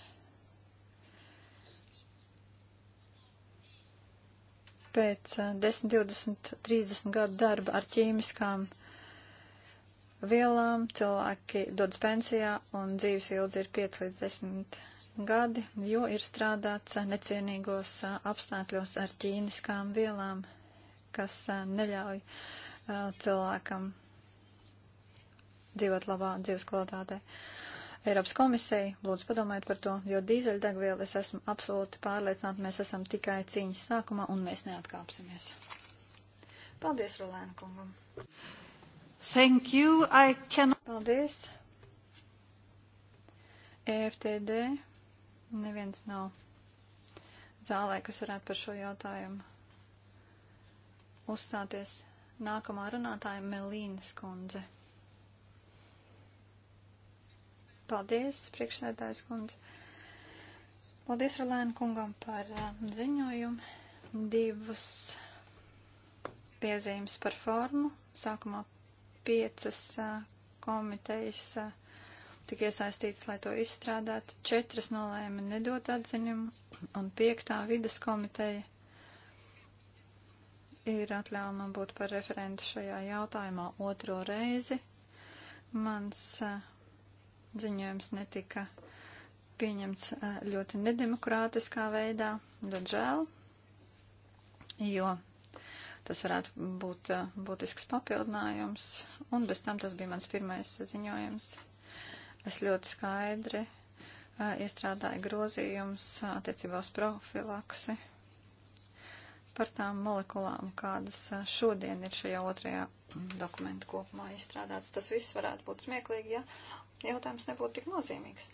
Pēc uh, 10, 20, 30 gadu darba ar ķīmiskām vielām cilvēki dodas pensijā un dzīves ilgi ir 5 līdz 10 gadi, jo ir strādāts necienīgos apstākļos ar ķīniskām vielām, kas neļauj cilvēkam dzīvot labā dzīves kvalitātē. Eiropas komisija, lūdzu padomājiet par to, jo dīzeļdegvielu es esmu absolūti pārliecināta, mēs esam tikai cīņas sākumā un mēs neatkāpsimies. Paldies, Rolēna kungam. Thank you, I can. Paldies. EFTD Neviens nav zālē, kas varētu par šo jautājumu uzstāties. Nākamā runātāja Melīnas kundze. Paldies, priekšsēdājas kundze. Paldies Rolēna kungam par um, ziņojumu. Divas piezīmes par formu. Sākumā piecas uh, komitejas uh, tika iesaistīts, lai to izstrādātu. Četras nolēma nedot atziņumu, un piektā vidas komiteja ir atļāva man būt par referentu šajā jautājumā otro reizi. Mans uh, ziņojums netika pieņemts uh, ļoti nedemokrātiskā veidā, dažēl, jo tas varētu būt uh, būtisks papildinājums, un bez tam tas bija mans pirmais ziņojums Es ļoti skaidri uh, iestrādāju grozījumus attiecībā uz profilaksi par tām molekulām, kādas uh, šodien ir šajā otrajā dokumentu kopumā izstrādāts. Tas viss varētu būt smieklīgi, ja jautājums nebūtu tik nozīmīgs.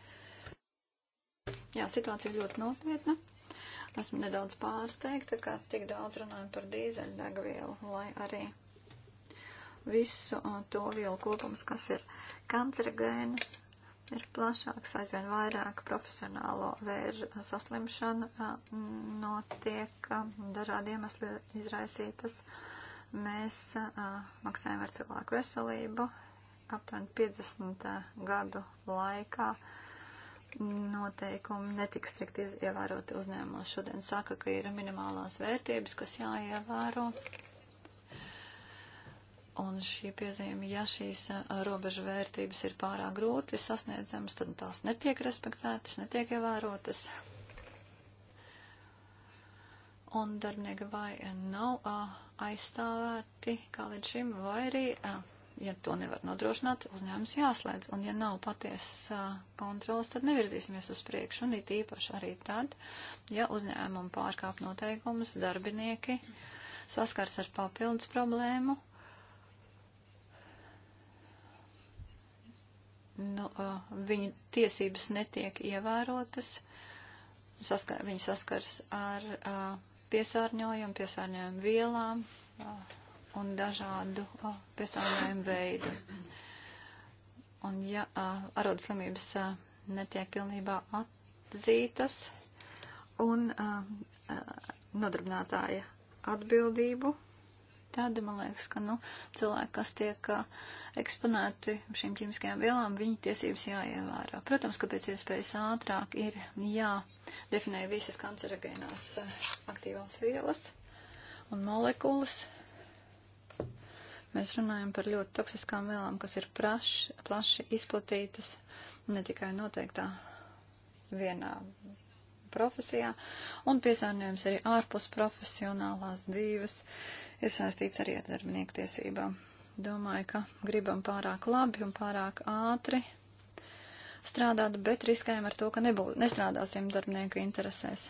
Jā, situācija ir ļoti nopietna. Esmu nedaudz pārsteigta, ka tik daudz runājam par dīzeļdegvielu, lai arī visu to vielu kopums, kas ir kancerogēnas, ir plašāks, aizvien vairāk profesionālo vēža saslimšana notiek dažādi iemesli izraisītas. Mēs maksājam ar cilvēku veselību aptuveni 50 gadu laikā. Noteikumi netika strikt ievēroti uzņēmumos. Šodien saka, ka ir minimālās vērtības, kas jāievēro. Un šī piezīme, ja šīs robežu vērtības ir pārāk grūti sasniedzamas, tad tās netiek respektētas, netiek ievērotas. Un darbinieki vai nav a, aizstāvēti kā līdz šim, vai arī, a, ja to nevar nodrošināt, uzņēmums jāslēdz. Un ja nav patiesas kontrolas, tad nevirzīsimies uz priekšu. Un it īpaši arī tad, ja uzņēmumu pārkāp noteikumus, darbinieki saskars ar papildus problēmu nu, viņu tiesības netiek ievērotas, saskar, viņi saskars ar piesārņojumu, piesārņojumu vielām un dažādu piesārņojumu veidu. Un ja arodslimības netiek pilnībā atzītas un nodarbinātāja atbildību tad, man liekas, ka, nu, cilvēki, kas tiek eksponēti šīm ķīmiskajām vielām, viņu tiesības jāievērā. Protams, ka pēc iespējas ātrāk ir jādefinē visas kancerogēnās aktīvās vielas un molekulas. Mēs runājam par ļoti toksiskām vielām, kas ir praši, plaši izplatītas ne tikai noteiktā vienā profesijā, un piesārņojums arī ārpus profesionālās dzīves ir saistīts arī ar darbinieku tiesībām. Domāju, ka gribam pārāk labi un pārāk ātri strādāt, bet riskējam ar to, ka nebū, nestrādāsim darbinieku interesēs.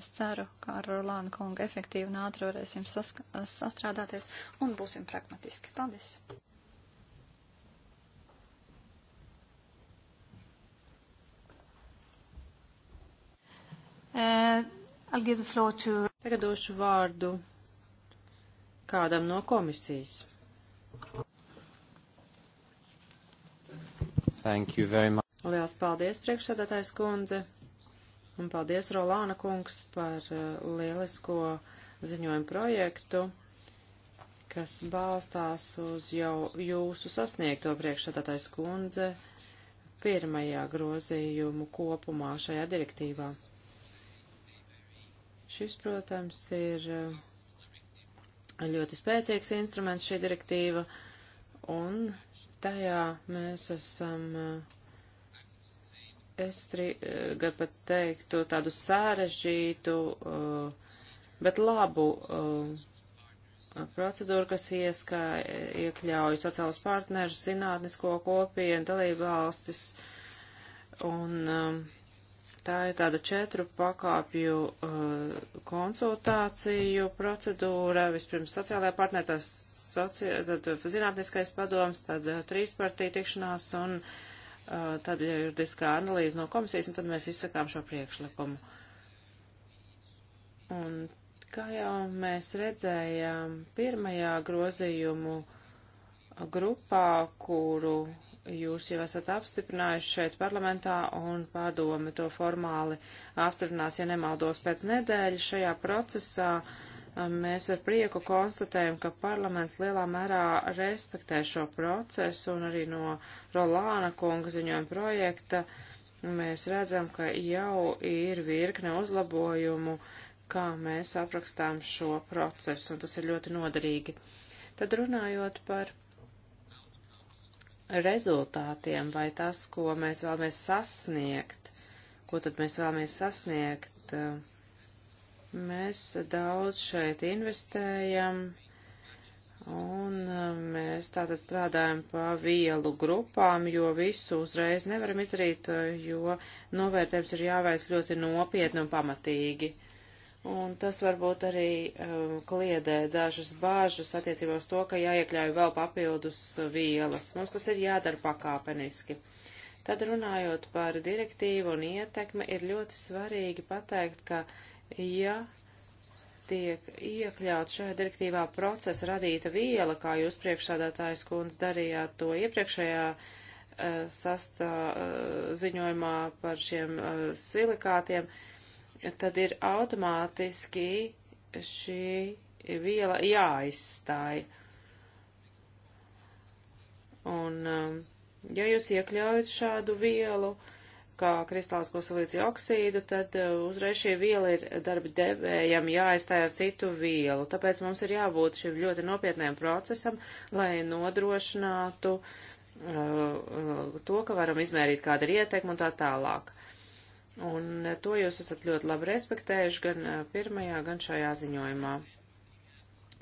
Es ceru, ka ar Rolānu kungu efektīvi un ātri varēsim sastrādāties un būsim pragmatiski. Paldies! Uh, I'll give the floor to... Tagad došu vārdu kādam no komisijas. Thank you very much. Liels paldies, priekšsēdētājs kundze, un paldies, Rolāna kungs, par uh, lielisko ziņojumu projektu kas balstās uz jau jūsu sasniegto priekšsādātais kundze pirmajā grozījumu kopumā šajā direktīvā. Šis, protams, ir eh, ļoti spēcīgs instruments, šī direktīva, un tajā mēs esam, eh, es eh, gan pat teiktu, tādu sārežģītu, bet labu procedūru, kas ieskā, iekļauj sociālus partnerus, zinātnisko kopienu, dalību valstis, un uh, Tā ir tāda četru pakāpju uh, konsultāciju procedūra. Vispirms sociālajā partnerē tas soci... tad uh, zinātniskais padoms, tad uh, trīspartija tikšanās un uh, tad juridiskā analīze no komisijas, un tad mēs izsakām šo priekšlikumu. Un kā jau mēs redzējām pirmajā grozījumu grupā, kuru jūs jau esat apstiprinājuši šeit parlamentā un padome to formāli apstiprinās, ja nemaldos pēc nedēļas. Šajā procesā um, mēs ar prieku konstatējam, ka parlaments lielā mērā respektē šo procesu un arī no Rolāna kunga ziņojuma projekta mēs redzam, ka jau ir virkne uzlabojumu, kā mēs aprakstām šo procesu, un tas ir ļoti noderīgi. Tad runājot par rezultātiem vai tas, ko mēs vēlamies sasniegt, ko tad mēs vēlamies sasniegt. Eh, mēs daudz šeit investējam un eh, mēs tātad strādājam pa vielu grupām, jo visu uzreiz nevaram izdarīt, eh, jo novērtējums ir jāveic ļoti nopietni un pamatīgi. Un tas varbūt arī um, kliedē dažas bāžas attiecībā uz to, ka jāiekļauj vēl papildus uh, vielas. Mums tas ir jādara pakāpeniski. Tad runājot par direktīvu un ietekmi, ir ļoti svarīgi pateikt, ka ja tiek iekļaut šajā direktīvā procesa radīta viela, kā jūs priekšsādātājs kundz darījāt to iepriekšējā uh, sastā uh, ziņojumā par šiem uh, silikātiem, uh, tad ir automātiski šī viela jāizstāj. Un, um, ja jūs iekļaujat šādu vielu, kā kristālisko silīciju oksīdu, tad uh, uzreiz šī viela ir darba devējam jāaizstāj ar citu vielu. Tāpēc mums ir jābūt šim ļoti nopietniem procesam, lai nodrošinātu uh, uh to, ka varam izmērīt, kāda ir ietekma un tā tālāk. Un eh, to jūs esat ļoti labi respektējuši gan eh, pirmajā, gan šajā ziņojumā.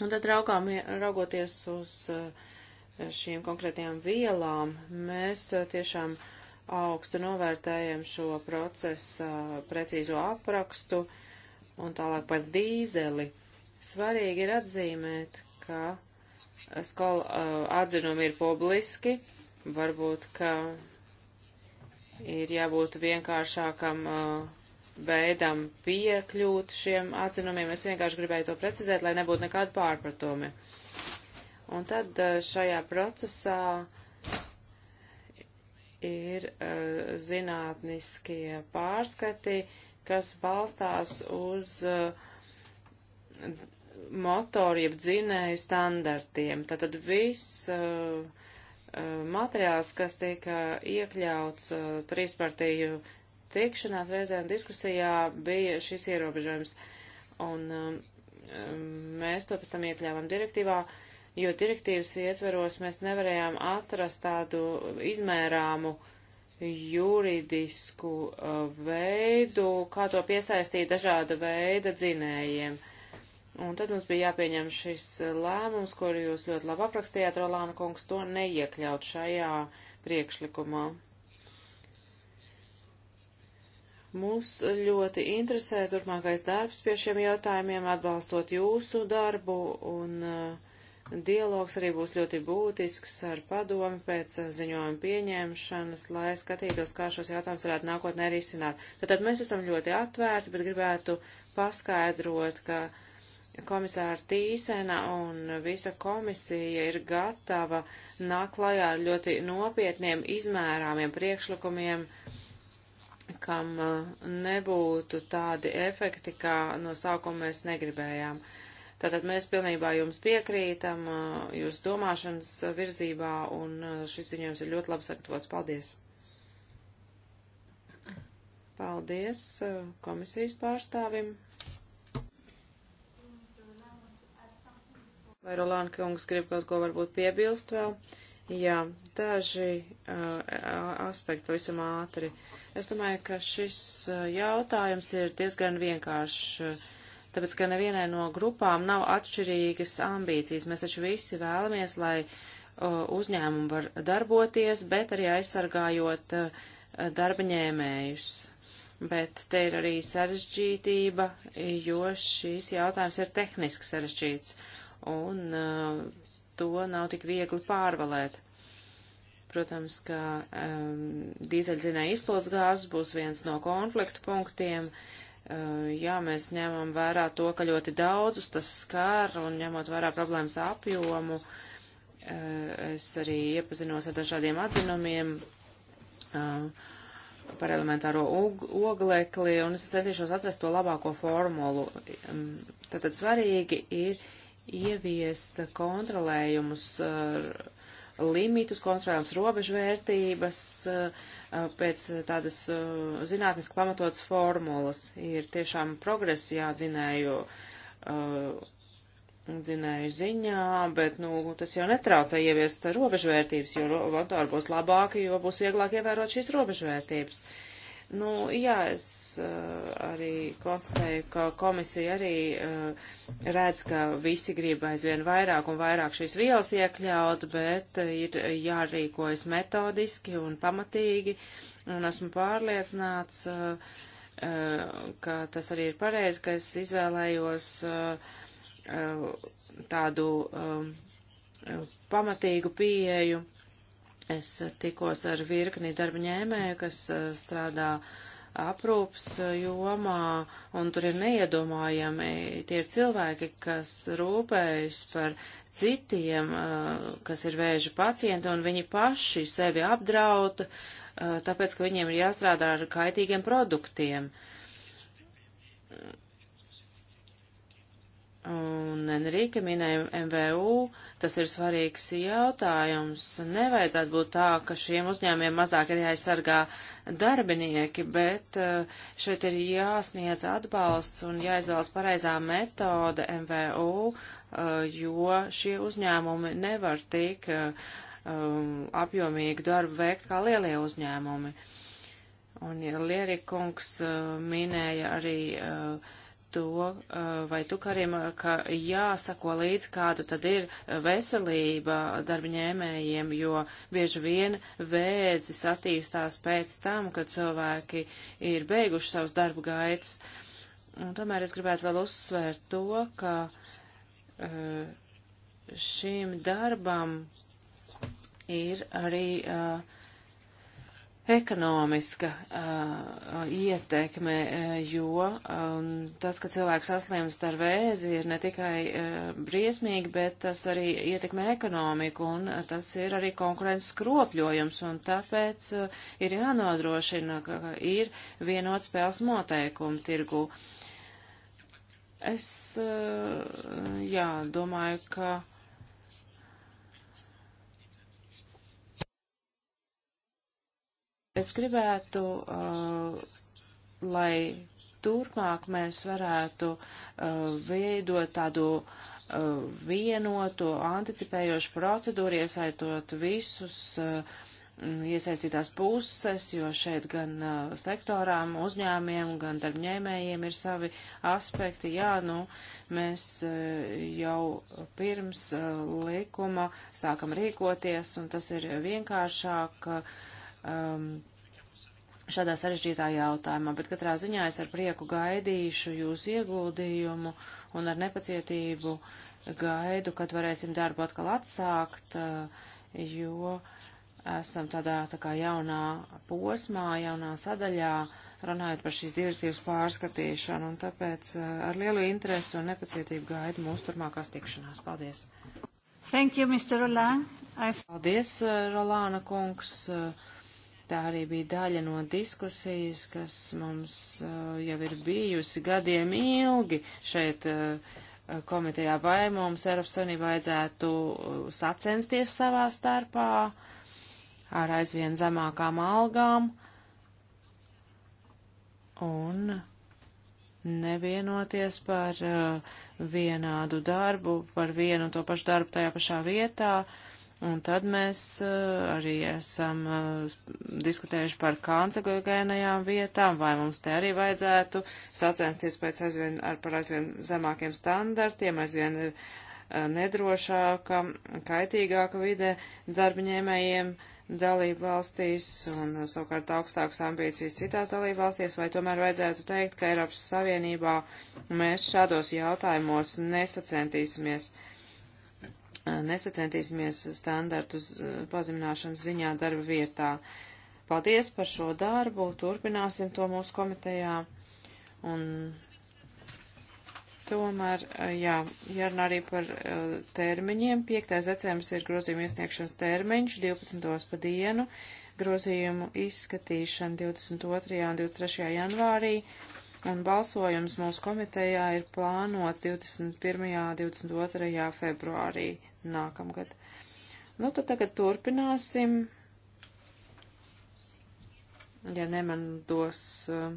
Un tad raugām, raugoties uz eh, šīm konkrētajām vielām, mēs tiešām augstu novērtējam šo procesa precīzo aprakstu un tālāk par dīzeli. Svarīgi ir atzīmēt, ka skola atzinumi ir publiski, varbūt, ka Ir jābūt vienkāršākam uh, veidam uh, piekļūt šiem atzinumiem. Es vienkārši gribēju to precizēt, lai nebūtu nekādu pārpratumi. Un tad uh, šajā procesā ir uh, zinātniskie pārskati, kas balstās uz uh, motoru, jeb dzinēju standartiem. Tātad viss uh, Eh, materiāls, kas tika iekļauts eh, trīspartiju tikšanās reizē un diskusijā, bija šis ierobežojums. Un eh, mēs to pēc tam iekļāvām direktīvā, jo direktīvas ietveros mēs nevarējām atrast tādu izmērāmu juridisku veidu, kā to piesaistīt dažāda veida dzinējiem. Uh, Un tad mums bija jāpieņem šis lēmums, kuru jūs ļoti labi aprakstījāt, Rolāna kungs, to neiekļaut šajā priekšlikumā. Mūs ļoti interesē turpmākais darbs pie šiem jautājumiem, atbalstot jūsu darbu, un uh, dialogs arī būs ļoti būtisks ar padomi pēc uh, ziņojuma pieņemšanas, lai skatītos, kā šos jautājumus varētu nākotnē risināt. Tātad mēs esam ļoti atvērti, bet gribētu paskaidrot, ka uh, komisāra Tīsena un visa komisija ir gatava nāk klajā ar ļoti nopietniem izmērāmiem priekšlikumiem, kam uh, nebūtu tādi efekti, kā no sākuma mēs negribējām. Tātad mēs pilnībā jums piekrītam, uh, jūsu domāšanas virzībā, un uh, šis ziņojums ir ļoti labi sagatavots. Paldies! Paldies komisijas pārstāvim! Vai Rolāna kungs grib kaut ko varbūt piebilst vēl? Jā, daži uh, aspekti pavisam ātri. Es domāju, ka šis uh, jautājums ir diezgan vienkāršs, uh, tāpēc, ka nevienai no grupām nav atšķirīgas ambīcijas. Mēs taču visi vēlamies, lai uh, uzņēmumi var darboties, bet arī aizsargājot uh, darba ņēmējus. Bet te ir arī sarežģītība, jo šīs jautājums ir tehniski sarežģīts. Uh, un uh, to nav tik viegli pārvalēt. Protams, ka um, dīzeļdzinēja izplats gāzes būs viens no konfliktu punktiem. Uh, jā, mēs ņemam vērā to, ka ļoti daudzus tas skar un ņemot vērā problēmas apjomu. Uh, es arī iepazinos ar dažādiem atzinumiem. Uh, par elementāro oglekli, un es centīšos atrast to labāko formulu. Um, tātad svarīgi ir ieviest kontrolējumus, uh, limitus, kontrolējums robežvērtības uh, uh, pēc tādas zinātniski pamatotas formulas. Ir tiešām progress jādzinēju dzinēju ziņā, bet, nu, tas jau netraucē ieviest robežvērtības, jo motori būs labāki, jo būs vieglāk ievērot šīs robežvērtības. Uh, Nu, jā, es uh, arī konstatēju, ka komisija arī uh, redz, ka visi grib aizvien vairāk un vairāk šīs vielas iekļaut, bet eh, ir jārīkojas metodiski un pamatīgi, un esmu pārliecināts, uh, uh, ka tas arī ir pareizi, ka es izvēlējos uh, uh, tādu uh, pamatīgu pieeju Es tikos ar virkni darba ņēmēju, kas eh, strādā aprūps eh, jomā, un tur ir neiedomājami tie ir cilvēki, kas rūpējas par citiem, eh, kas ir vēža pacienti, un viņi paši sevi apdraud, tāpēc, ka viņiem ir jāstrādā ar kaitīgiem produktiem. Un Enrika minēja MVU, tas ir svarīgs jautājums. Nevajadzētu būt tā, ka šiem uzņēmiem mazāk ir jāaizsargā darbinieki, bet eh, šeit ir jāsniedz atbalsts un jāizvēlas pareizā metode MVU, eh, jo šie uzņēmumi nevar tik eh, um, apjomīgu darbu veikt kā lielie uzņēmumi. Un ja Lierikungs minēja arī uh, to, eh, vai tu, Karim, eh, ka jāsako līdz, kāda tad ir veselība darbaņēmējiem, jo bieži vien vēdzis attīstās pēc tam, kad cilvēki ir beiguši savus darba gaitas. Un tomēr es gribētu vēl uzsvērt to, ka eh, šim darbam ir arī uh, ekonomiska uh, ietekme, jo um, tas, ka cilvēks saslimst ar vēzi, ir ne tikai uh, briesmīgi, bet tas arī ietekmē ekonomiku, un uh, tas ir arī konkurences skropļojums, un tāpēc uh, ir jānodrošina, ka ir vienot spēles noteikumu tirgu. Es, uh, jā, domāju, ka. Uh, Es gribētu, uh, lai turpmāk mēs varētu uh, veidot tādu uh, vienotu, anticipējošu procedūru, iesaitot visus uh, mm, iesaistītās puses, jo šeit gan uh, sektorām, uzņēmiem, gan darbņēmējiem ir savi aspekti. Jā, nu, mēs uh, jau pirms likuma sākam rīkoties, un tas ir vienkāršāk. Uh, um, šādā sarežģītā jautājumā, bet katrā ziņā es ar prieku gaidīšu jūsu ieguldījumu un ar nepacietību gaidu, kad varēsim darbu atkal atsākt, uh, jo esam tādā tā kā jaunā posmā, jaunā sadaļā, runājot par šīs direktīvas pārskatīšanu, un tāpēc uh, ar lielu interesi un nepacietību gaidu mūsu turmākās tikšanās. Paldies! Thank you, Mr. Roland. I've... Paldies, uh, Rolāna kungs. Uh, Tā arī bija daļa no diskusijas, kas mums uh, jau ir bijusi gadiem ilgi šeit uh, komitejā, vai mums Eiropas Savienībā vajadzētu uh, sacensties savā starpā ar aizvien zemākām algām un nevienoties par vienādu darbu, par vienu un to pašu darbu tajā pašā vietā. Uh, Un tad mēs eh, arī esam eh, diskutējuši par kancerogēnajām vietām, vai mums te arī vajadzētu sacensties pēc aizvien, ar par aizvien zemākiem standartiem, aizvien eh, nedrošāka, kaitīgāka vide darbaņēmējiem dalību valstīs un savukārt augstākas ambīcijas citās dalību valstīs, vai tomēr vajadzētu teikt, ka Eiropas Savienībā mēs šādos jautājumos nesacentīsimies. Uh, nesacentīsimies standartus pazemināšanas ziņā darba vietā. Paldies par šo darbu, turpināsim to mūsu komitejā. Un tomēr, jā, jārunā arī par e, termiņiem. 5. decembris ir grozījuma iesniegšanas termiņš, 12. pa dienu, grozījumu izskatīšana 22. un 23. janvārī un balsojums mūsu komitejā ir plānots 21. un 22. februārī nākamgad. Nu, tad tagad turpināsim. Ja ne man dos uh,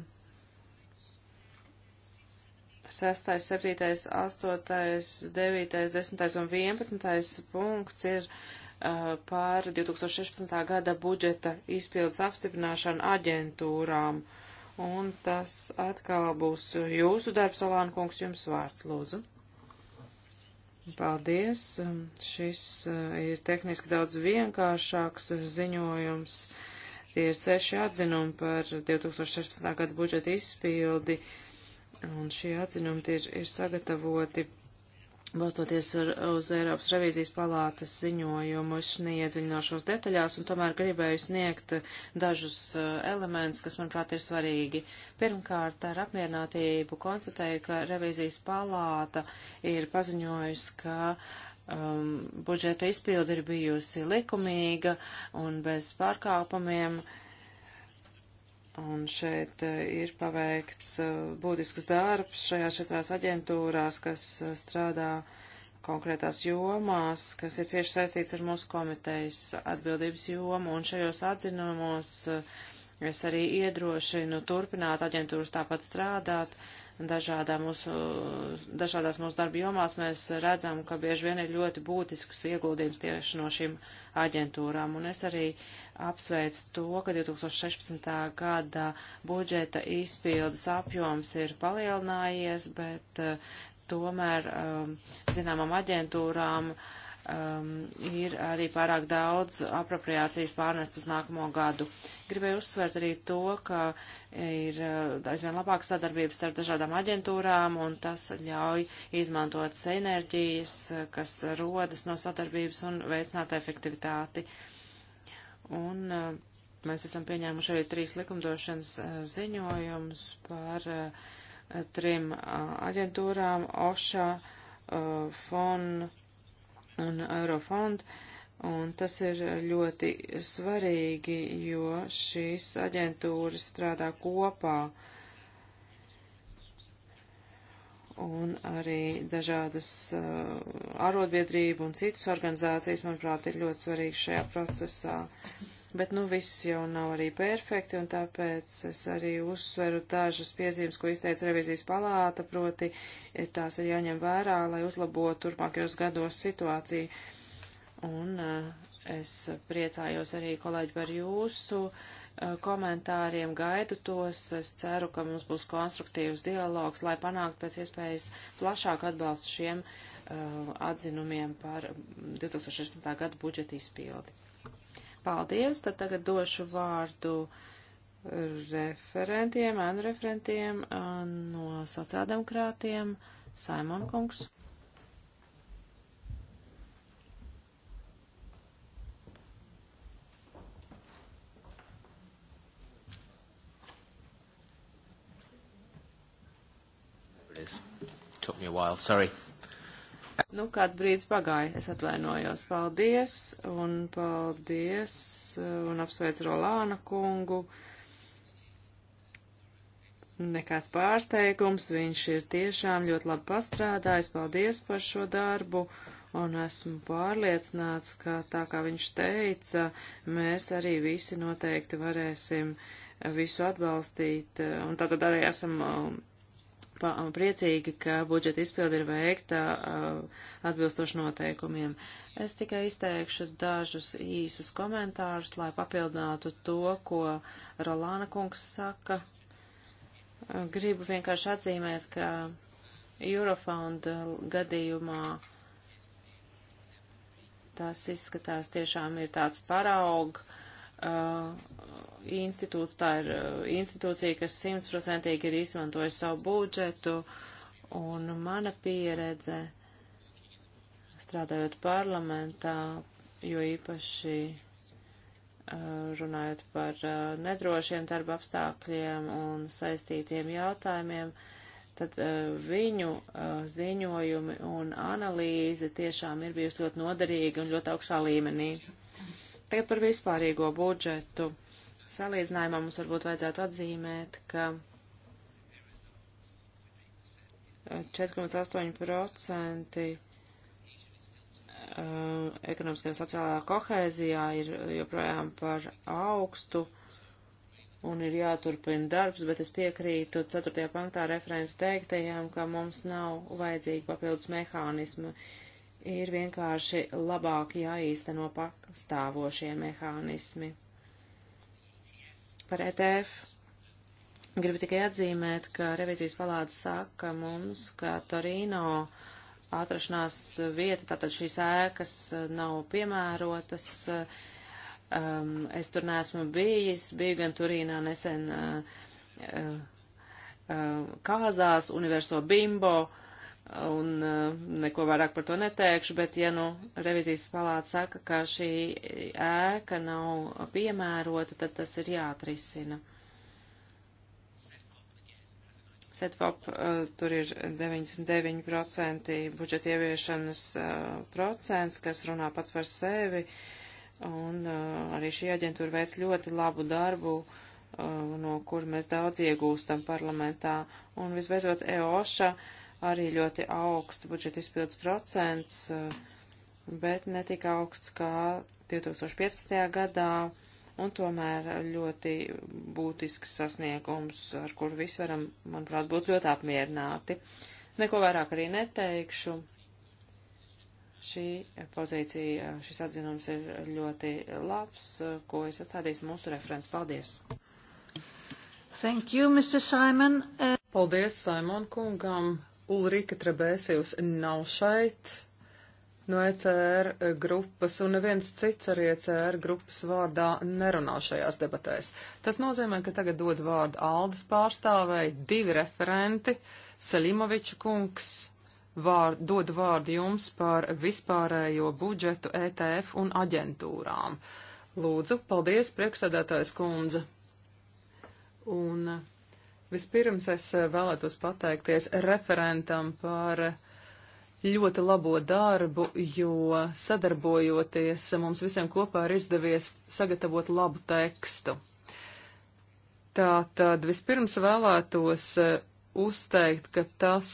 6., 7., 8., 9., 10. un 11. punkts ir uh, pār 2016. gada budžeta izpildes apstiprināšanu aģentūrām. Un tas atkal būs jūsu darbs, Alāna kungs, jums vārds, lūdzu. Paldies. Um, šis uh, ir tehniski daudz vienkāršāks ziņojums. Tie ir seši atzinumi par 2016. gada budžeta izpildi, un šie atzinumi ir, ir sagatavoti balstoties ar, uz Eiropas revīzijas palātas ziņojumu, es neiedziļināšos detaļās un tomēr gribēju sniegt dažus uh, elementus, kas, manuprāt, ir svarīgi. Pirmkārt, ar apmierinātību konstatēju, ka revīzijas palāta ir paziņojusi, ka um, budžeta izpildi ir bijusi likumīga un bez pārkāpumiem. Uh, Un šeit eh, ir paveikts eh, būtisks darbs šajās četrās aģentūrās, kas eh, strādā konkrētās jomās, kas ir cieši saistīts ar mūsu komitejas atbildības jomu. Un šajos atzinumos es arī iedrošinu turpināt aģentūras tāpat strādāt, uh, dažādā mūsu, dažādās mūsu darba jomās mēs redzam, ka bieži vien ir ļoti būtisks ieguldījums tieši no šīm aģentūrām. Un es arī apsveicu to, ka 2016. gada budžeta izpildes apjoms ir palielinājies, bet eh, tomēr eh, zināmām aģentūrām uh, um, ir arī pārāk daudz apropriācijas pārnest uz nākamo gadu. Gribēju uzsvērt arī to, ka ir uh, aizvien labāka sadarbība starp dažādām aģentūrām, un tas ļauj izmantot sinerģijas, uh, kas rodas no sadarbības un veicināt efektivitāti. Un uh, mēs esam pieņēmuši arī trīs likumdošanas uh, ziņojumus par uh, trim uh, aģentūrām - OŠA, FON, un Eurofondu. Un tas ir ļoti svarīgi, jo šīs aģentūras strādā kopā. Un arī dažādas uh, arotbiedrība un citas organizācijas, manuprāt, ir ļoti svarīgi šajā procesā. Uh, bet nu viss jau nav arī perfekti, un tāpēc es arī uzsveru dažas piezīmes, ko izteica revizijas palāta, proti tās ir jāņem vērā, lai uzlabotu turpmākajos gados situāciju. Un eh, es priecājos arī, kolēģi, par jūsu eh, komentāriem, gaidu tos. Es ceru, ka mums būs konstruktīvs dialogs, lai panāktu pēc iespējas plašāku atbalstu šiem eh, atzinumiem par 2016. Mm, gadu budžeta izpildi. Paldies, tad tagad došu vārdu referentiem, ēnu referentiem no sociāldemokrātiem. Saimon Kungs. It took me a while, sorry. Nu, kāds brīdis pagāja, es atvainojos. Paldies, un paldies, uh, un apsveic Rolāna kungu. Nekāds pārsteigums, viņš ir tiešām ļoti labi pastrādājis. Paldies par šo darbu, un esmu pārliecināts, ka tā kā viņš teica, mēs arī visi noteikti varēsim visu atbalstīt, un tātad arī esam um, priecīgi, ka budžeta izpildi ir veikta uh, atbilstoši noteikumiem. Es tikai izteikšu dažus īsus komentārus, lai papildinātu to, ko Rolāna kungs saka. Uh, gribu vienkārši atzīmēt, ka Eurofonda gadījumā tas izskatās tiešām ir tāds paraug uh, institūts, tā ir eh, institūcija, kas simtprocentīgi ir izmantojusi savu budžetu, un mana pieredze strādājot parlamentā, jo īpaši eh, runājot par eh, nedrošiem darba apstākļiem un saistītiem jautājumiem, tad viņu ziņojumi un analīze tiešām ir bijusi ļoti noderīga un ļoti augstā līmenī. Tagad par vispārīgo budžetu salīdzinājumā mums varbūt vajadzētu atzīmēt, ka 4,8% uh, ekonomiskajā un sociālā kohēzijā ir joprojām par augstu un ir jāturpina darbs, bet es piekrītu 4. punktā referentu teiktajām, ka mums nav vajadzīgi papildus mehānismi. Ir vienkārši labāk jāīsteno pastāvošie mehānismi. Par ETF gribu tikai atzīmēt, ka revizijas palāca saka mums, ka Torino atrašanās vieta, tātad šīs ēkas eh, nav piemērotas. Um, es tur neesmu bijis, biju gan Turīnā nesen uh, uh, Kāzās, Universo Bimbo, uh, un eh, neko vairāk par to neteikšu, bet ja nu revizijas palāca saka, ka šī ēka nav piemērota, tad tas ir jāatrisina. Setvap, uh, eh, tur ir 99% budžeta ieviešanas uh, procents, kas runā pats par sevi, un uh, arī šī aģentūra veic ļoti labu darbu, no kur mēs daudz iegūstam parlamentā. Un visbeidzot, EOŠA. Uh, arī ļoti augsts budžeta izpildes procents, eh, bet netika augsts kā 2015. gadā, un tomēr ļoti būtisks sasniegums, ar kuru visi varam, manuprāt, būt ļoti apmierināti. Neko vairāk arī neteikšu. Šī pozīcija, šis atzinums ir ļoti labs, ko es atstādīšu mūsu referents. Paldies! Thank you, Mr. Simon. Uh, Paldies Simon kungam. Ulrika Trebēsijus nav šeit no ECR grupas, un neviens cits arī ECR grupas vārdā nerunā šajās debatēs. Tas nozīmē, ka tagad dod vārdu Aldas pārstāvēji divi referenti, Selimoviča kungs, vārd, dod vārdu jums par vispārējo budžetu ETF un aģentūrām. Lūdzu, paldies, priekšsēdētājs kundze. Un Vispirms es eh, vēlētos pateikties referentam par ļoti labo darbu, jo sadarbojoties mums visiem kopā ir izdevies sagatavot labu tekstu. Tā tad vispirms vēlētos eh, uzteikt, ka tas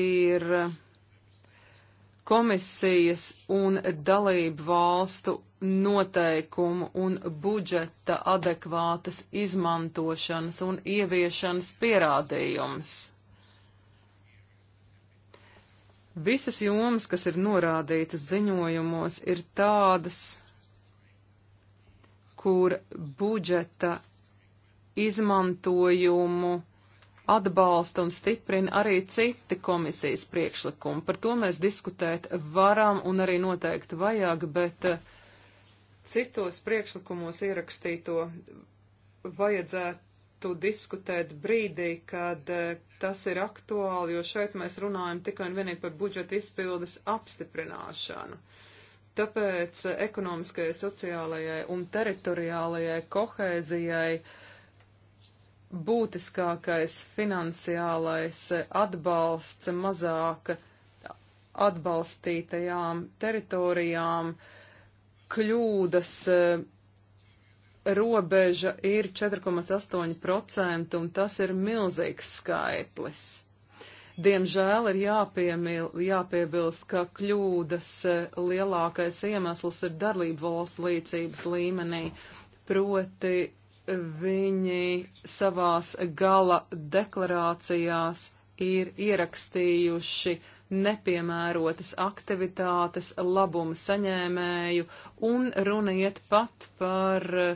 ir komisijas un dalību valstu noteikumu un budžeta adekvātas izmantošanas un ieviešanas pierādījums. Visas jomas, kas ir norādītas ziņojumos, ir tādas, kur budžeta izmantojumu atbalsta un stiprina arī citi komisijas priekšlikumi. Par to mēs diskutēt varam un arī noteikti vajag, bet eh, citos priekšlikumos ierakstīto vajadzētu diskutēt brīdī, kad eh, tas ir aktuāli, jo šeit mēs runājam tikai un vienīgi par budžeta izpildes apstiprināšanu. Tāpēc eh, ekonomiskajai, sociālajai un teritoriālajai kohēzijai uh, būtiskākais finansiālais atbalsts mazāk atbalstītajām teritorijām kļūdas eh, robeža ir 4,8% un tas ir milzīgs skaitlis. Diemžēl ir jāpiemil, jāpiebilst, ka kļūdas eh, lielākais iemesls ir darlību valstu līdzības līmenī, proti viņi savās gala deklarācijās ir ierakstījuši nepiemērotas aktivitātes labuma saņēmēju un runiet pat par eh,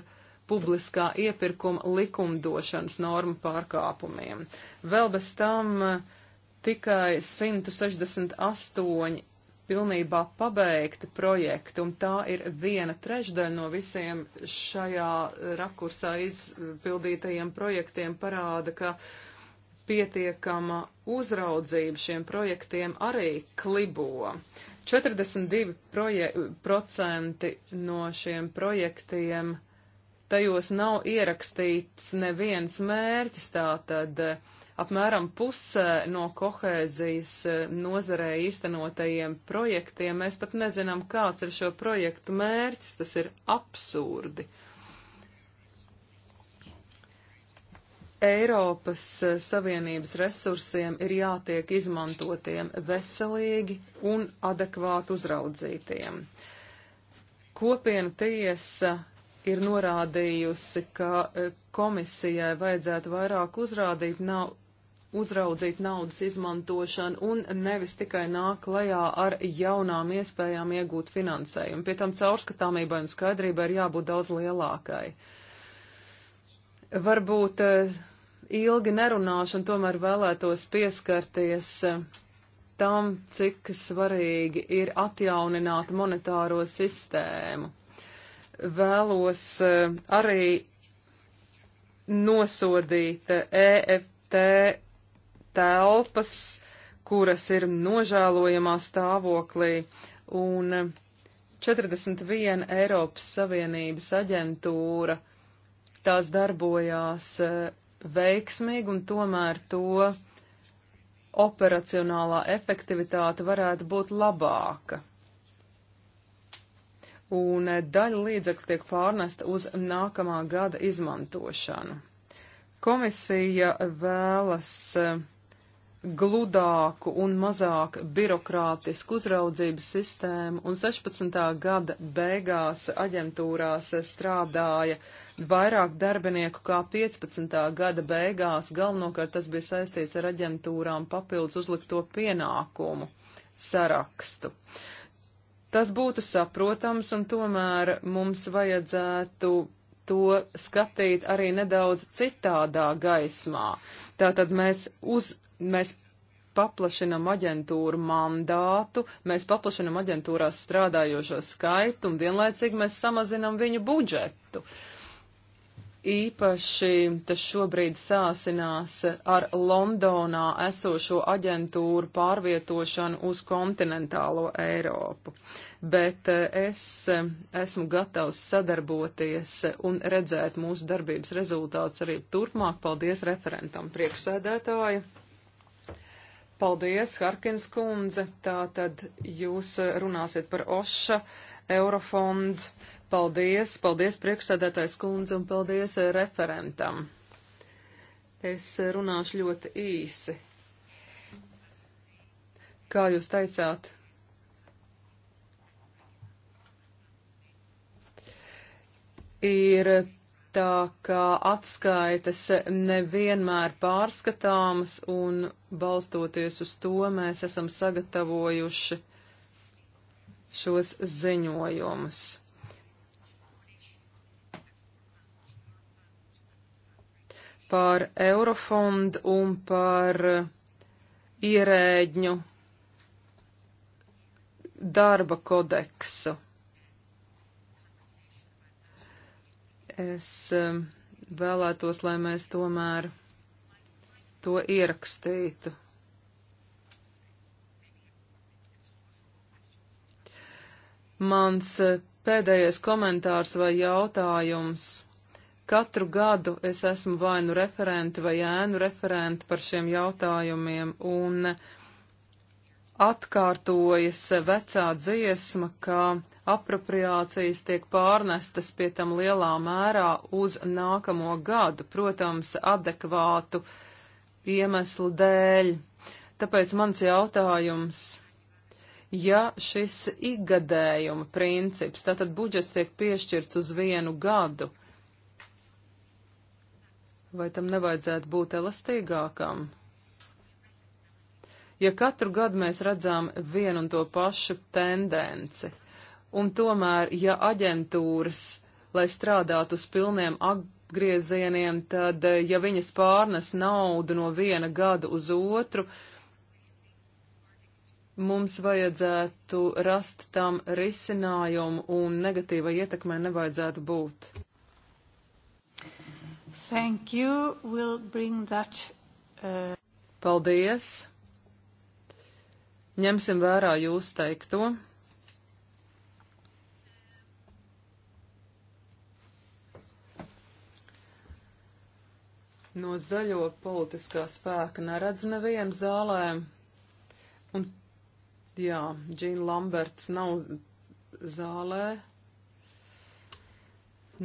publiskā iepirkuma likumdošanas normu pārkāpumiem. Vēl bez tam eh, tikai 168 pilnībā pabeigti projekti, un tā ir viena trešdaļa no visiem šajā rakursā izpildītajiem projektiem parāda, ka pietiekama uzraudzība šiem projektiem arī klibo. 42% no šiem projektiem tajos nav ierakstīts neviens mērķis, tātad uh, apmēram pusē no kohēzijas eh, nozarē īstenotajiem projektiem. Mēs pat nezinām, kāds ir šo projektu mērķis. Tas ir absurdi. Eiropas eh, Savienības resursiem ir jātiek izmantotiem veselīgi un adekvāti uzraudzītiem. Kopiena tiesa ir norādījusi, ka eh, komisijai vajadzētu vairāk uzrādīt nav uzraudzīt naudas izmantošanu un nevis tikai nāk klajā ar jaunām iespējām iegūt finansējumu. Pie tam caurskatāmībai un skaidrībai ir jābūt daudz lielākai. Varbūt eh, ilgi nerunāšu un tomēr vēlētos pieskarties eh, tam, cik svarīgi ir atjaunināt monetāro sistēmu. Vēlos eh, arī nosodīt EFT e telpas, kuras ir nožēlojamā stāvoklī, un 41 Eiropas Savienības aģentūra tās darbojās e, veiksmīgi, un tomēr to operacionālā efektivitāte varētu būt labāka. Un e, daļa līdzekļu tiek pārnesta uz nākamā gada izmantošanu. Komisija vēlas uh, gludāku un mazāk birokrātisku uzraudzības sistēmu, un 16. gada beigās aģentūrās strādāja vairāk darbinieku kā 15. gada beigās. Galvenokārt tas bija saistīts ar aģentūrām papildus uzlikto pienākumu sarakstu. Tas būtu saprotams, un tomēr mums vajadzētu to skatīt arī nedaudz citādā gaismā. Tātad mēs uz mēs paplašinam aģentūru mandātu, mēs paplašinam aģentūrās strādājošo skaitu un vienlaicīgi mēs samazinam viņu budžetu. Īpaši tas šobrīd sāsinās ar Londonā esošo aģentūru pārvietošanu uz kontinentālo Eiropu, bet eh, es eh, esmu gatavs sadarboties un redzēt mūsu darbības rezultātus arī turpmāk. Paldies referentam priekšsēdētāju! Paldies, Harkins kundze. Tātad jūs eh, runāsiet par OŠA, Eurofond. Paldies, paldies priekšsēdētājs kundze un paldies eh, referentam. Es eh, runāšu ļoti īsi. Kā jūs teicāt? Ir tā kā atskaitas nevienmēr pārskatāmas un balstoties uz to mēs esam sagatavojuši šos ziņojumus. Par Eurofondu un par ierēģņu darba kodeksu. Es um, vēlētos, lai mēs tomēr to ierakstītu. Mans uh, pēdējais komentārs vai jautājums. Katru gadu es esmu vai nu referenti vai ēnu referenti par šiem jautājumiem, un uh, atkārtojas vecā dziesma, ka apropriācijas tiek pārnestas pie tam lielā mērā uz nākamo gadu, protams, adekvātu iemeslu dēļ. Tāpēc mans jautājums, ja šis ikgadējuma princips, tātad budžets tiek piešķirts uz vienu gadu, vai tam nevajadzētu būt elastīgākam? ja katru gadu mēs redzam vienu un to pašu tendenci. Un tomēr, ja aģentūras, lai strādātu uz pilniem apgriezieniem, tad, eh, ja viņas pārnes naudu no viena gada uz otru, mums vajadzētu rast tam risinājumu un negatīvai ietekmē nevajadzētu būt. Thank you. We'll bring that. Uh... Paldies. Ņemsim vērā jūs teikto. No zaļo politiskā spēka neredzu nevienu zālē. Un, jā, Džīna Lamberts nav zālē.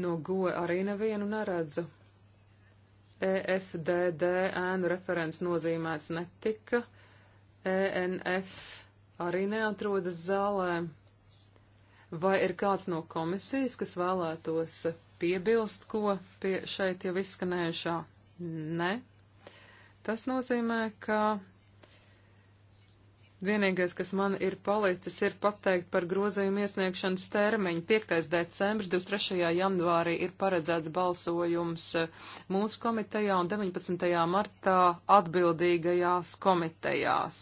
No goja e arī nevienu neredzu. EFDD ēnu referents nozīmēts netika. ENF arī neatrodas zālē. Vai ir kāds no komisijas, kas vēlētos piebilst, ko pie šeit jau izskanējušā? Nē. Tas nozīmē, ka Vienīgais, kas man ir palicis, ir pateikt par grozījumu iesniegšanas termiņu. 5. decembris, 23. janvārī ir paredzēts balsojums mūsu komitejā un 19. martā atbildīgajās komitejās.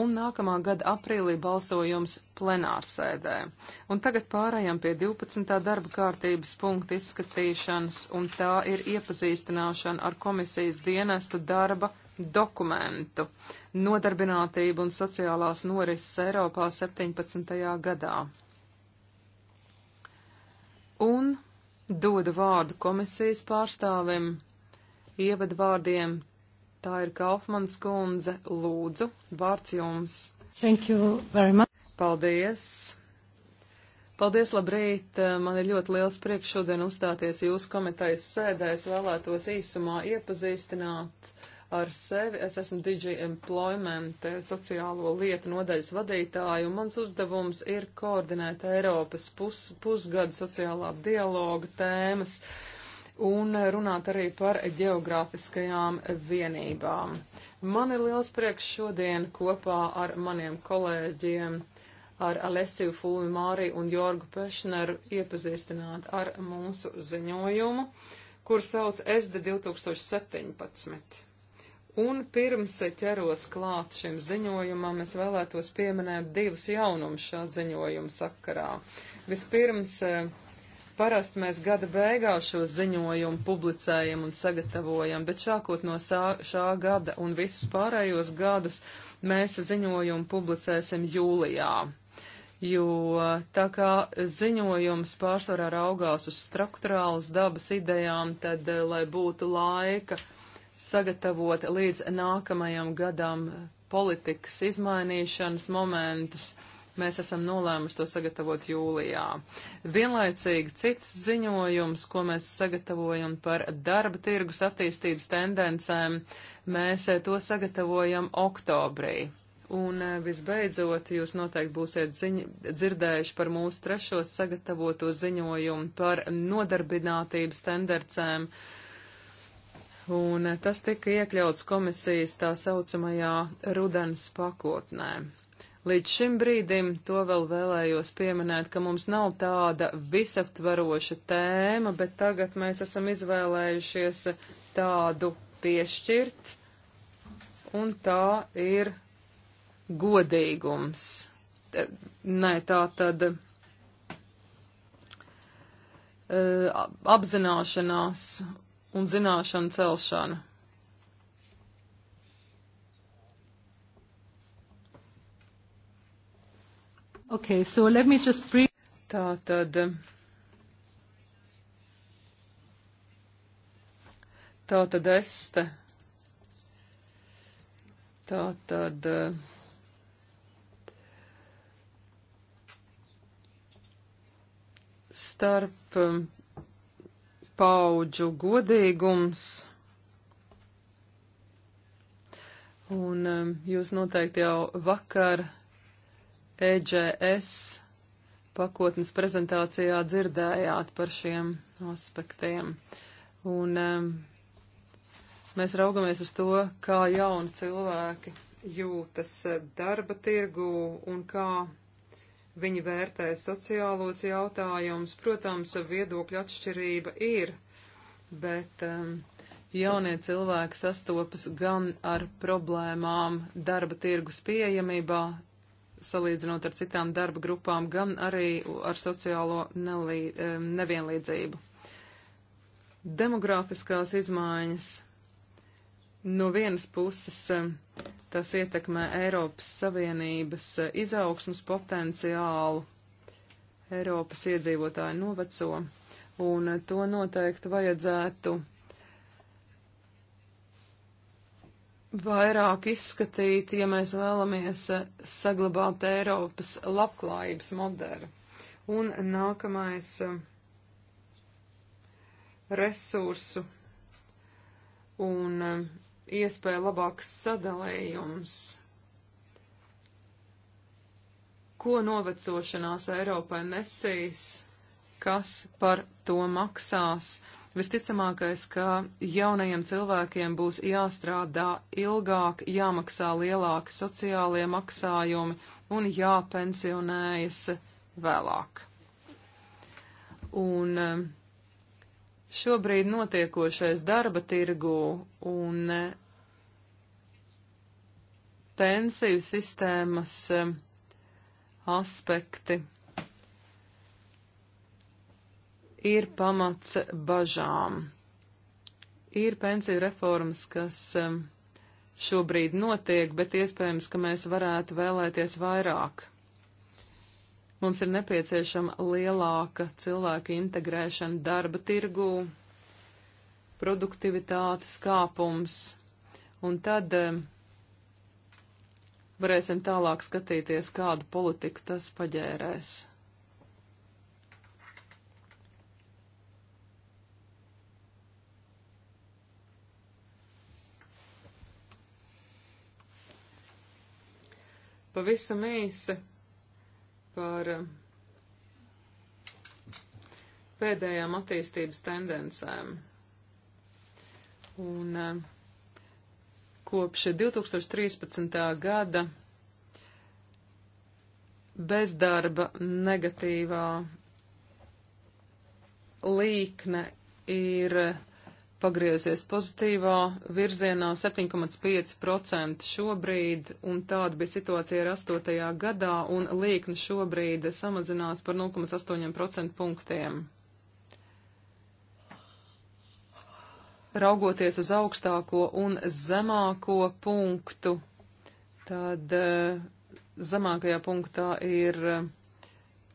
Un nākamā gada aprīlī balsojums plenārsēdē. Un tagad pārējām pie 12. darba kārtības punkta izskatīšanas, un tā ir iepazīstināšana ar komisijas dienesta darba dokumentu Nodarbinātība un sociālās norises Eiropā 17. gadā. Un dodu vārdu komisijas pārstāvim, ievadvārdiem tā ir Kaufmans kundze, lūdzu, vārds jums. Thank you very much. Paldies. Paldies, labrīt! Man ir ļoti liels prieks šodien uzstāties jūsu komitejas sēdē. Es vēlētos īsumā iepazīstināt uh, ar sevi. Es esmu DJ Employment eh, sociālo lietu nodaļas vadītāja, un mans uzdevums ir koordinēt Eiropas pus, pusgadu sociālā dialoga tēmas un runāt arī par geogrāfiskajām vienībām. Man ir liels prieks šodien kopā ar maniem kolēģiem, ar Alessiju Fulmimāri un Jorgu Pešneru iepazīstināt ar mūsu ziņojumu, kur sauc SD 2017. Un pirms ķeros klāt šim ziņojumam, es vēlētos pieminēt divus jaunumus šā ziņojuma sakarā. Vispirms, e, parasti mēs gada beigās šo ziņojumu publicējam un sagatavojam, bet šākot no sā, šā gada un visus pārējos gadus mēs ziņojumu publicēsim jūlijā. Jo tā kā ziņojums pārsvarā raugās uz struktūrālas dabas idejām, tad, e, lai būtu laika sagatavot līdz nākamajam gadam politikas izmainīšanas momentus. Mēs esam nolēmuši to sagatavot jūlijā. Vienlaicīgi cits ziņojums, ko mēs sagatavojam par darba tirgus attīstības tendencēm, mēs to sagatavojam oktobrī. Un eh, visbeidzot, jūs noteikti būsiet ziņ, dzirdējuši par mūsu trešo sagatavoto ziņojumu par nodarbinātības tendencēm. Uh, un eh, tas tika iekļauts komisijas tā saucamajā rudens pakotnē. Līdz šim brīdim to vēl vēlējos pieminēt, ka mums nav tāda visaptvaroša tēma, bet tagad mēs esam izvēlējušies tādu piešķirt, un tā ir godīgums. T nē, tā tad eh, apzināšanās un zināšanu celšana. Okay, so let me just brief. Tā tad. Tā tad este. Tā tad. Starp paudžu godīgums. Un um, jūs noteikti jau vakar EGS pakotnes prezentācijā dzirdējāt par šiem aspektiem. Un um, mēs raugamies uz to, kā jauni cilvēki jūtas darba tirgu un kā Viņi vērtē sociālos jautājumus, protams, viedokļu atšķirība ir, bet um, jaunie cilvēki sastopas gan ar problēmām darba tirgus pieejamībā, salīdzinot ar citām darba grupām, gan arī ar sociālo nelī, um, nevienlīdzību. Demografiskās izmaiņas No vienas puses eh, tas ietekmē Eiropas Savienības eh, izaugsmas potenciālu, Eiropas iedzīvotāju noveco, un eh, to noteikti vajadzētu vairāk izskatīt, ja mēs vēlamies saglabāt Eiropas labklājības modeli. Un nākamais resursu un iespēja labāks sadalījums. Ko novecošanās Eiropai nesīs, kas par to maksās? Visticamākais, ka jaunajiem cilvēkiem būs jāstrādā ilgāk, jāmaksā lielāki sociālie maksājumi un jāpensionējas vēlāk. Un um, šobrīd notiekošais darba tirgū un pensiju sistēmas um, aspekti ir pamats bažām. Ir pensiju reformas, kas um, šobrīd notiek, bet iespējams, ka mēs varētu vēlēties vairāk. Mums ir nepieciešama lielāka cilvēka integrēšana darba tirgū, produktivitātes kāpums, un tad um, varēsim tālāk skatīties, kādu politiku tas paģērēs. Pavisam īsi par um, pēdējām attīstības tendencēm. Un uh, Kopš 2013. gada bezdarba negatīvā līkne ir pagriezies pozitīvā virzienā 7,5% šobrīd, un tāda bija situācija ar 8. gadā, un līkne šobrīd samazinās par 0,8% punktiem. raugoties uz augstāko un zemāko punktu, tad eh, zemākajā punktā ir eh,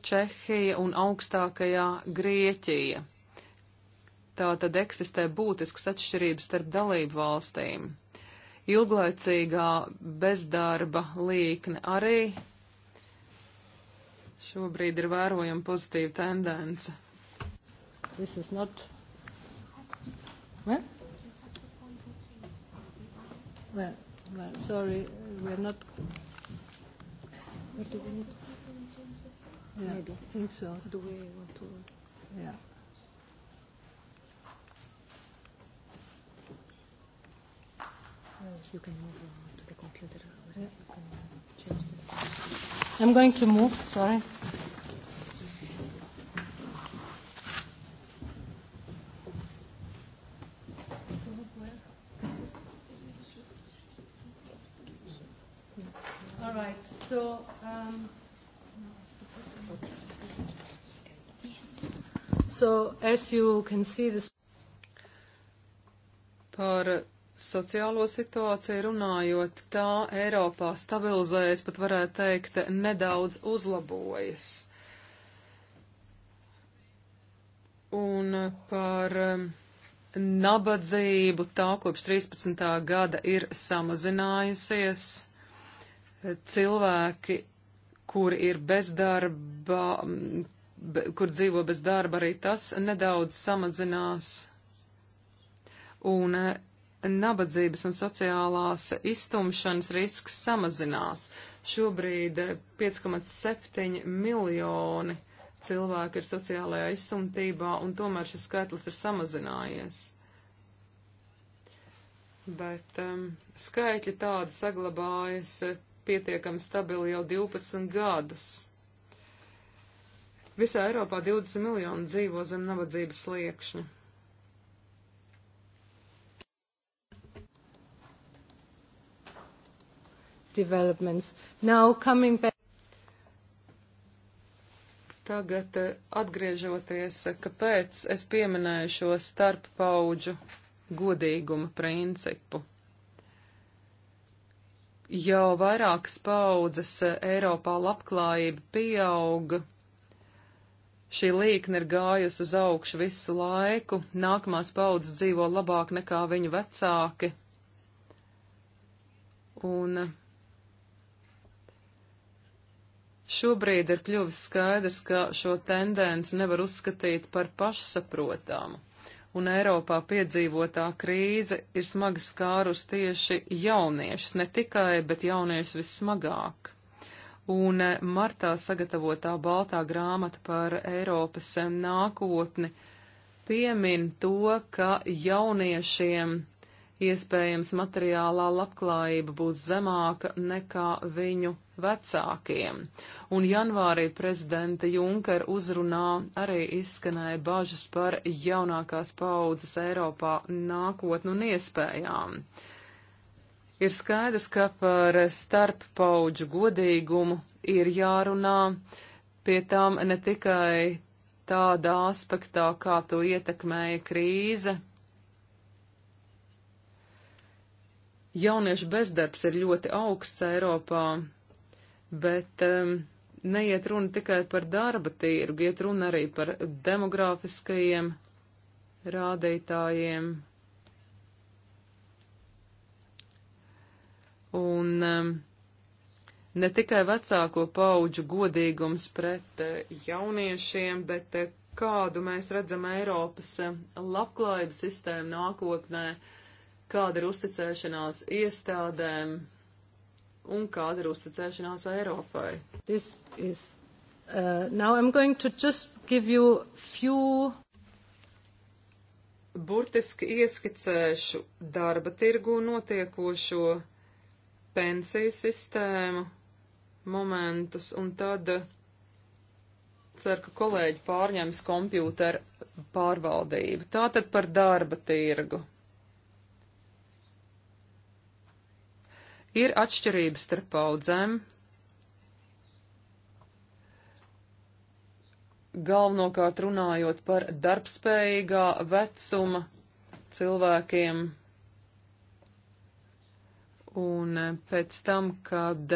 Čehija un augstākajā Grieķija. Tā tad eksistē būtiskas atšķirības starp dalību valstīm. Ilglaicīgā bezdarba līkne arī šobrīd ir vērojama pozitīva tendence. This is not Well, well, well sorry, we're not. What do we need? Yeah, Maybe. I think so. Do we want to? Yeah. You can move on to the computer. Yeah. You can change this. I'm going to move, sorry. stress, you can see this. Par sociālo situāciju runājot, tā Eiropā stabilizējas, pat varētu teikt, nedaudz uzlabojas. Un par um, nabadzību tā kopš 13. gada ir samazinājusies. Cilvēki, kuri ir bezdarba, be, kur dzīvo bez darba, arī tas nedaudz samazinās. Un eh, nabadzības un sociālās iztumšanas risks samazinās. Šobrīd 5,7 eh, miljoni cilvēki ir sociālajā iztumtībā, un tomēr šis skaitlis ir samazinājies. Bet um, skaitļi tādi saglabājas eh, pietiekami stabili jau 12 gadus. Visā Eiropā 20 miljoni dzīvo zem nabadzības sliekšņa. Developments. Now coming back. Tagad eh, atgriežoties, eh, kāpēc es pieminēju šo starppauģu godīguma principu. Jau vairākas paudzes eh, Eiropā labklājība pieauga Šī līkne ir gājusi uz augšu visu laiku, nākamās paudzes dzīvo labāk nekā viņu vecāki. Un eh, šobrīd ir kļuvis skaidrs, ka šo tendenci nevar uzskatīt par pašsaprotamu un Eiropā piedzīvotā krīze ir smagi skārus tieši jauniešus, ne tikai, bet jauniešus vissmagāk un eh, martā sagatavotā baltā grāmata par Eiropas eh, nākotni piemin to, ka jauniešiem iespējams materiālā labklājība būs zemāka nekā viņu vecākiem. Un janvārī prezidenta Junker uzrunā arī izskanēja bažas par jaunākās paudzes Eiropā nākotnu un iespējām. Uh, Ir skaidrs, ka par starppaudžu godīgumu ir jārunā pie tām ne tikai tādā aspektā, kā to ietekmēja krīze. Jauniešu bezdarbs ir ļoti augsts Eiropā, bet um, neiet runa tikai par darba tirgu, iet runa arī par demogrāfiskajiem rādītājiem, Un um, ne tikai vecāko pauģu godīgums pret uh, jauniešiem, bet uh, kādu mēs redzam Eiropas um, labklājības sistēmu nākotnē, kāda ir uzticēšanās iestādēm un kāda ir uzticēšanās Eiropai. This is, uh, now I'm going to just give you few Burtiski ieskicēšu darba tirgu notiekošo pensiju sistēmu momentus, un tad eh, ceru, ka kolēģi pārņems kompjūteru pārvaldību. Tātad par darba tirgu. Ir atšķirības starp paudzēm. Galvenokārt runājot par darbspējīgā vecuma cilvēkiem Un eh, pēc tam, kad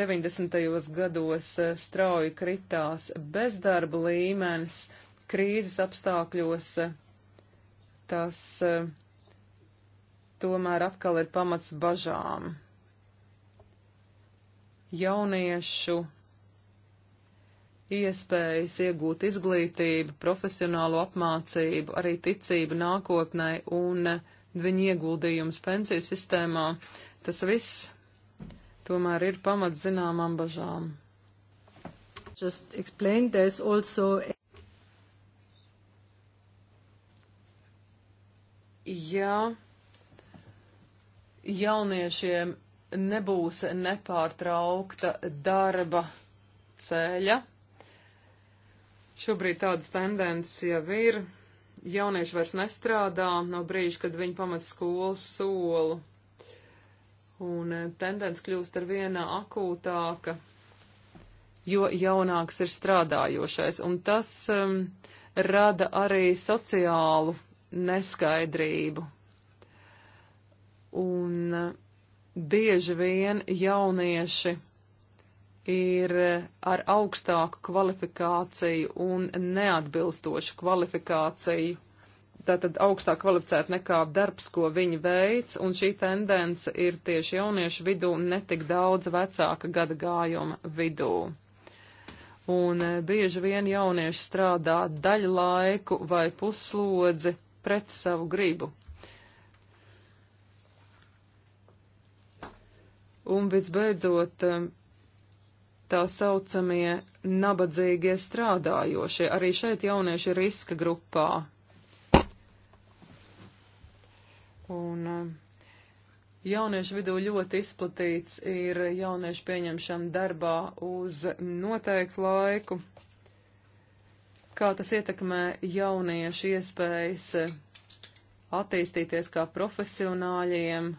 90. Eh, gados eh, strauji kritās bezdarba līmenis, krīzes apstākļos tas tomēr atkal ir pamats bažām. Jauniešu iespējas iegūt izglītību, profesionālo apmācību, arī ticību nākotnē un uh, viņa ieguldījums pensiju sistēmā, tas viss tomēr ir pamats zināmām bažām. Just explain, there's also ja jauniešiem nebūs nepārtraukta darba ceļa, šobrīd tādas tendences jau ir, jaunieši vairs nestrādā no brīža, kad viņi pamat skolu solu. Un eh, tendence kļūst ar vienā akūtāka, jo jaunāks ir strādājošais. Un tas um, rada arī sociālu neskaidrību. Un uh, bieži vien jaunieši ir eh, ar augstāku kvalifikāciju un neatbilstošu kvalifikāciju. Tātad augstāk kvalificēti nekā darbs, ko viņi veic, un šī tendence ir tieši jauniešu vidū netik daudz vecāka gada gājuma vidū. Un eh, bieži vien jaunieši strādā daļu laiku vai puslodzi pret savu gribu. Un visbeidzot, eh, tā saucamie nabadzīgie strādājošie. Arī šeit jaunieši ir riska grupā. Un eh, jauniešu vidū ļoti izplatīts ir jauniešu pieņemšana darbā uz noteiktu laiku. Kā tas ietekmē jauniešu iespējas attīstīties kā profesionāļiem,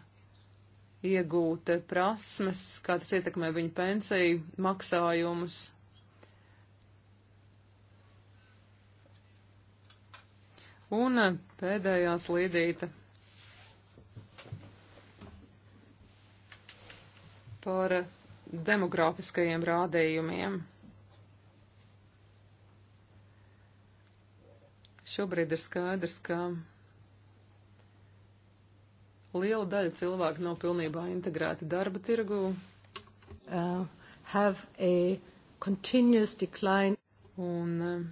iegūt prasmes, kā tas ietekmē viņu pensiju maksājumus. Un eh, pēdējā slīdīta par demografiskajiem rādījumiem. Šobrīd ir skaidrs, ka liela daļa cilvēku nav pilnībā integrēti darba tirgū. Uh, un uh,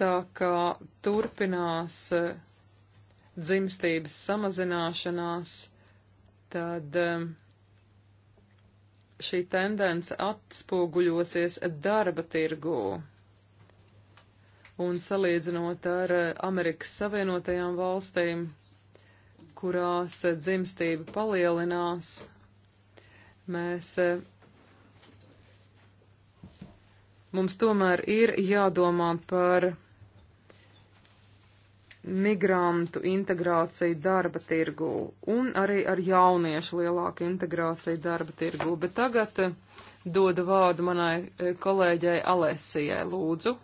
tā kā turpinās uh, dzimstības samazināšanās, tad uh, šī tendence atspoguļosies darba tirgū un salīdzinot ar eh, Amerikas Savienotajām valstīm, kurās eh, dzimstība palielinās, mēs eh, mums tomēr ir jādomā par migrantu integrāciju darba tirgū un arī ar jauniešu lielāku integrāciju darba tirgū. Bet tagad dodu vārdu manai kolēģei Alesijai Lūdzu.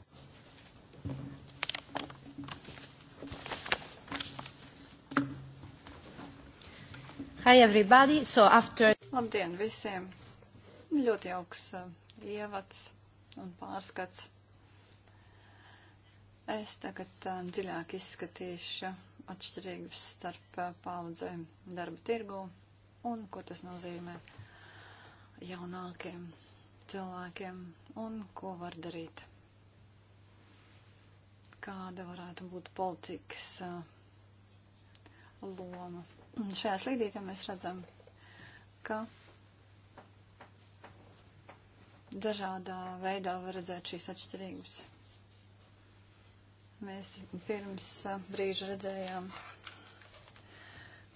Hi everybody, so after... Labdien visiem! Ļoti jauks uh, ievads un pārskats. Es tagad uh, dziļāk izskatīšu atšķirības starp uh, paudzēm darba tirgu un ko tas nozīmē jaunākiem cilvēkiem un ko var darīt. Kāda varētu būt politikas uh, loma Un šajā slīdītē mēs redzam, ka dažādā veidā var redzēt šīs atšķirības. Mēs pirms brīža redzējām,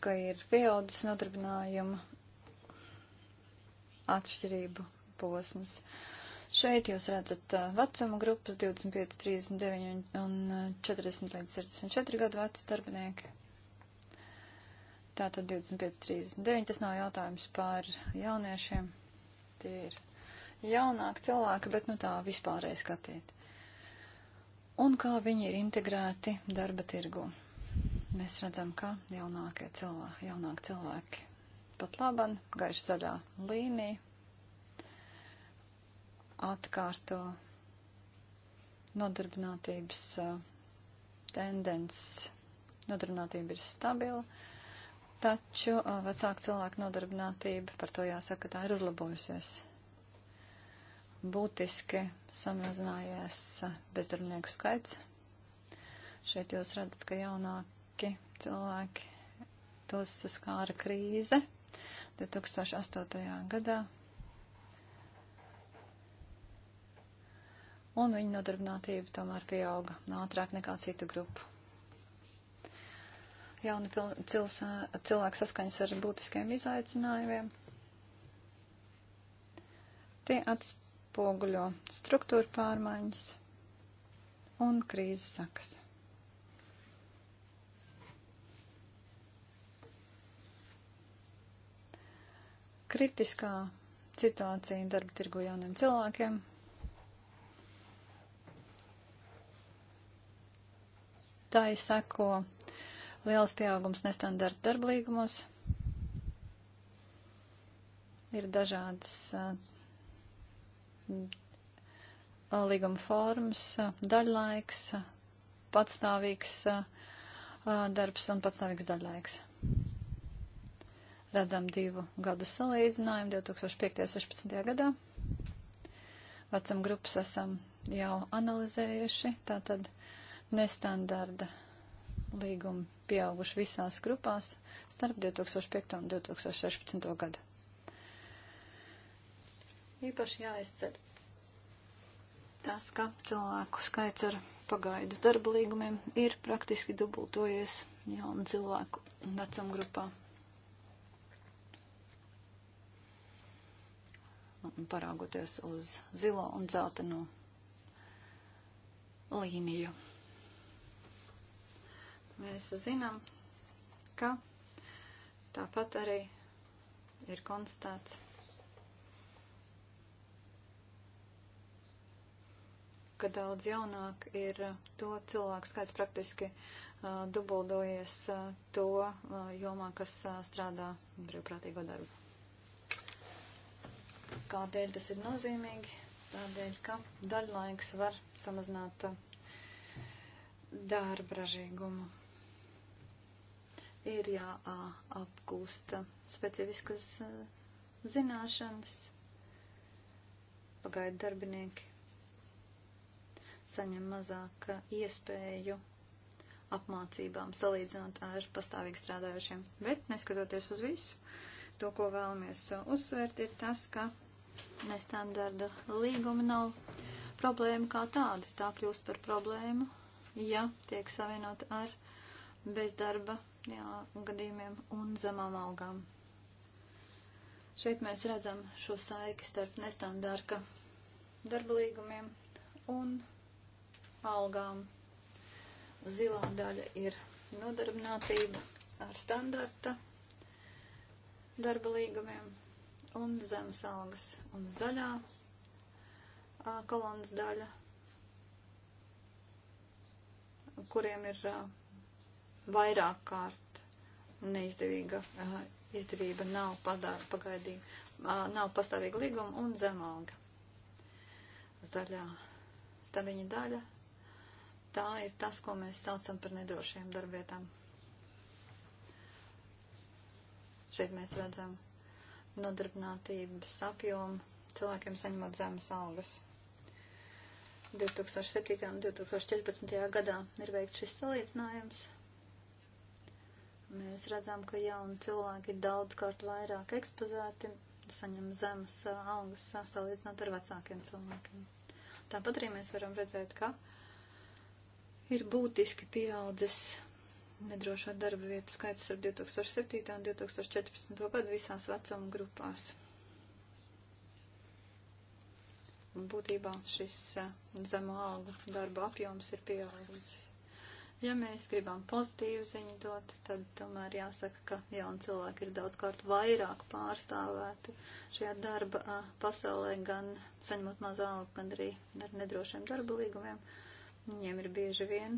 ka ir pieaudzis nodarbinājuma atšķirību posms. Šeit jūs redzat vecuma grupas 25, 39 un 40 līdz 64 gadu veci darbinieki. Tātad 25-39, tas nav jautājums par jauniešiem. Tie ir jaunāki cilvēki, bet nu tā vispārēji skatīt. Un kā viņi ir integrēti darba tirgu. Mēs redzam, ka jaunākie cilvēki, jaunāki cilvēki pat laban, gaiši zaļā līnija, atkārto nodarbinātības eh, tendences. Nodarbinātība ir stabila. Taču vecāku cilvēku nodarbinātība, par to jāsaka, ka tā ir uzlabojusies. Būtiski samazinājies bezdarbnieku skaits. Šeit jūs redzat, ka jaunāki cilvēki tos saskāra krīze 2008. gadā. Un viņa nodarbinātība tomēr pieauga ātrāk nekā citu grupu jauni cilvēki saskaņas ar būtiskiem izaicinājumiem. Tie atspoguļo struktūra pārmaiņas un krīzes sakas. Kritiskā situācija darba tirgu jauniem cilvēkiem tai seko liels pieaugums nestandarta darblīgumos. Ir dažādas uh, līguma formas, uh, daļlaiks, uh, patstāvīgs darbs un patstāvīgs daļlaiks. Redzam divu gadu salīdzinājumu 2005.16. gadā. Vecam grupas esam jau analizējuši, tātad nestandarda līguma pieauguši visās grupās starp 2005 un 2016 gadu. Īpaši jāizcer tas, ka cilvēku skaits ar pagaidu darba līgumiem ir praktiski dubultojies jaunu cilvēku vecuma grupā. Un paraugoties uz zilo un dzelteno līniju. Mēs zinām, ka tāpat arī ir konstatēts, ka daudz jaunāk ir to cilvēku skaits praktiski uh, dubuldojies uh, to uh, jomā, kas uh, strādā brīvprātīgo darbu. Kādēļ tas ir nozīmīgi? Tādēļ, ka daļlaiks var samazināt uh, darba ražīgumu ir jāapgūst specifiskas eh, zināšanas. Pagaidu darbinieki saņem mazāk eh, iespēju apmācībām salīdzinot ar pastāvīgi strādājošiem. Bet, neskatoties uz visu, to, ko vēlamies eh, uzsvērt, ir tas, ka nestandarda līguma nav problēma kā tāda. Tā kļūst par problēmu, ja tiek savienot ar bezdarba jā, gadījumiem un zemām algām. Šeit mēs redzam šo saiki starp nestandarta darba līgumiem un algām. Zilā daļa ir nodarbinātība ar standarta darba līgumiem un zemes algas. Un zaļā kolonas daļa, kuriem ir vairāk kārt neizdevīga uh, izdevība nav padār, pagaidīga, uh, nav pastāvīga līguma un zemalga. Zaļā staviņa daļa. Tā ir tas, ko mēs saucam par nedrošiem darbietām. Šeit mēs redzam nodarbinātības apjomu cilvēkiem saņemot zemes algas. 2007. un 2014. gadā ir veikts šis salīdzinājums. Mēs redzam, ka jauni cilvēki ir daudzkārt vairāk ekspozēti, saņem zemes algas salīdzinot ar vecākiem cilvēkiem. Tāpat arī mēs varam redzēt, ka ir būtiski pieaudzis nedrošo darba vietu skaits ar 2007. un 2014. gadu visās vecuma grupās. Būtībā šis zemo algu darba apjoms ir pieaudzis. Ja mēs gribam pozitīvu ziņu dot, tad tomēr jāsaka, ka jauni cilvēki ir daudzkārt vairāk pārstāvēti šajā darba a, pasaulē, gan saņemot mazu algu, gan arī ar nedrošiem darba līgumiem. Viņiem ir bieži vien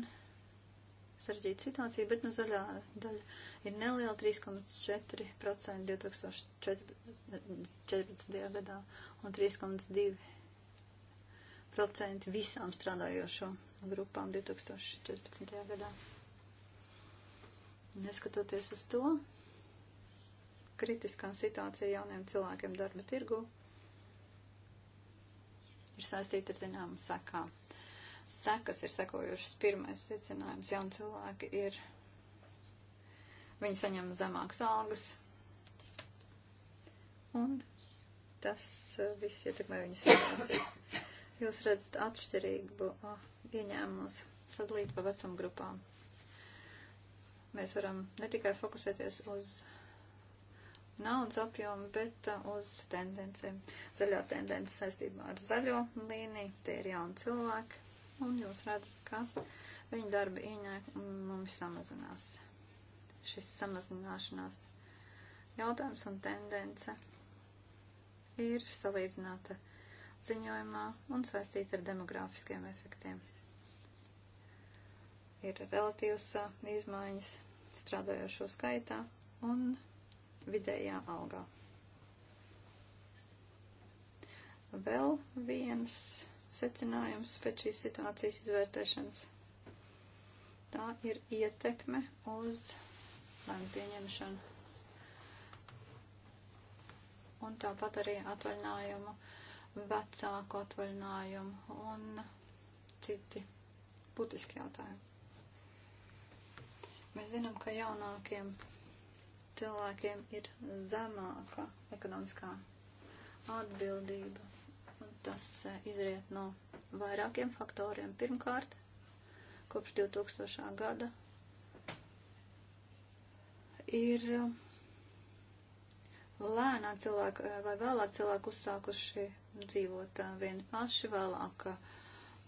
sarežģīta situācija, bet no nu, zaļā daļa ir neliela 3,4% 2014. gadā un 3,2% visām strādājošo grupām 2014. gadā. Neskatoties uz to, kritiskā situācija jauniem cilvēkiem darba tirgu ir saistīta ar zināmu sekām. Sekas ir sekojušas. Pirmais secinājums - jauni cilvēki ir, viņi saņem zemākas algas, un tas eh, viss ietekmē viņu situāciju. Jūs redzat atšķirīgu. Uh, pieņēmumus sadalīt pa vecam grupām. Mēs varam ne tikai fokusēties uz naudas apjomu, bet uh, uz tendencēm. Zaļā tendence saistībā ar zaļo līniju, tie ir jauni cilvēki, un jūs redzat, ka viņu darba ieņēmumi samazinās. Šis samazināšanās jautājums un tendence ir salīdzināta ziņojumā un saistīta ar demogrāfiskiem efektiem ir relatīvas izmaiņas strādājošo skaitā un vidējā algā. Vēl viens secinājums pēc šīs situācijas izvērtēšanas. Tā ir ietekme uz lēmu pieņemšanu. Un tāpat arī atvaļinājumu, vecāku atvaļinājumu un citi būtiski jautājumi. Mēs zinām, ka jaunākiem cilvēkiem ir zemāka ekonomiskā atbildība. Un tas eh, izriet no vairākiem faktoriem. Pirmkārt, kopš 2000. gada ir eh, lēnāk cilvēki eh, vai vēlāk cilvēki uzsākuši dzīvot vieni paši, vēlāk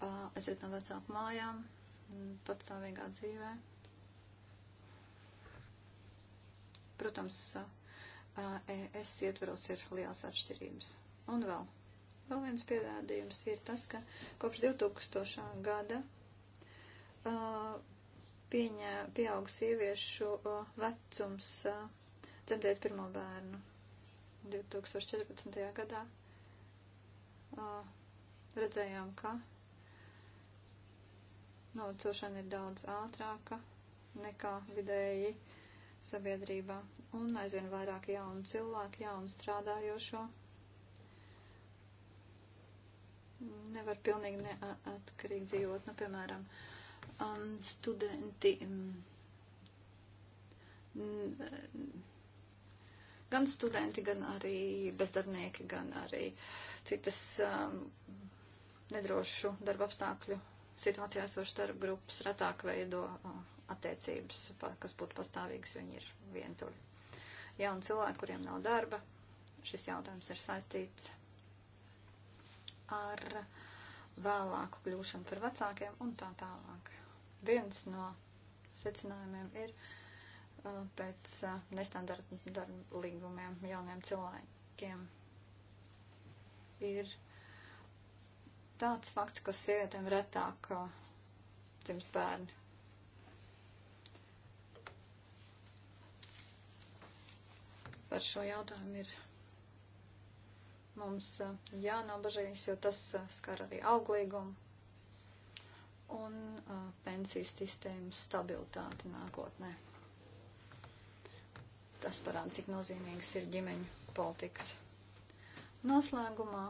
aiziet no vecāku mājām, mm, patstāvīgā dzīvē. Protams, ES ietvaros ir liels atšķirības. Un vēl. Vēl viens pierādījums ir tas, ka kopš 2000. gada pieņē, pieaug sieviešu vecums dzemdēt pirmo bērnu. 2014. gadā redzējām, ka novecošana ir daudz ātrāka nekā vidēji uh, sabiedrībā un aizvien vairāk jaunu cilvēku, jaunu strādājošo. Nevar pilnīgi neatkarīgi dzīvot, nu, piemēram, um, studenti. Um, gan studenti, gan arī bezdarbnieki, gan arī citas um, nedrošu darba apstākļu situācijā esošas darba grupas retāk veido uh, attiecības, kas būtu pastāvīgas, viņi ir vientuļi. Jauni cilvēki, kuriem nav darba, šis jautājums ir saistīts ar vēlāku kļūšanu par vecākiem un tā tālāk. Viens no secinājumiem ir uh, pēc uh, nestandarta darba līgumiem jauniem cilvēkiem ir tāds fakts, ka sievietēm retāk uh, dzimst bērni par šo jautājumu ir mums uh, jānobažīs, jo tas uh, skar arī auglīgumu un uh, pensiju sistēmas stabilitāti nākotnē. Tas parāda, cik nozīmīgas ir ģimeņu politikas. Noslēgumā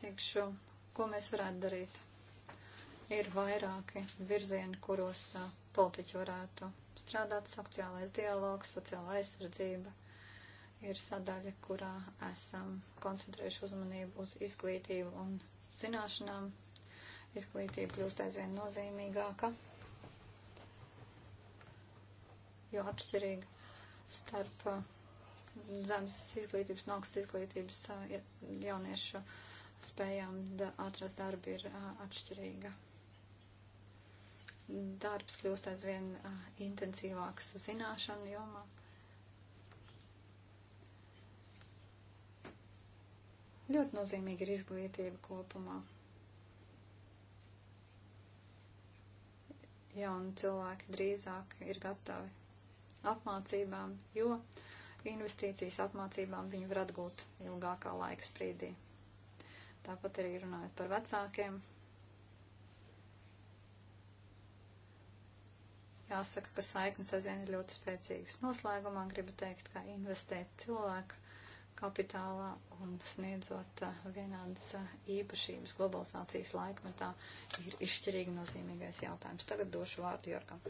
teikšu, ko mēs varētu darīt Ir vairāki virzieni, kuros politiķi varētu strādāt. Sociālais dialogs, sociāla aizsardzība ir sadaļa, kurā esam koncentrējuši uzmanību uz izglītību un zināšanām. Izglītība kļūst aizvien nozīmīgāka, jo atšķirīga starp zemes izglītības un augstas izglītības jauniešu spējām atrast darbu ir atšķirīga. Darbs kļūst aizvien intensīvāks zināšanu jomā. Ļoti nozīmīga ir izglītība kopumā. Jauni cilvēki drīzāk ir gatavi apmācībām, jo investīcijas apmācībām viņi var atgūt ilgākā laika sprīdī. Tāpat arī runājot par vecākiem, Jāsaka, ka saiknes aizvien ir ļoti spēcīgas. Noslēgumā gribu teikt, ka investēt cilvēku kapitālā un sniedzot eh, vienādas eh, īpašības globalizācijas laikmetā ir izšķirīgi nozīmīgais jautājums. Tagad došu vārdu Jorgam.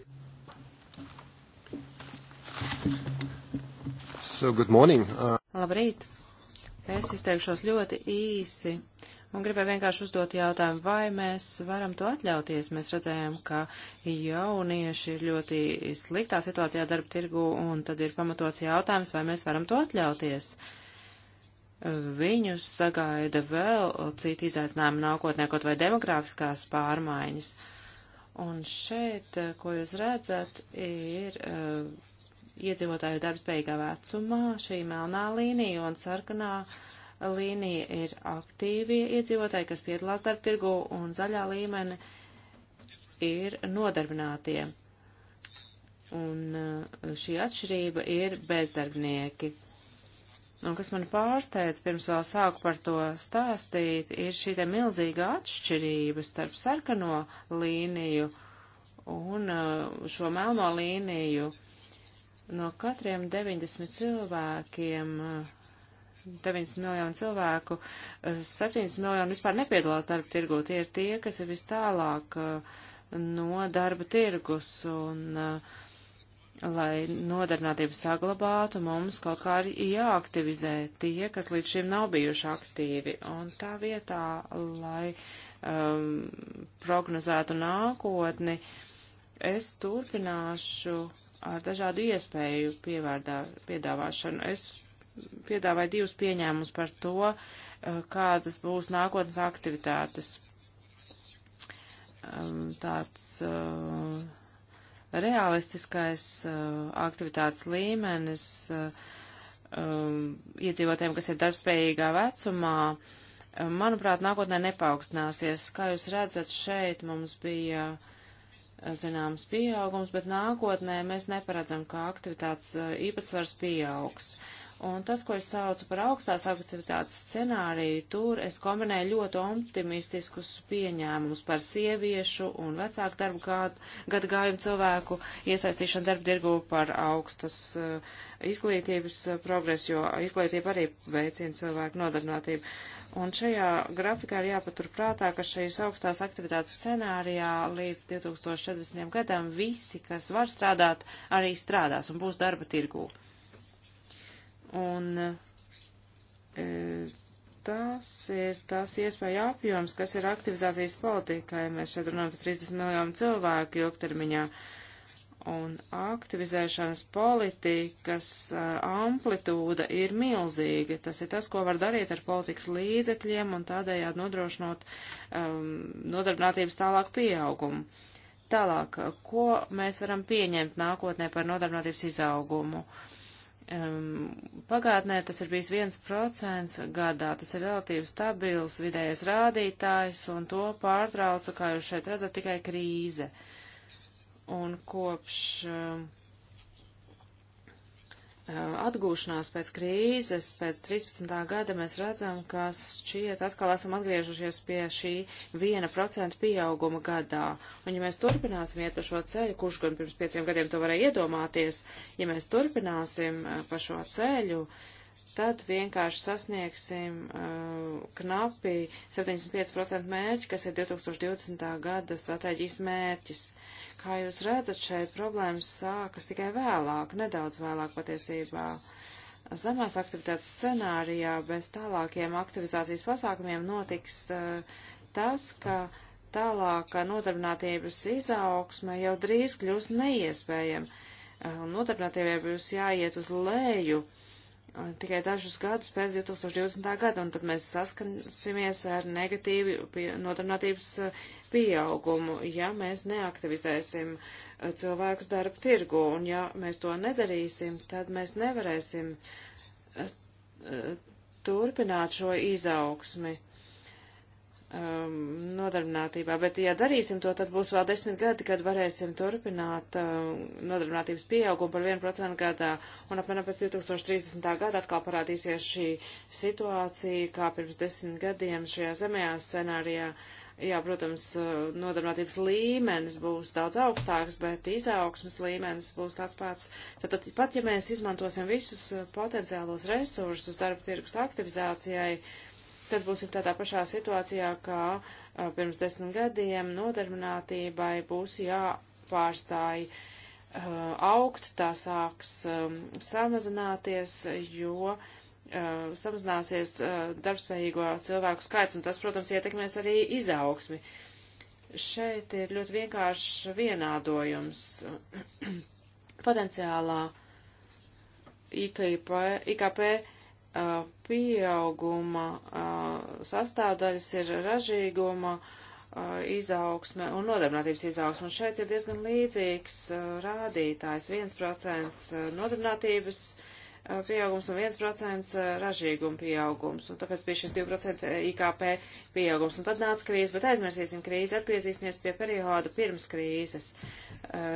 So, good morning. Uh... Labrīt. Es izteikšos ļoti īsi un gribēju vienkārši uzdot jautājumu, vai mēs varam to atļauties. Mēs redzējām, ka jaunieši ir ļoti sliktā situācijā darba tirgu, un tad ir pamatots jautājums, vai mēs varam to atļauties. Viņus sagaida vēl citi izaicinājumi nākotnē, kaut vai demografiskās pārmaiņas. Un šeit, eh, ko jūs redzat, ir uh, iedzīvotāju darbspējīgā vecumā šī melnā līnija un sarkanā uh, līnija ir aktīvie iedzīvotāji, kas piedalās darbtirgu, un zaļā līmeni ir nodarbinātie. Un uh, šī atšķirība ir bezdarbnieki. Un kas man pārsteidz, pirms vēl sāku par to stāstīt, ir šī te milzīga atšķirība starp sarkano līniju un uh, šo melno līniju. No katriem 90 cilvēkiem uh, 9 miljonu cilvēku, 7 eh, miljoni vispār nepiedalās darba tirgū. Tie ir tie, kas ir vistālāk eh, no darba tirgus. Un, eh, lai nodarbinātību saglabātu, mums kaut kā ir jāaktivizē tie, kas līdz šim nav bijuši aktīvi. Un tā vietā, lai um, prognozētu nākotni, es turpināšu ar dažādu iespēju pievārdā, piedāvāšanu. Es piedāvāja divus pieņēmumus par to, eh, kādas būs nākotnes aktivitātes. Ehm, tāds eh, realistiskais eh, aktivitātes līmenis ehm, iedzīvotājiem, kas ir darbspējīgā vecumā, manuprāt, nākotnē nepaukstināsies. Kā jūs redzat, šeit mums bija zināms pieaugums, bet nākotnē mēs neparedzam, kā aktivitātes īpatsvars pieaugs. Uh, Un tas, ko es saucu par augstās aktivitātes scenāriju, tur es kombinēju ļoti optimistiskus pieņēmumus par sieviešu un vecāku darbu gadu, gadu gājumu cilvēku iesaistīšanu darba dirgu par augstas uh, izglītības uh, progresu, jo izglītība arī veicina cilvēku nodarbinātību. Un šajā grafikā ir jāpaturprātā, ka šīs augstās aktivitātes scenārijā līdz 2040. gadam visi, kas var strādāt, arī strādās un būs darba tirgū. Un e, tas ir tas iespēja apjoms, kas ir aktivizācijas politikai. Mēs šeit runājam par 30 miljonu cilvēku ilgtermiņā. Un aktivizēšanas politikas e, amplitūda ir milzīga. Tas ir tas, ko var darīt ar politikas līdzekļiem un tādējādi nodrošinot um, nodarbinātības tālāk pieaugumu. Tālāk, ko mēs varam pieņemt nākotnē par nodarbinātības izaugumu? Uh, Um, pagātnē tas ir bijis 1% gadā, tas ir relatīvi stabils vidējais rādītājs, un to pārtrauca, kā jūs šeit redzat, tikai krīze. Un kopš uh, um, Eh, atgūšanās pēc krīzes, pēc 13. gada mēs redzam, ka šķiet atkal esam atgriežušies pie šī 1% pieauguma gadā. Un ja mēs turpināsim iet pa šo ceļu, kurš gan pirms pieciem gadiem to varēja iedomāties, ja mēs turpināsim eh, pa šo ceļu, tad vienkārši sasniegsim uh, knapi 75% mērķi, kas ir 2020. gada stratēģijas mērķis. Kā jūs redzat, šeit problēmas sākas tikai vēlāk, nedaudz vēlāk patiesībā. Zemās aktivitātes scenārijā bez tālākiem aktivizācijas pasākumiem notiks uh, tas, ka tālāka nodarbinātības izaugsme jau drīz kļūs neiespējama. Uh, nodarbinātībai būs jāiet uz leju. Uh, tikai dažus gadus pēc 2020. gada, un tad mēs saskansimies ar negatīvu pie, nodarbinātības eh, pieaugumu, ja mēs neaktivizēsim eh, cilvēkus darba tirgu, un ja mēs to nedarīsim, tad mēs nevarēsim eh, turpināt šo izaugsmi. Uh, um, nodarbinātībā, bet ja darīsim to, tad būs vēl desmit gadi, kad varēsim turpināt um, nodarbinātības pieaugumu par 1% gadā, un apmēram pēc 2030. gada atkal parādīsies šī situācija, kā pirms desmit gadiem šajā zemējā scenārijā. Jā, protams, uh, nodarbinātības līmenis būs daudz augstāks, bet izaugsmas līmenis būs tāds pats. Tātad pat, ja mēs izmantosim visus uh, potenciālos resursus darba tirgus aktivizācijai, uh, tad būsim tādā pašā situācijā, kā pirms desmit gadiem nodarbinātībai būs jāpārstāj uh, augt, tā sāks um, samazināties, jo uh, samazināsies uh, darbspējīgo cilvēku skaits, un tas, protams, ietekmēs arī izaugsmi. Šeit ir ļoti vienkāršs vienādojums [clears throat] potenciālā IKP, IKP pieauguma sastāvdaļas ir ražīguma izaugsme un nodarbinātības izaugsme. Un šeit ir diezgan līdzīgs rādītājs 1 - 1% nodarbinātības pieaugums un 1% ražīguma pieaugums. Un tāpēc bija šis 2% IKP pieaugums. Un tad nāca krīze, bet aizmirsīsim krīzi, atgriezīsimies pie perioda pirms krīzes.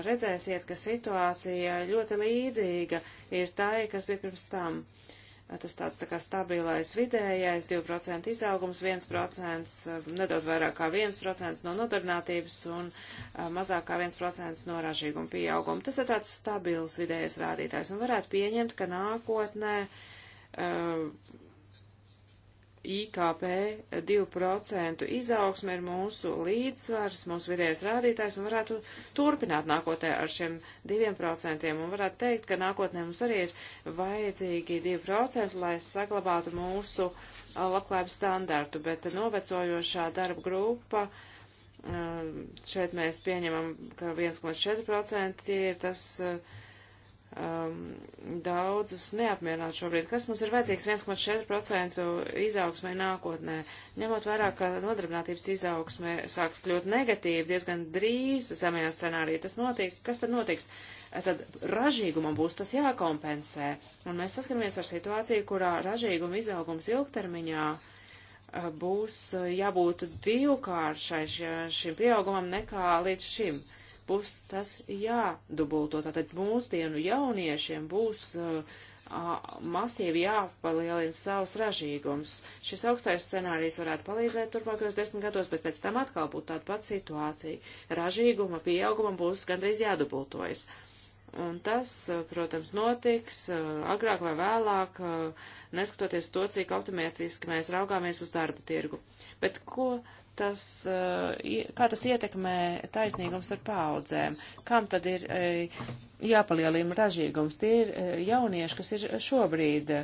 Redzēsiet, ka situācija ļoti līdzīga ir tai, kas bija pirms tam. Uh, tas tāds tā kā stabilais vidējais, 2% izaugums, 1%, eh, nedaudz vairāk kā 1% no nodarbinātības un eh, mazāk kā 1% no ražīguma pieauguma. Tas ir tāds stabils vidējais rādītājs un varētu pieņemt, ka nākotnē uh, IKP 2% izaugsme ir mūsu līdzsvars, mūsu vidējais rādītājs un varētu turpināt nākotnē ar šiem 2% un varētu teikt, ka nākotnē mums arī ir vajadzīgi 2%, lai saglabātu mūsu labklājības standartu, bet novecojošā darba grupa šeit mēs pieņemam, ka 1,4% ir tas uh, um, daudzus neapmierināt šobrīd. Kas mums ir vajadzīgs 1,4% izaugsmē nākotnē? Ņemot vērā, ka nodarbinātības izaugsmē sāks kļūt negatīvi diezgan drīz zemajā scenārijā, tas notiek, kas tad notiks? E, tad ražīgumam būs tas jākompensē. Un mēs saskaramies ar situāciju, kurā ražīguma izaugums ilgtermiņā e, būs e, jābūt divkāršai šim pieaugumam nekā līdz šim. Uh, puses tas jādubulto. Tātad mūsdienu jauniešiem būs uh, masīvi jāpalielina savs ražīgums. Šis augstais scenārijs varētu palīdzēt turpmākajos desmit gados, bet pēc tam atkal būtu tāda pati situācija. Ražīguma pieaugumam būs gandrīz jādubultojas. Uh, Un tas, eh, protams, notiks eh, agrāk vai vēlāk, eh, neskatoties to, cik optimistiski mēs raugāmies uz darba tirgu. Bet ko tas, kā tas ietekmē taisnīgums ar paudzēm? Kam tad ir jāpalielina ražīgums? Tie ir jaunieši, kas ir šobrīd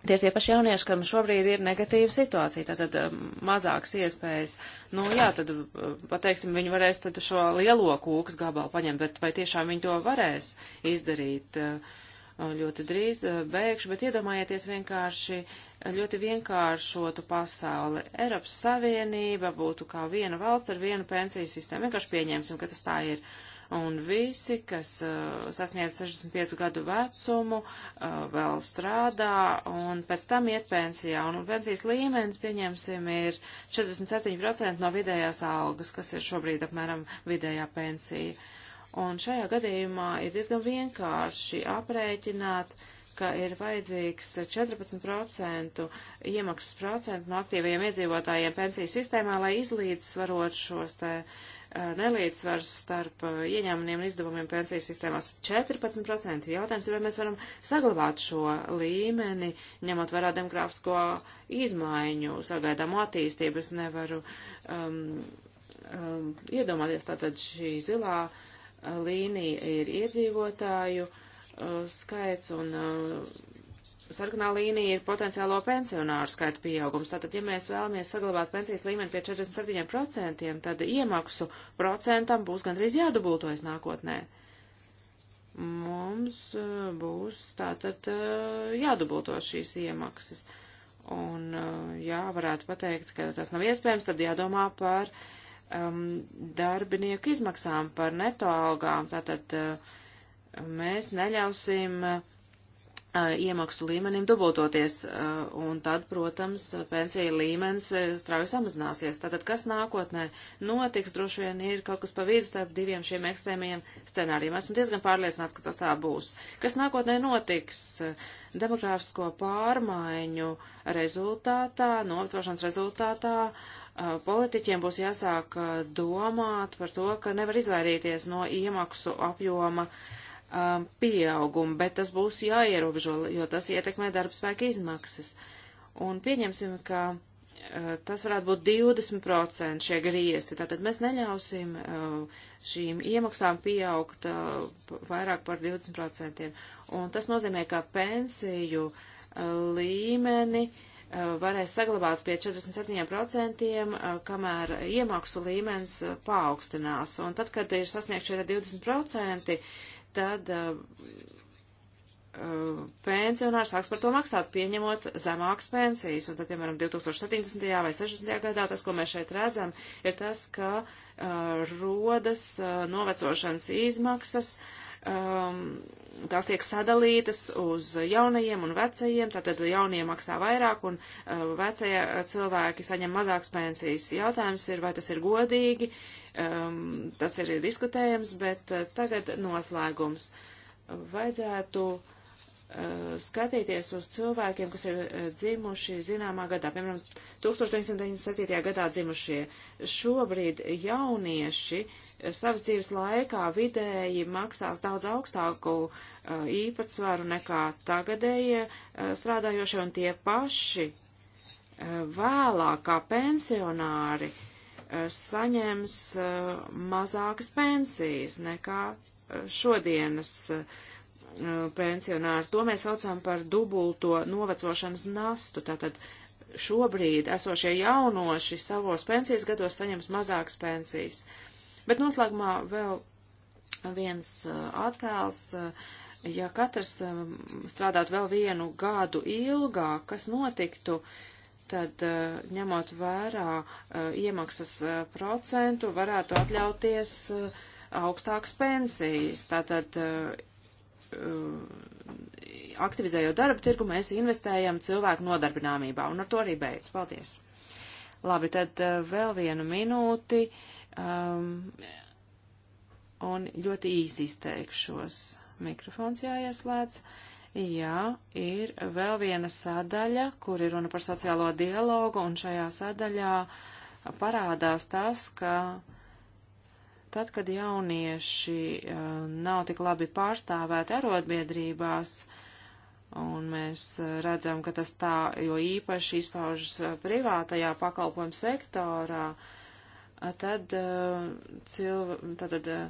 Tie ir tie paši jaunieši, kam šobrīd ir negatīva situācija, tātad um, mazāks iespējas. Nu jā, tad uh, pateiksim, viņi varēs tad šo lielo kūkas gabalu paņemt, bet vai tiešām viņi to varēs izdarīt uh, uh, ļoti drīz beigšu, bet iedomājieties vienkārši ļoti vienkāršotu pasauli. Eiropas Savienība būtu kā viena valsts ar vienu pensiju sistēmu. Vienkārši pieņemsim, ka tas tā ir. Uh, un visi, kas uh, sasniedz 65 gadu vecumu, uh, vēl strādā un pēc tam iet pensijā. Un pensijas līmenis, pieņemsim, ir 47% no vidējās algas, kas ir šobrīd apmēram vidējā pensija. Un šajā gadījumā ir diezgan vienkārši aprēķināt, ka ir vajadzīgs 14% iemaksas procents no aktīvajiem iedzīvotājiem pensiju sistēmā, lai izlīdzsvarot šos te uh, Eh, nelīdzsvars starp eh, ieņēmumiem un izdevumiem pensijas sistēmās - 14%. Jautājums ir, vai mēs varam saglabāt šo līmeni, ņemot vērā demografisko izmaiņu, sagaidāmo attīstību. Es nevaru um, um, iedomāties, tātad šī zilā eh, līnija ir iedzīvotāju uh, skaits un uh, sarkanā līnija ir potenciālo pensionāru skaita pieaugums. Tātad, ja mēs vēlamies saglabāt pensijas līmeni pie 47%, tad iemaksu procentam būs gandrīz jādubultojas nākotnē. Mums eh, būs tātad eh, jādubulto šīs iemaksas. Un, eh, jā, varētu pateikt, ka tas nav iespējams, tad jādomā par um, darbinieku izmaksām, par neto algām. Tātad mēs neļausim uh, iemaksu līmenim dubultoties, un tad, protams, pensija līmenis strauji samazināsies. Tātad, kas nākotnē notiks, droši vien ir kaut kas pa vidu starp diviem šiem ekstrēmiem scenārijiem. Esmu diezgan pārliecināta, ka tā tā būs. Kas nākotnē notiks? Demokrāfisko pārmaiņu rezultātā, novecošanas rezultātā, politiķiem būs jāsāk domāt par to, ka nevar izvairīties no iemaksu apjoma uh, um, pieaugumu, bet tas būs jāierobežo, jo tas ietekmē darbspēka izmaksas. Un pieņemsim, ka uh, tas varētu būt 20% šie griesti. Tātad mēs neļausim uh, šīm iemaksām pieaugt uh, vairāk par 20%. Un tas nozīmē, ka pensiju uh, līmeni uh, varēs saglabāt pie 47%, uh, kamēr iemaksu līmenis paaugstinās. Un tad, kad ir sasniegts šie 20%, tad uh, uh, pensionārs sāks par to maksāt, pieņemot zemākas pensijas. Un tad, piemēram, 2070. vai 60. gadā tas, ko mēs šeit redzam, ir tas, ka uh, rodas uh, novecošanas izmaksas uh, um, tās tiek sadalītas uz jaunajiem un vecajiem, tātad jaunie maksā vairāk un uh, vecie cilvēki saņem mazākas pensijas. Jautājums ir, vai tas ir godīgi, um, tas ir diskutējams, bet uh, tagad noslēgums. Vajadzētu uh, skatīties uz cilvēkiem, kas ir uh, dzimuši zināmā gadā, piemēram, 1997. gadā dzimušie. Šobrīd jaunieši uh, savas dzīves laikā vidēji maksās daudz augstāku uh, īpatsvaru nekā tagadējie uh, strādājošie un tie paši uh, vēlāk kā pensionāri uh, saņems uh, mazākas pensijas nekā uh, šodienas pensionāri. To mēs saucam par dubulto novecošanas nastu. Tātad šobrīd esošie jaunoši savos pensijas gados saņems mazākas pensijas. Uh, Bet noslēgumā vēl viens uh, attēls. Uh, ja katrs um, strādātu vēl vienu gadu ilgāk, kas notiktu, tad uh, ņemot vērā iemaksas procentu, varētu atļauties augstākas pensijas. Tātad aktivizējot darba tirgu, mēs investējam cilvēku nodarbināmībā. Un ar to arī beidz. Paldies! Labi, tad vēl vienu minūti. Uh, Um, un ļoti īsi izteikšos. Mikrofons jāieslēdz. Jā, ir vēl viena sadaļa, kur ir runa par sociālo dialogu, un šajā sadaļā parādās tas, ka tad, kad jaunieši uh, nav tik labi pārstāvēti arotbiedrībās, un mēs uh, redzam, ka tas tā jo īpaši izpaužas uh, privātajā pakalpojumu sektorā, uh, tad, eh, cilv, tad, tad eh,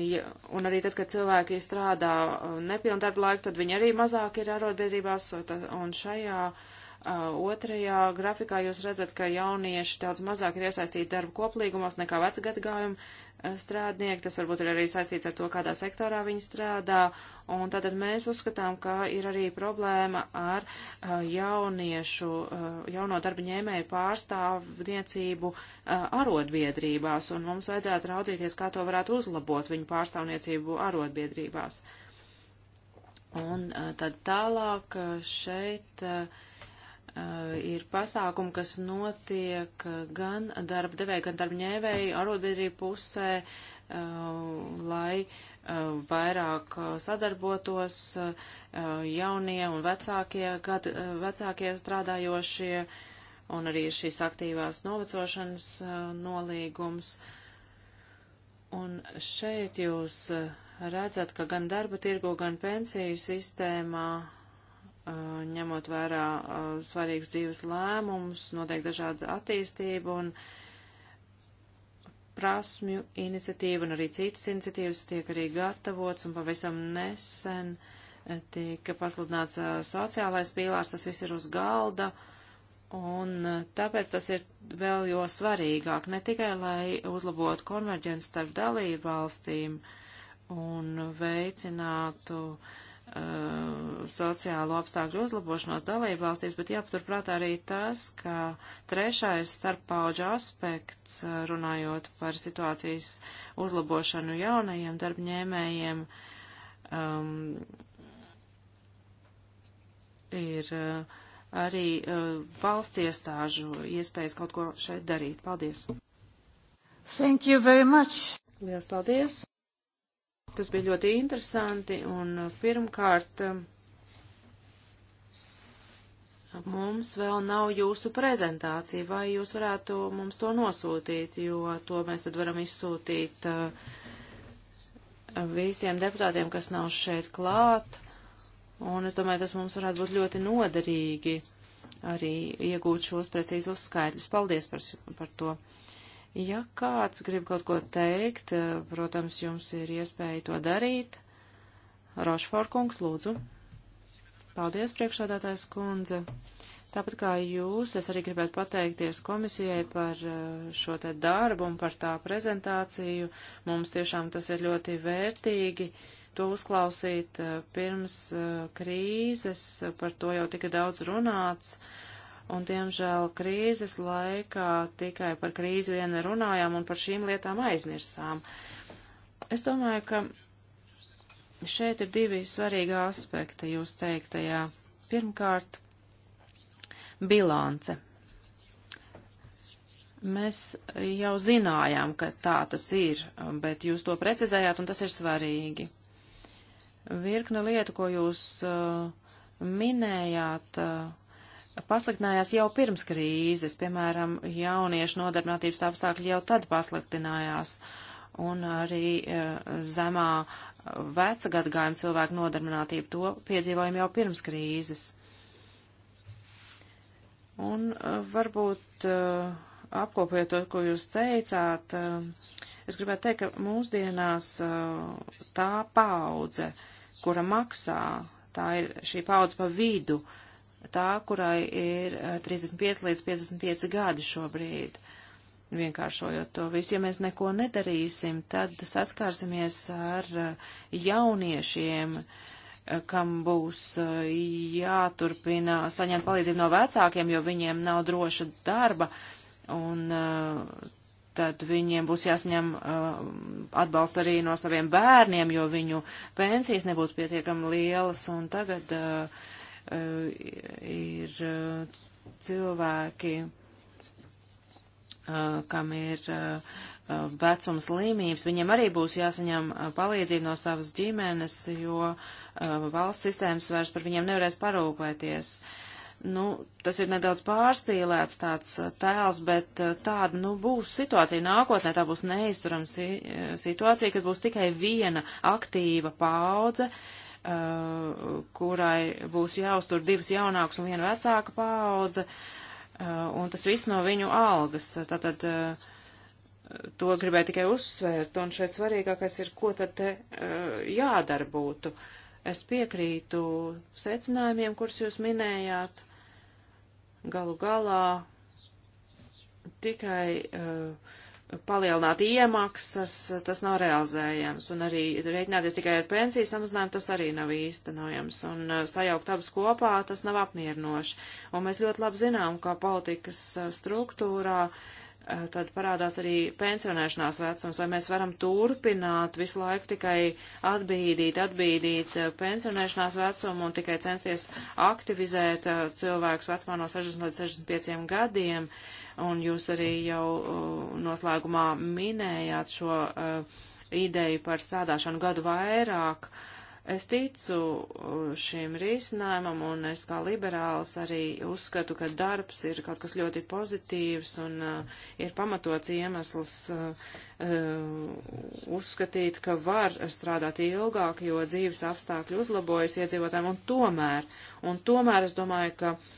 Ja, un arī tad, kad cilvēki strādā eh, nepilndarba laiku, tad viņi arī mazāk ir arotbiedrībās, un šajā uh, otrajā grafikā jūs redzat, ka jaunieši daudz mazāk ir iesaistīti darba koplīgumos nekā vecgadgājumi, Eh, strādnieki, tas varbūt ir arī saistīts ar to, kādā sektorā viņi strādā, un tātad mēs uzskatām, ka ir arī problēma ar eh, jauniešu, eh, jauno darba ņēmēju pārstāvniecību arotbiedrībās, un mums vajadzētu raudzīties, kā to varētu uzlabot viņu pārstāvniecību arotbiedrībās. Un tad tālāk šeit uh, Eh, ir pasākumi, kas notiek eh, gan darba devēja, gan darba ņēvēja arotbiedrību pusē, eh, lai vairāk sadarbotos jaunie un vecākie, gad, vecākie strādājošie un arī šīs aktīvās novecošanas nolīgums. Un šeit jūs redzat, ka gan darba tirgu, gan pensiju sistēmā ņemot vērā svarīgus dzīves lēmumus, notiek dažāda attīstība un prasmju iniciatīva un arī citas iniciatīvas tiek arī gatavots un pavisam nesen tika pasludināts sociālais pīlārs, tas viss ir uz galda. Un tāpēc tas ir vēl jo svarīgāk, ne tikai lai uzlabotu konverģenci starp dalību valstīm un veicinātu uh, Uh, sociālo apstākļu uzlabošanos dalībvalstīs, bet jāpaturprāt arī tas, ka trešais starppauģa aspekts, uh, runājot par situācijas uzlabošanu jaunajiem darbņēmējiem, um, ir uh, arī uh, valsts iestāžu iespējas kaut ko šeit darīt. Paldies! Thank you very much! Lielas paldies! Tas bija ļoti interesanti un uh, pirmkārt um, mums vēl nav jūsu prezentācija, vai jūs varētu mums to nosūtīt, jo to mēs tad varam izsūtīt uh, visiem deputātiem, kas nav šeit klāt. Un es domāju, tas mums varētu būt ļoti noderīgi arī iegūt šos precīzos skaitļus. Paldies par, par to! Ja kāds grib kaut ko teikt, eh, protams, jums ir iespēja to darīt. Rošforkungs, lūdzu. Paldies, priekšādātājs kundze. Tāpat kā jūs, es arī gribētu pateikties komisijai par eh, šo te darbu un par tā prezentāciju. Mums tiešām tas ir ļoti vērtīgi to uzklausīt eh, pirms krīzes, par to jau tika daudz runāts, un, diemžēl, krīzes laikā tikai par krīzi vien runājām un par šīm lietām aizmirsām. Es domāju, ka šeit ir divi svarīgi aspekti jūs teiktajā. Pirmkārt, bilance. Mēs jau zinājām, ka tā tas ir, bet jūs to precizējāt, un tas ir svarīgi. Virkne lietu, ko jūs uh, minējāt, uh, pasliktinājās jau pirms krīzes, piemēram, jauniešu nodarbinātības apstākļi jau tad pasliktinājās, un arī uh, zemā veca gadgājuma cilvēku nodarbinātību to piedzīvojam jau pirms krīzes. Un uh, varbūt uh, e, apkopējot to, ko jūs teicāt, es gribētu teikt, ka mūsdienās tā paudze, kura maksā, tā ir šī paudze pa vidu, uh, tā, kurai ir 35 eh, līdz 55 gadi šobrīd. Vienkāršojot to visu, ja mēs neko nedarīsim, tad saskārsimies ar eh, jauniešiem, eh, kam būs jāturpina saņemt palīdzību no vecākiem, jo viņiem nav droša darba, un tad viņiem būs jāsaņem uh, atbalsts arī no saviem bērniem, jo viņu pensijas nebūtu pietiekami lielas, un tagad uh, Eh, ir eh, cilvēki, eh, kam ir vecums slimības, viņiem arī būs jāsaņem palīdzību no savas ģimenes, jo valsts sistēmas vairs par viņiem nevarēs parūpēties. Nu, tas ir nedaudz pārspīlēts tāds tēls, bet tāda nu, būs situācija nākotnē. Tā būs neizturama si situācija, kad būs tikai viena aktīva paudze, uh, Uh, kurai būs jāuztur divas jaunākas un viena vecāka paudze, uh, un tas viss no viņu algas. Tātad uh, to gribēju tikai uzsvērt, un šeit svarīgākais ir, ko tad te jādara būtu. Es piekrītu secinājumiem, kurus jūs minējāt. Galu galā tikai uh, palielināt iemaksas, tas nav realizējams, un arī rēķināties tikai ar pensiju samazinājumu, tas arī nav īstenojams, un uh, sajaukt abus kopā, tas nav apmierinoši. Un mēs ļoti labi zinām, ka politikas uh, struktūrā uh, tad parādās arī pensionēšanās vecums, vai mēs varam turpināt visu laiku tikai atbīdīt, atbīdīt pensionēšanās vecumu un tikai censties aktivizēt cilvēkus vecumā no 60 līdz 65 gadiem. Uh, un jūs arī jau uh, noslēgumā minējāt šo uh, ideju par strādāšanu gadu vairāk. Es ticu uh, šim risinājumam, un es kā liberāls arī uzskatu, ka darbs ir kaut kas ļoti pozitīvs un uh, ir pamatots iemesls uh, uh, uzskatīt, ka var strādāt ilgāk, jo dzīves apstākļi uzlabojas iedzīvotājiem, un tomēr, un tomēr es domāju, ka uh,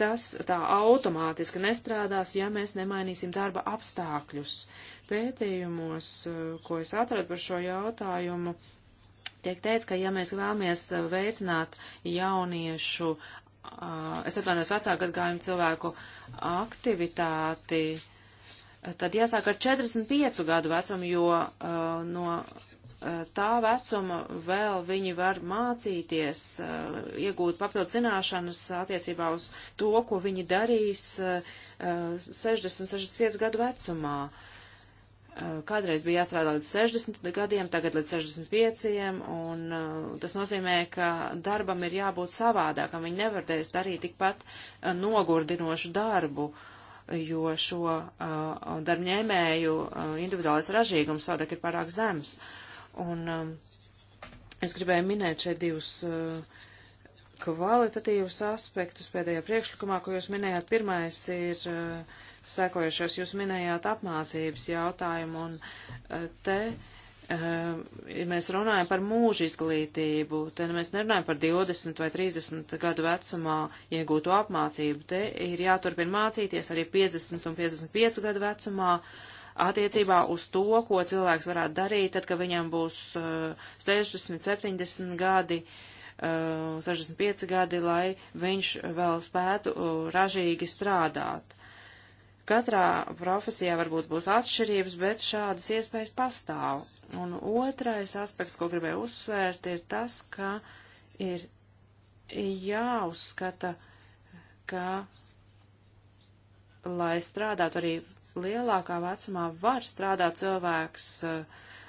tas tā automātiski nestrādās, ja mēs nemainīsim darba apstākļus. Pētījumos, eh, ko es atradu par šo jautājumu, tiek teikts, ka ja mēs vēlamies eh, veicināt jauniešu, eh, es atvainojos vecāku gadgājumu cilvēku aktivitāti, tad jāsāk ar 45 gadu vecumu, jo no tā vecuma vēl viņi var mācīties, eh, iegūt papildu zināšanas attiecībā uz to, ko viņi darīs 60-65 eh, gadu vecumā. Eh, kādreiz bija jāstrādā līdz 60 gadiem, tagad līdz 65, un tas nozīmē, ka darbam ir jābūt savādākam. Viņi nevarēs darīt tikpat nogurdinošu darbu. Uh, jo šo uh, darbņēmēju uh, individuālais ražīgums savādāk ir pārāk zems. Un um, es gribēju minēt šeit divus uh, kvalitatīvus aspektus pēdējā priekšlikumā, ko jūs minējāt. Pirmais ir uh, sekojušos, jūs minējāt apmācības jautājumu, un uh, te uh, mēs runājam par mūža izglītību, te mēs nerunājam par 20 vai 30 gadu vecumā iegūto apmācību, te ir jāturpina mācīties arī 50 un 55 gadu vecumā. Uh, attiecībā uz to, ko cilvēks varētu darīt, tad, kad viņam būs uh, 60, 70 gadi, uh, eh, 65 gadi, lai viņš vēl spētu uh, ražīgi strādāt. Katrā profesijā varbūt būs atšķirības, bet šādas iespējas pastāv. Un otrais aspekts, ko gribēju uzsvērt, ir tas, ka ir jāuzskata, ka, lai strādātu arī lielākā vecumā var strādāt cilvēks, eh,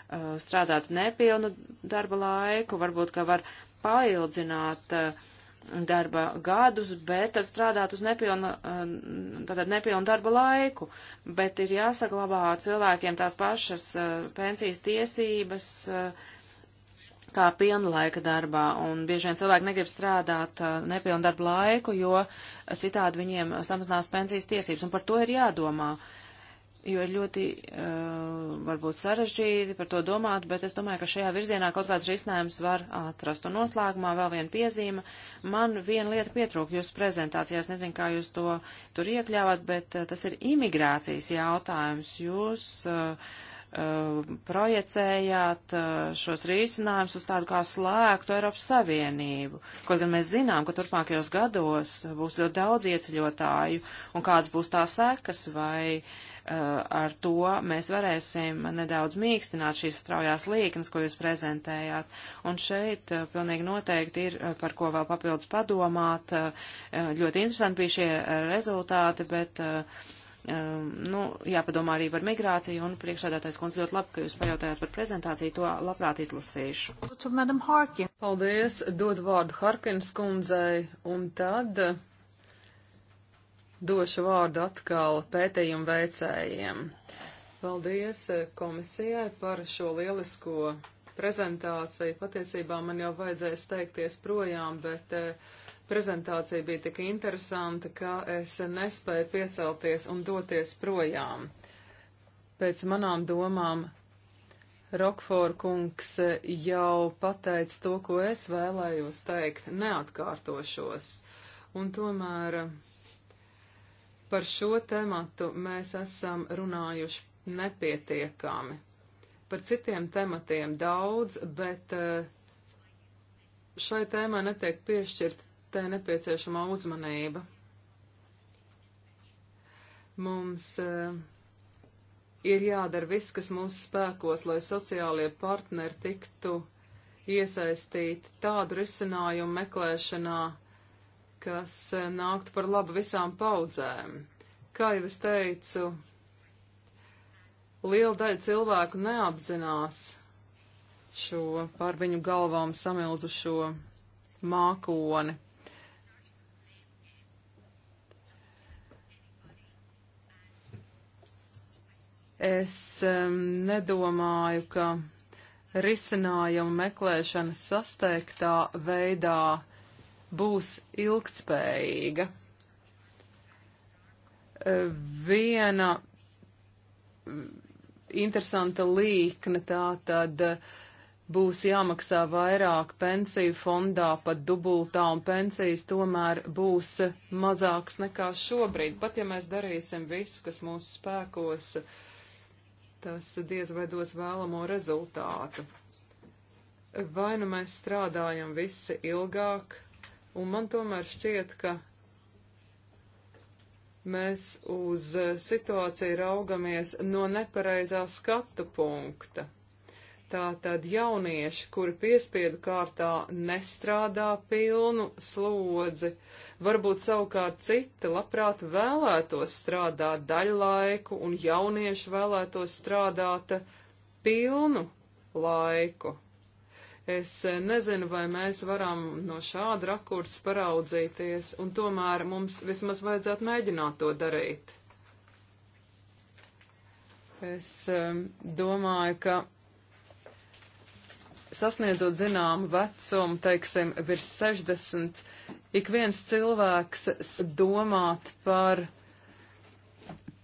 eh, strādāt nepilnu darba laiku, varbūt, ka var paildzināt eh, darba gadus, bet tad strādāt uz nepilnu, tātad nepilnu darba laiku, bet ir jāsaglabā cilvēkiem tās pašas pensijas tiesības kā pilnlaika darbā, un bieži vien cilvēki negrib strādāt nepilnu darba laiku, jo citādi viņiem samazinās pensijas tiesības, un par to ir jādomā. Uh, jo ir ļoti uh, varbūt sarežģīti par to domāt, bet es domāju, ka šajā virzienā kaut kāds risinājums var atrast. Un noslēgumā vēl viena piezīme. Man viena lieta pietrūk jūsu prezentācijās, nezinu, kā jūs to tur iekļāvāt, bet uh, tas ir imigrācijas jautājums. Jūs uh, uh, projicējāt uh, šos risinājumus uz tādu kā slēgtu Eiropas Savienību. Kaut gan mēs zinām, ka turpmākajos gados būs ļoti daudz ieceļotāju un kādas būs tās sekas vai uh, Eh, ar to mēs varēsim nedaudz mīkstināt šīs straujās lieknes, ko jūs prezentējāt. Un šeit eh, pilnīgi noteikti ir eh, par ko vēl papildus padomāt. Ļoti interesanti bija šie rezultāti, bet. Nu, jāpadomā arī par migrāciju, un priekšādātais kundze ļoti labi, ka jūs pajautājāt par prezentāciju, to labprāt izlasīšu. Paldies, dod vārdu Harkins kundzei, un tad došu vārdu atkal pētījumu veicējiem. Paldies eh, komisijai par šo lielisko prezentāciju. Patiesībā man jau vajadzēs teikties projām, bet eh, prezentācija bija tik interesanta, ka es nespēju piecelties un doties projām. Pēc manām domām Rokfor kungs eh, jau pateica to, ko es vēlējos teikt, neatkārtošos. Un tomēr Par šo tematu mēs esam runājuši nepietiekami. Par citiem tematiem daudz, bet eh, šai tēmai netiek piešķirta tai nepieciešamā uzmanība. Mums eh, ir jādara viss, kas mūsu spēkos, lai sociālie partneri tiktu iesaistīti tādu risinājumu meklēšanā, kas eh, nāktu par labu visām paudzēm. Kā jau es teicu, liela daļa cilvēku neapzinās šo pār viņu galvām samilzušo mākoni. Es um, nedomāju, ka risinājumu meklēšana sasteigtā veidā būs ilgtspējīga. Viena interesanta līkne tā tad būs jāmaksā vairāk pensiju fondā pat dubultā un pensijas tomēr būs mazāks nekā šobrīd. Pat ja mēs darīsim visu, kas mūsu spēkos, tas diez vai dos vēlamo rezultātu. Vai nu mēs strādājam visi ilgāk, Un man tomēr šķiet, ka mēs uz eh, situāciju raugamies no nepareizā skatu punkta. Tātad jaunieši, kuri piespiedu kārtā nestrādā pilnu slodzi, varbūt savukārt citi labprāt vēlētos strādāt daļlaiku un jaunieši vēlētos strādāt pilnu laiku. Es eh, nezinu, vai mēs varam no šāda rakursa paraudzīties, un tomēr mums vismaz vajadzētu mēģināt to darīt. Es eh, domāju, ka sasniedzot zināmu vecumu, teiksim, virs 60, ik viens cilvēks domāt par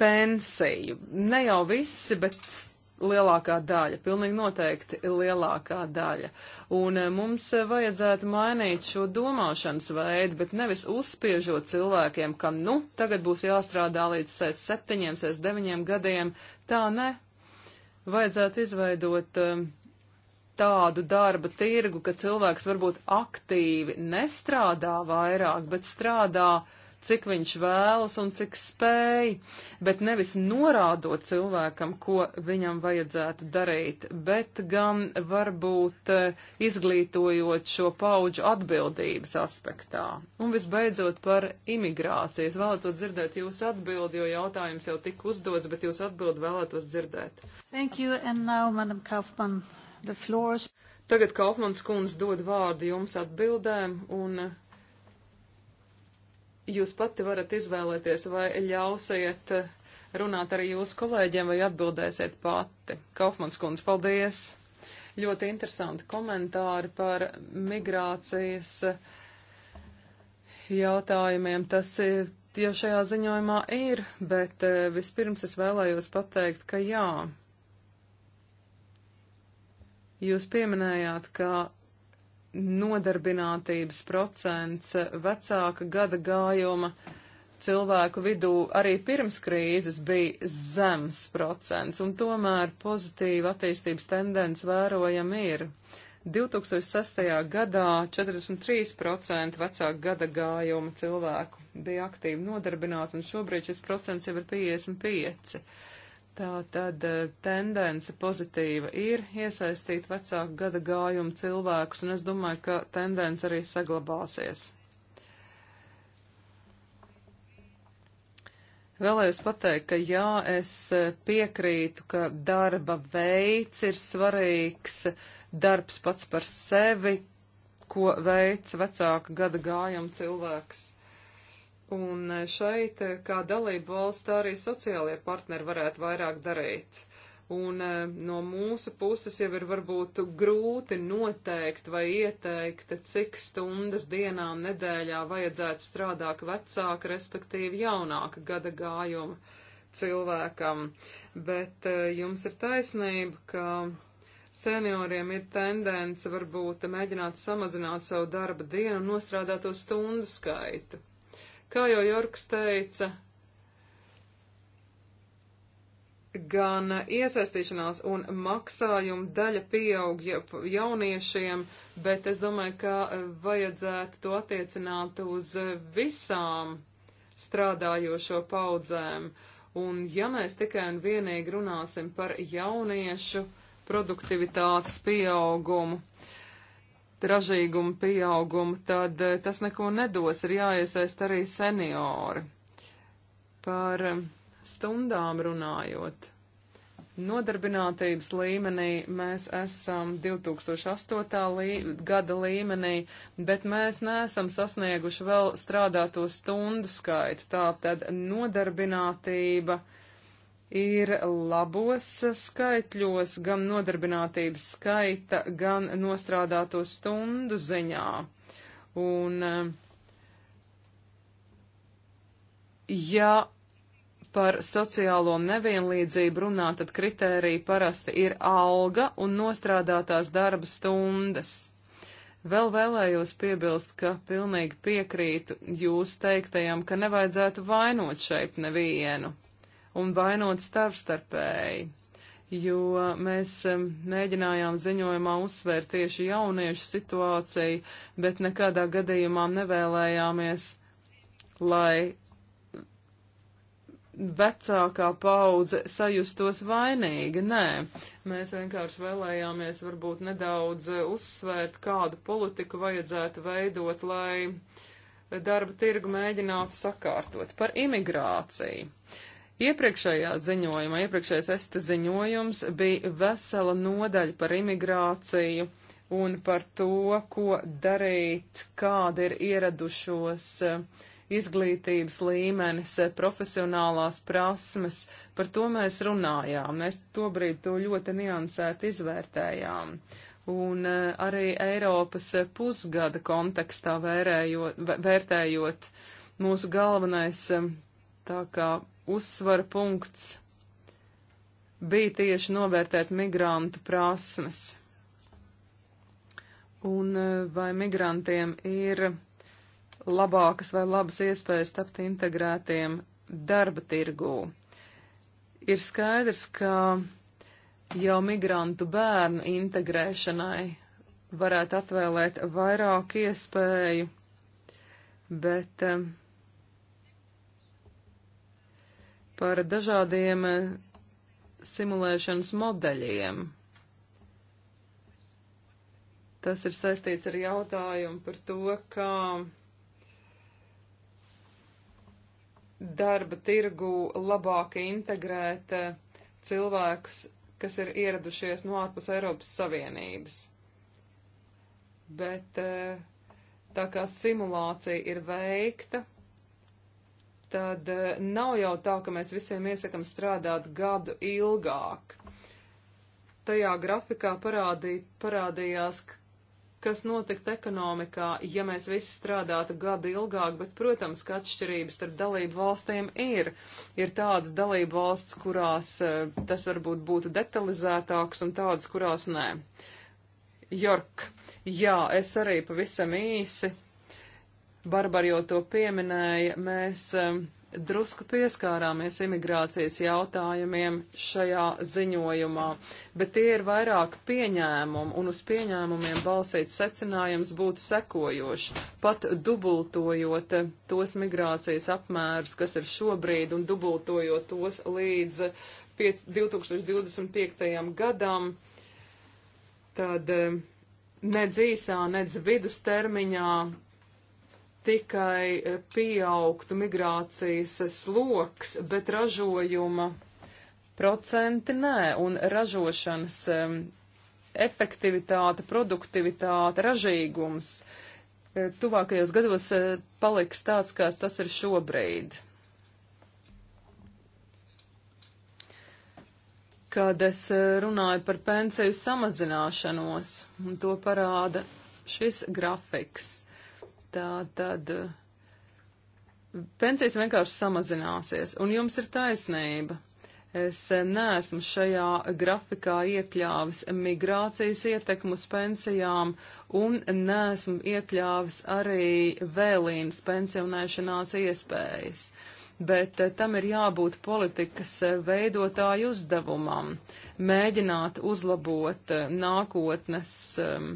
pensiju. Ne jau visi, bet lielākā daļa, pilnīgi noteikti lielākā daļa. Un eh, mums vajadzētu mainīt šo domāšanas veidu, bet nevis uzspiežot cilvēkiem, kam nu tagad būs jāstrādā līdz 67, 69 gadiem. Tā ne. Vajadzētu izveidot eh, tādu darba tirgu, ka cilvēks varbūt aktīvi nestrādā vairāk, bet strādā cik viņš vēlas un cik spēj, bet nevis norādot cilvēkam, ko viņam vajadzētu darīt, bet gan varbūt eh, izglītojot šo pauģu atbildības aspektā. Un visbeidzot par imigrāciju. Es vēlētos dzirdēt jūsu atbildi, jo jautājums jau tika uzdots, bet jūsu atbildi vēlētos dzirdēt. Thank you, and now, Madam Kaufman, the floors. Tagad Kaufmans kundze dod vārdu jums atbildēm, un jūs pati varat izvēlēties, vai ļausiet eh, runāt arī jūsu kolēģiem, vai atbildēsiet pati. Kaufmans kundze, paldies! Ļoti interesanti komentāri par migrācijas eh, jautājumiem. Tas ir, eh, jau šajā ziņojumā ir, bet vispirms es vēlējos pateikt, ka jā. Jūs pieminējāt, ka nodarbinātības procents vecāka gada gājuma cilvēku vidū arī pirms krīzes bija zems procents, un tomēr pozitīva attīstības tendence vērojam ir. 2006. gadā 43% vecāku gada gājuma cilvēku bija aktīvi nodarbināti, un šobrīd šis procents jau ir 55%. Tā tad e, tendence pozitīva ir iesaistīt vecāku gada gājumu cilvēkus, un es domāju, ka tendence arī saglabāsies. Vēlējos pateikt, ka jā, es e, piekrītu, ka darba veids ir svarīgs, darbs pats par sevi, ko veids vecāka gada gājuma cilvēks. Un šeit, kā dalība valsts, tā arī sociālie partneri varētu vairāk darīt. Un eh, no mūsu puses jau ir varbūt grūti noteikt vai ieteikt, cik stundas dienā nedēļā vajadzētu strādāt vecāka, respektīvi jaunāka gada gājuma cilvēkam. Bet eh, jums ir taisnība, ka senioriem ir tendence varbūt mēģināt samazināt savu darba dienu un nostrādāt to stundu skaitu. Kā jau Jorgs teica, gan iesaistīšanās un maksājuma daļa pieaug jauniešiem, bet es domāju, ka e, vajadzētu to attiecināt uz visām strādājošo paudzēm. Un ja mēs tikai un vienīgi runāsim par jauniešu produktivitātes pieaugumu, ražīguma pieaugumu, tad eh, tas neko nedos, ir jāiesaist arī seniori. Par eh, stundām runājot. Nodarbinātības līmenī mēs esam 2008. Lī, gada līmenī, bet mēs neesam sasnieguši vēl strādāto stundu skaitu. Tātad nodarbinātība uh, ir labos skaitļos, gan nodarbinātības skaita, gan nostrādāto stundu ziņā. Un, eh, ja par sociālo nevienlīdzību runā, tad kritērija parasti ir alga un nostrādātās darba stundas. Vēl vēlējos piebilst, ka pilnīgi piekrītu jūs teiktajam, ka nevajadzētu vainot šeit nevienu un vainot starpstarpēji, jo mēs mēģinājām ziņojumā uzsvērt tieši jauniešu situāciju, bet nekādā gadījumā nevēlējāmies, lai vecākā paudze sajustos vainīga. Nē, mēs vienkārši vēlējāmies varbūt nedaudz eh, uzsvērt, kādu politiku vajadzētu veidot, lai darba tirgu mēģinātu sakārtot par imigrāciju. Iepriekšējā ziņojumā, iepriekšējais este ziņojums bija vesela nodaļa par imigrāciju un par to, ko darīt, kāda ir ieradušos eh, izglītības līmenis, eh, profesionālās prasmes. Par to mēs runājām. Mēs tobrīd to ļoti niansēti izvērtējām. Un eh, arī Eiropas pusgada kontekstā vērējot, vērtējot mūsu galvenais tā kā uzsvara punkts bija tieši novērtēt migrantu prasmes. Un e, vai migrantiem ir labākas vai labas iespējas tapt integrētiem darba tirgū? Ir skaidrs, ka jau migrantu bērnu integrēšanai varētu atvēlēt vairāk iespēju, bet um, par dažādiem eh, simulēšanas modeļiem. Tas ir saistīts ar jautājumu par to, kā darba tirgu labāk integrēt eh, cilvēkus, kas ir ieradušies no ārpus Eiropas Savienības. Bet eh, tā kā simulācija ir veikta, tad eh, nav jau tā, ka mēs visiem iesakam strādāt gadu ilgāk. Tajā grafikā parādī, parādījās, kas notikt ekonomikā, ja mēs visi strādātu gadu ilgāk, bet, protams, ka atšķirības starp dalību valstīm ir. Ir tādas dalību valsts, kurās eh, tas varbūt būtu detalizētāks un tādas, kurās nē. Jork, jā, es arī pavisam īsi Barbara jau to pieminēja, mēs um, drusku pieskārāmies imigrācijas jautājumiem šajā ziņojumā, bet tie ir vairāk pieņēmumi, un uz pieņēmumiem balstīts secinājums būtu sekojoši. Pat dubultojot tos migrācijas apmērus, kas ir šobrīd, un dubultojot tos līdz 5, 2025. gadam, tad um, nedz īsā, nedz vidustermiņā tikai eh, pieaugtu migrācijas sloks, bet ražojuma procenti nē, un ražošanas um, efektivitāte, produktivitāte, ražīgums eh, tuvākajos gados eh, paliks tāds, kāds tas ir šobrīd. Kad es runāju par pensiju samazināšanos, un to parāda šis grafiks. Tā tad eh, pensijas vienkārši samazināsies, un jums ir taisnība. Es eh, neesmu šajā grafikā iekļāvis migrācijas ietekmu uz pensijām, un neesmu iekļāvis arī vēlīnas pensionēšanās iespējas bet eh, tam ir jābūt politikas veidotāju uzdevumam - mēģināt uzlabot nākotnes um,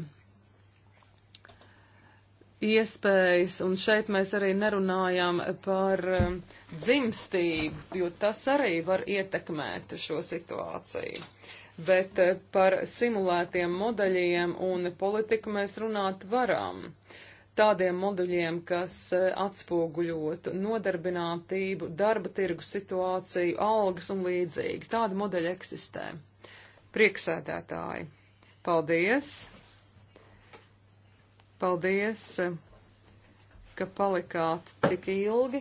iespējas, un šeit mēs arī nerunājam par um, dzimstību, jo tas arī var ietekmēt šo situāciju. Bet uh, par simulētiem modeļiem un politiku mēs runāt varam. Tādiem modeļiem, kas uh, atspoguļotu nodarbinātību, darba tirgu situāciju, algas un līdzīgi. Tāda modeļa eksistē. Prieksēdētāji. Paldies! Paldies, ka palikāt tik ilgi.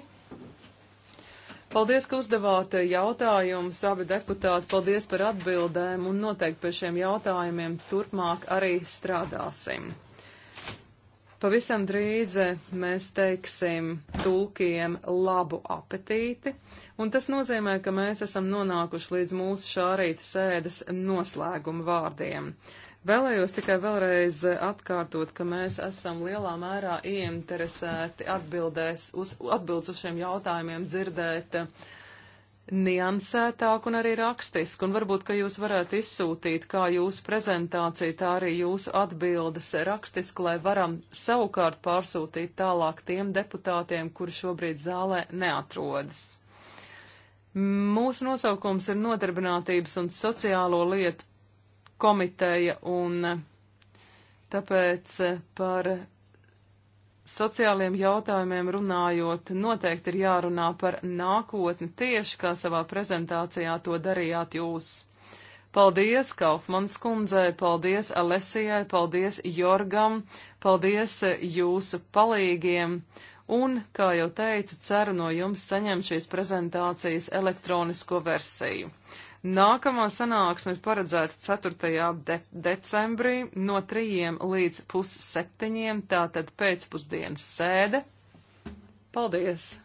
Paldies, ka uzdevāt jautājumus, abi deputāti. Paldies par atbildēm un noteikti pie šiem jautājumiem turpmāk arī strādāsim. Pavisam drīz mēs teiksim tulkiem labu apetīti, un tas nozīmē, ka mēs esam nonākuši līdz mūsu šā rīta sēdes noslēguma vārdiem. Vēlējos tikai vēlreiz atkārtot, ka mēs esam lielā mērā ieinteresēti atbildēs uz, atbildes uz šiem jautājumiem dzirdēt niansētāk un arī rakstiski, un varbūt, ka jūs varētu izsūtīt kā jūsu prezentācija, tā arī jūsu atbildes rakstiski, lai varam savukārt pārsūtīt tālāk tiem deputātiem, kuri šobrīd zālē neatrodas. Mūsu nosaukums ir nodarbinātības un sociālo lietu komiteja un tāpēc par sociāliem jautājumiem runājot, noteikti ir jārunā par nākotni tieši, kā savā prezentācijā to darījāt jūs. Paldies Kaufmanas kundzei, paldies Alesijai, paldies Jorgam, paldies jūsu palīgiem. Un, kā jau teicu, ceru no jums saņemt šīs prezentācijas elektronisko versiju. Nākamā sanāksme ir paredzēta 4. De decembrī no 3 līdz pusseptiņiem, tātad pēcpusdienas sēde. Paldies!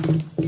Thank you.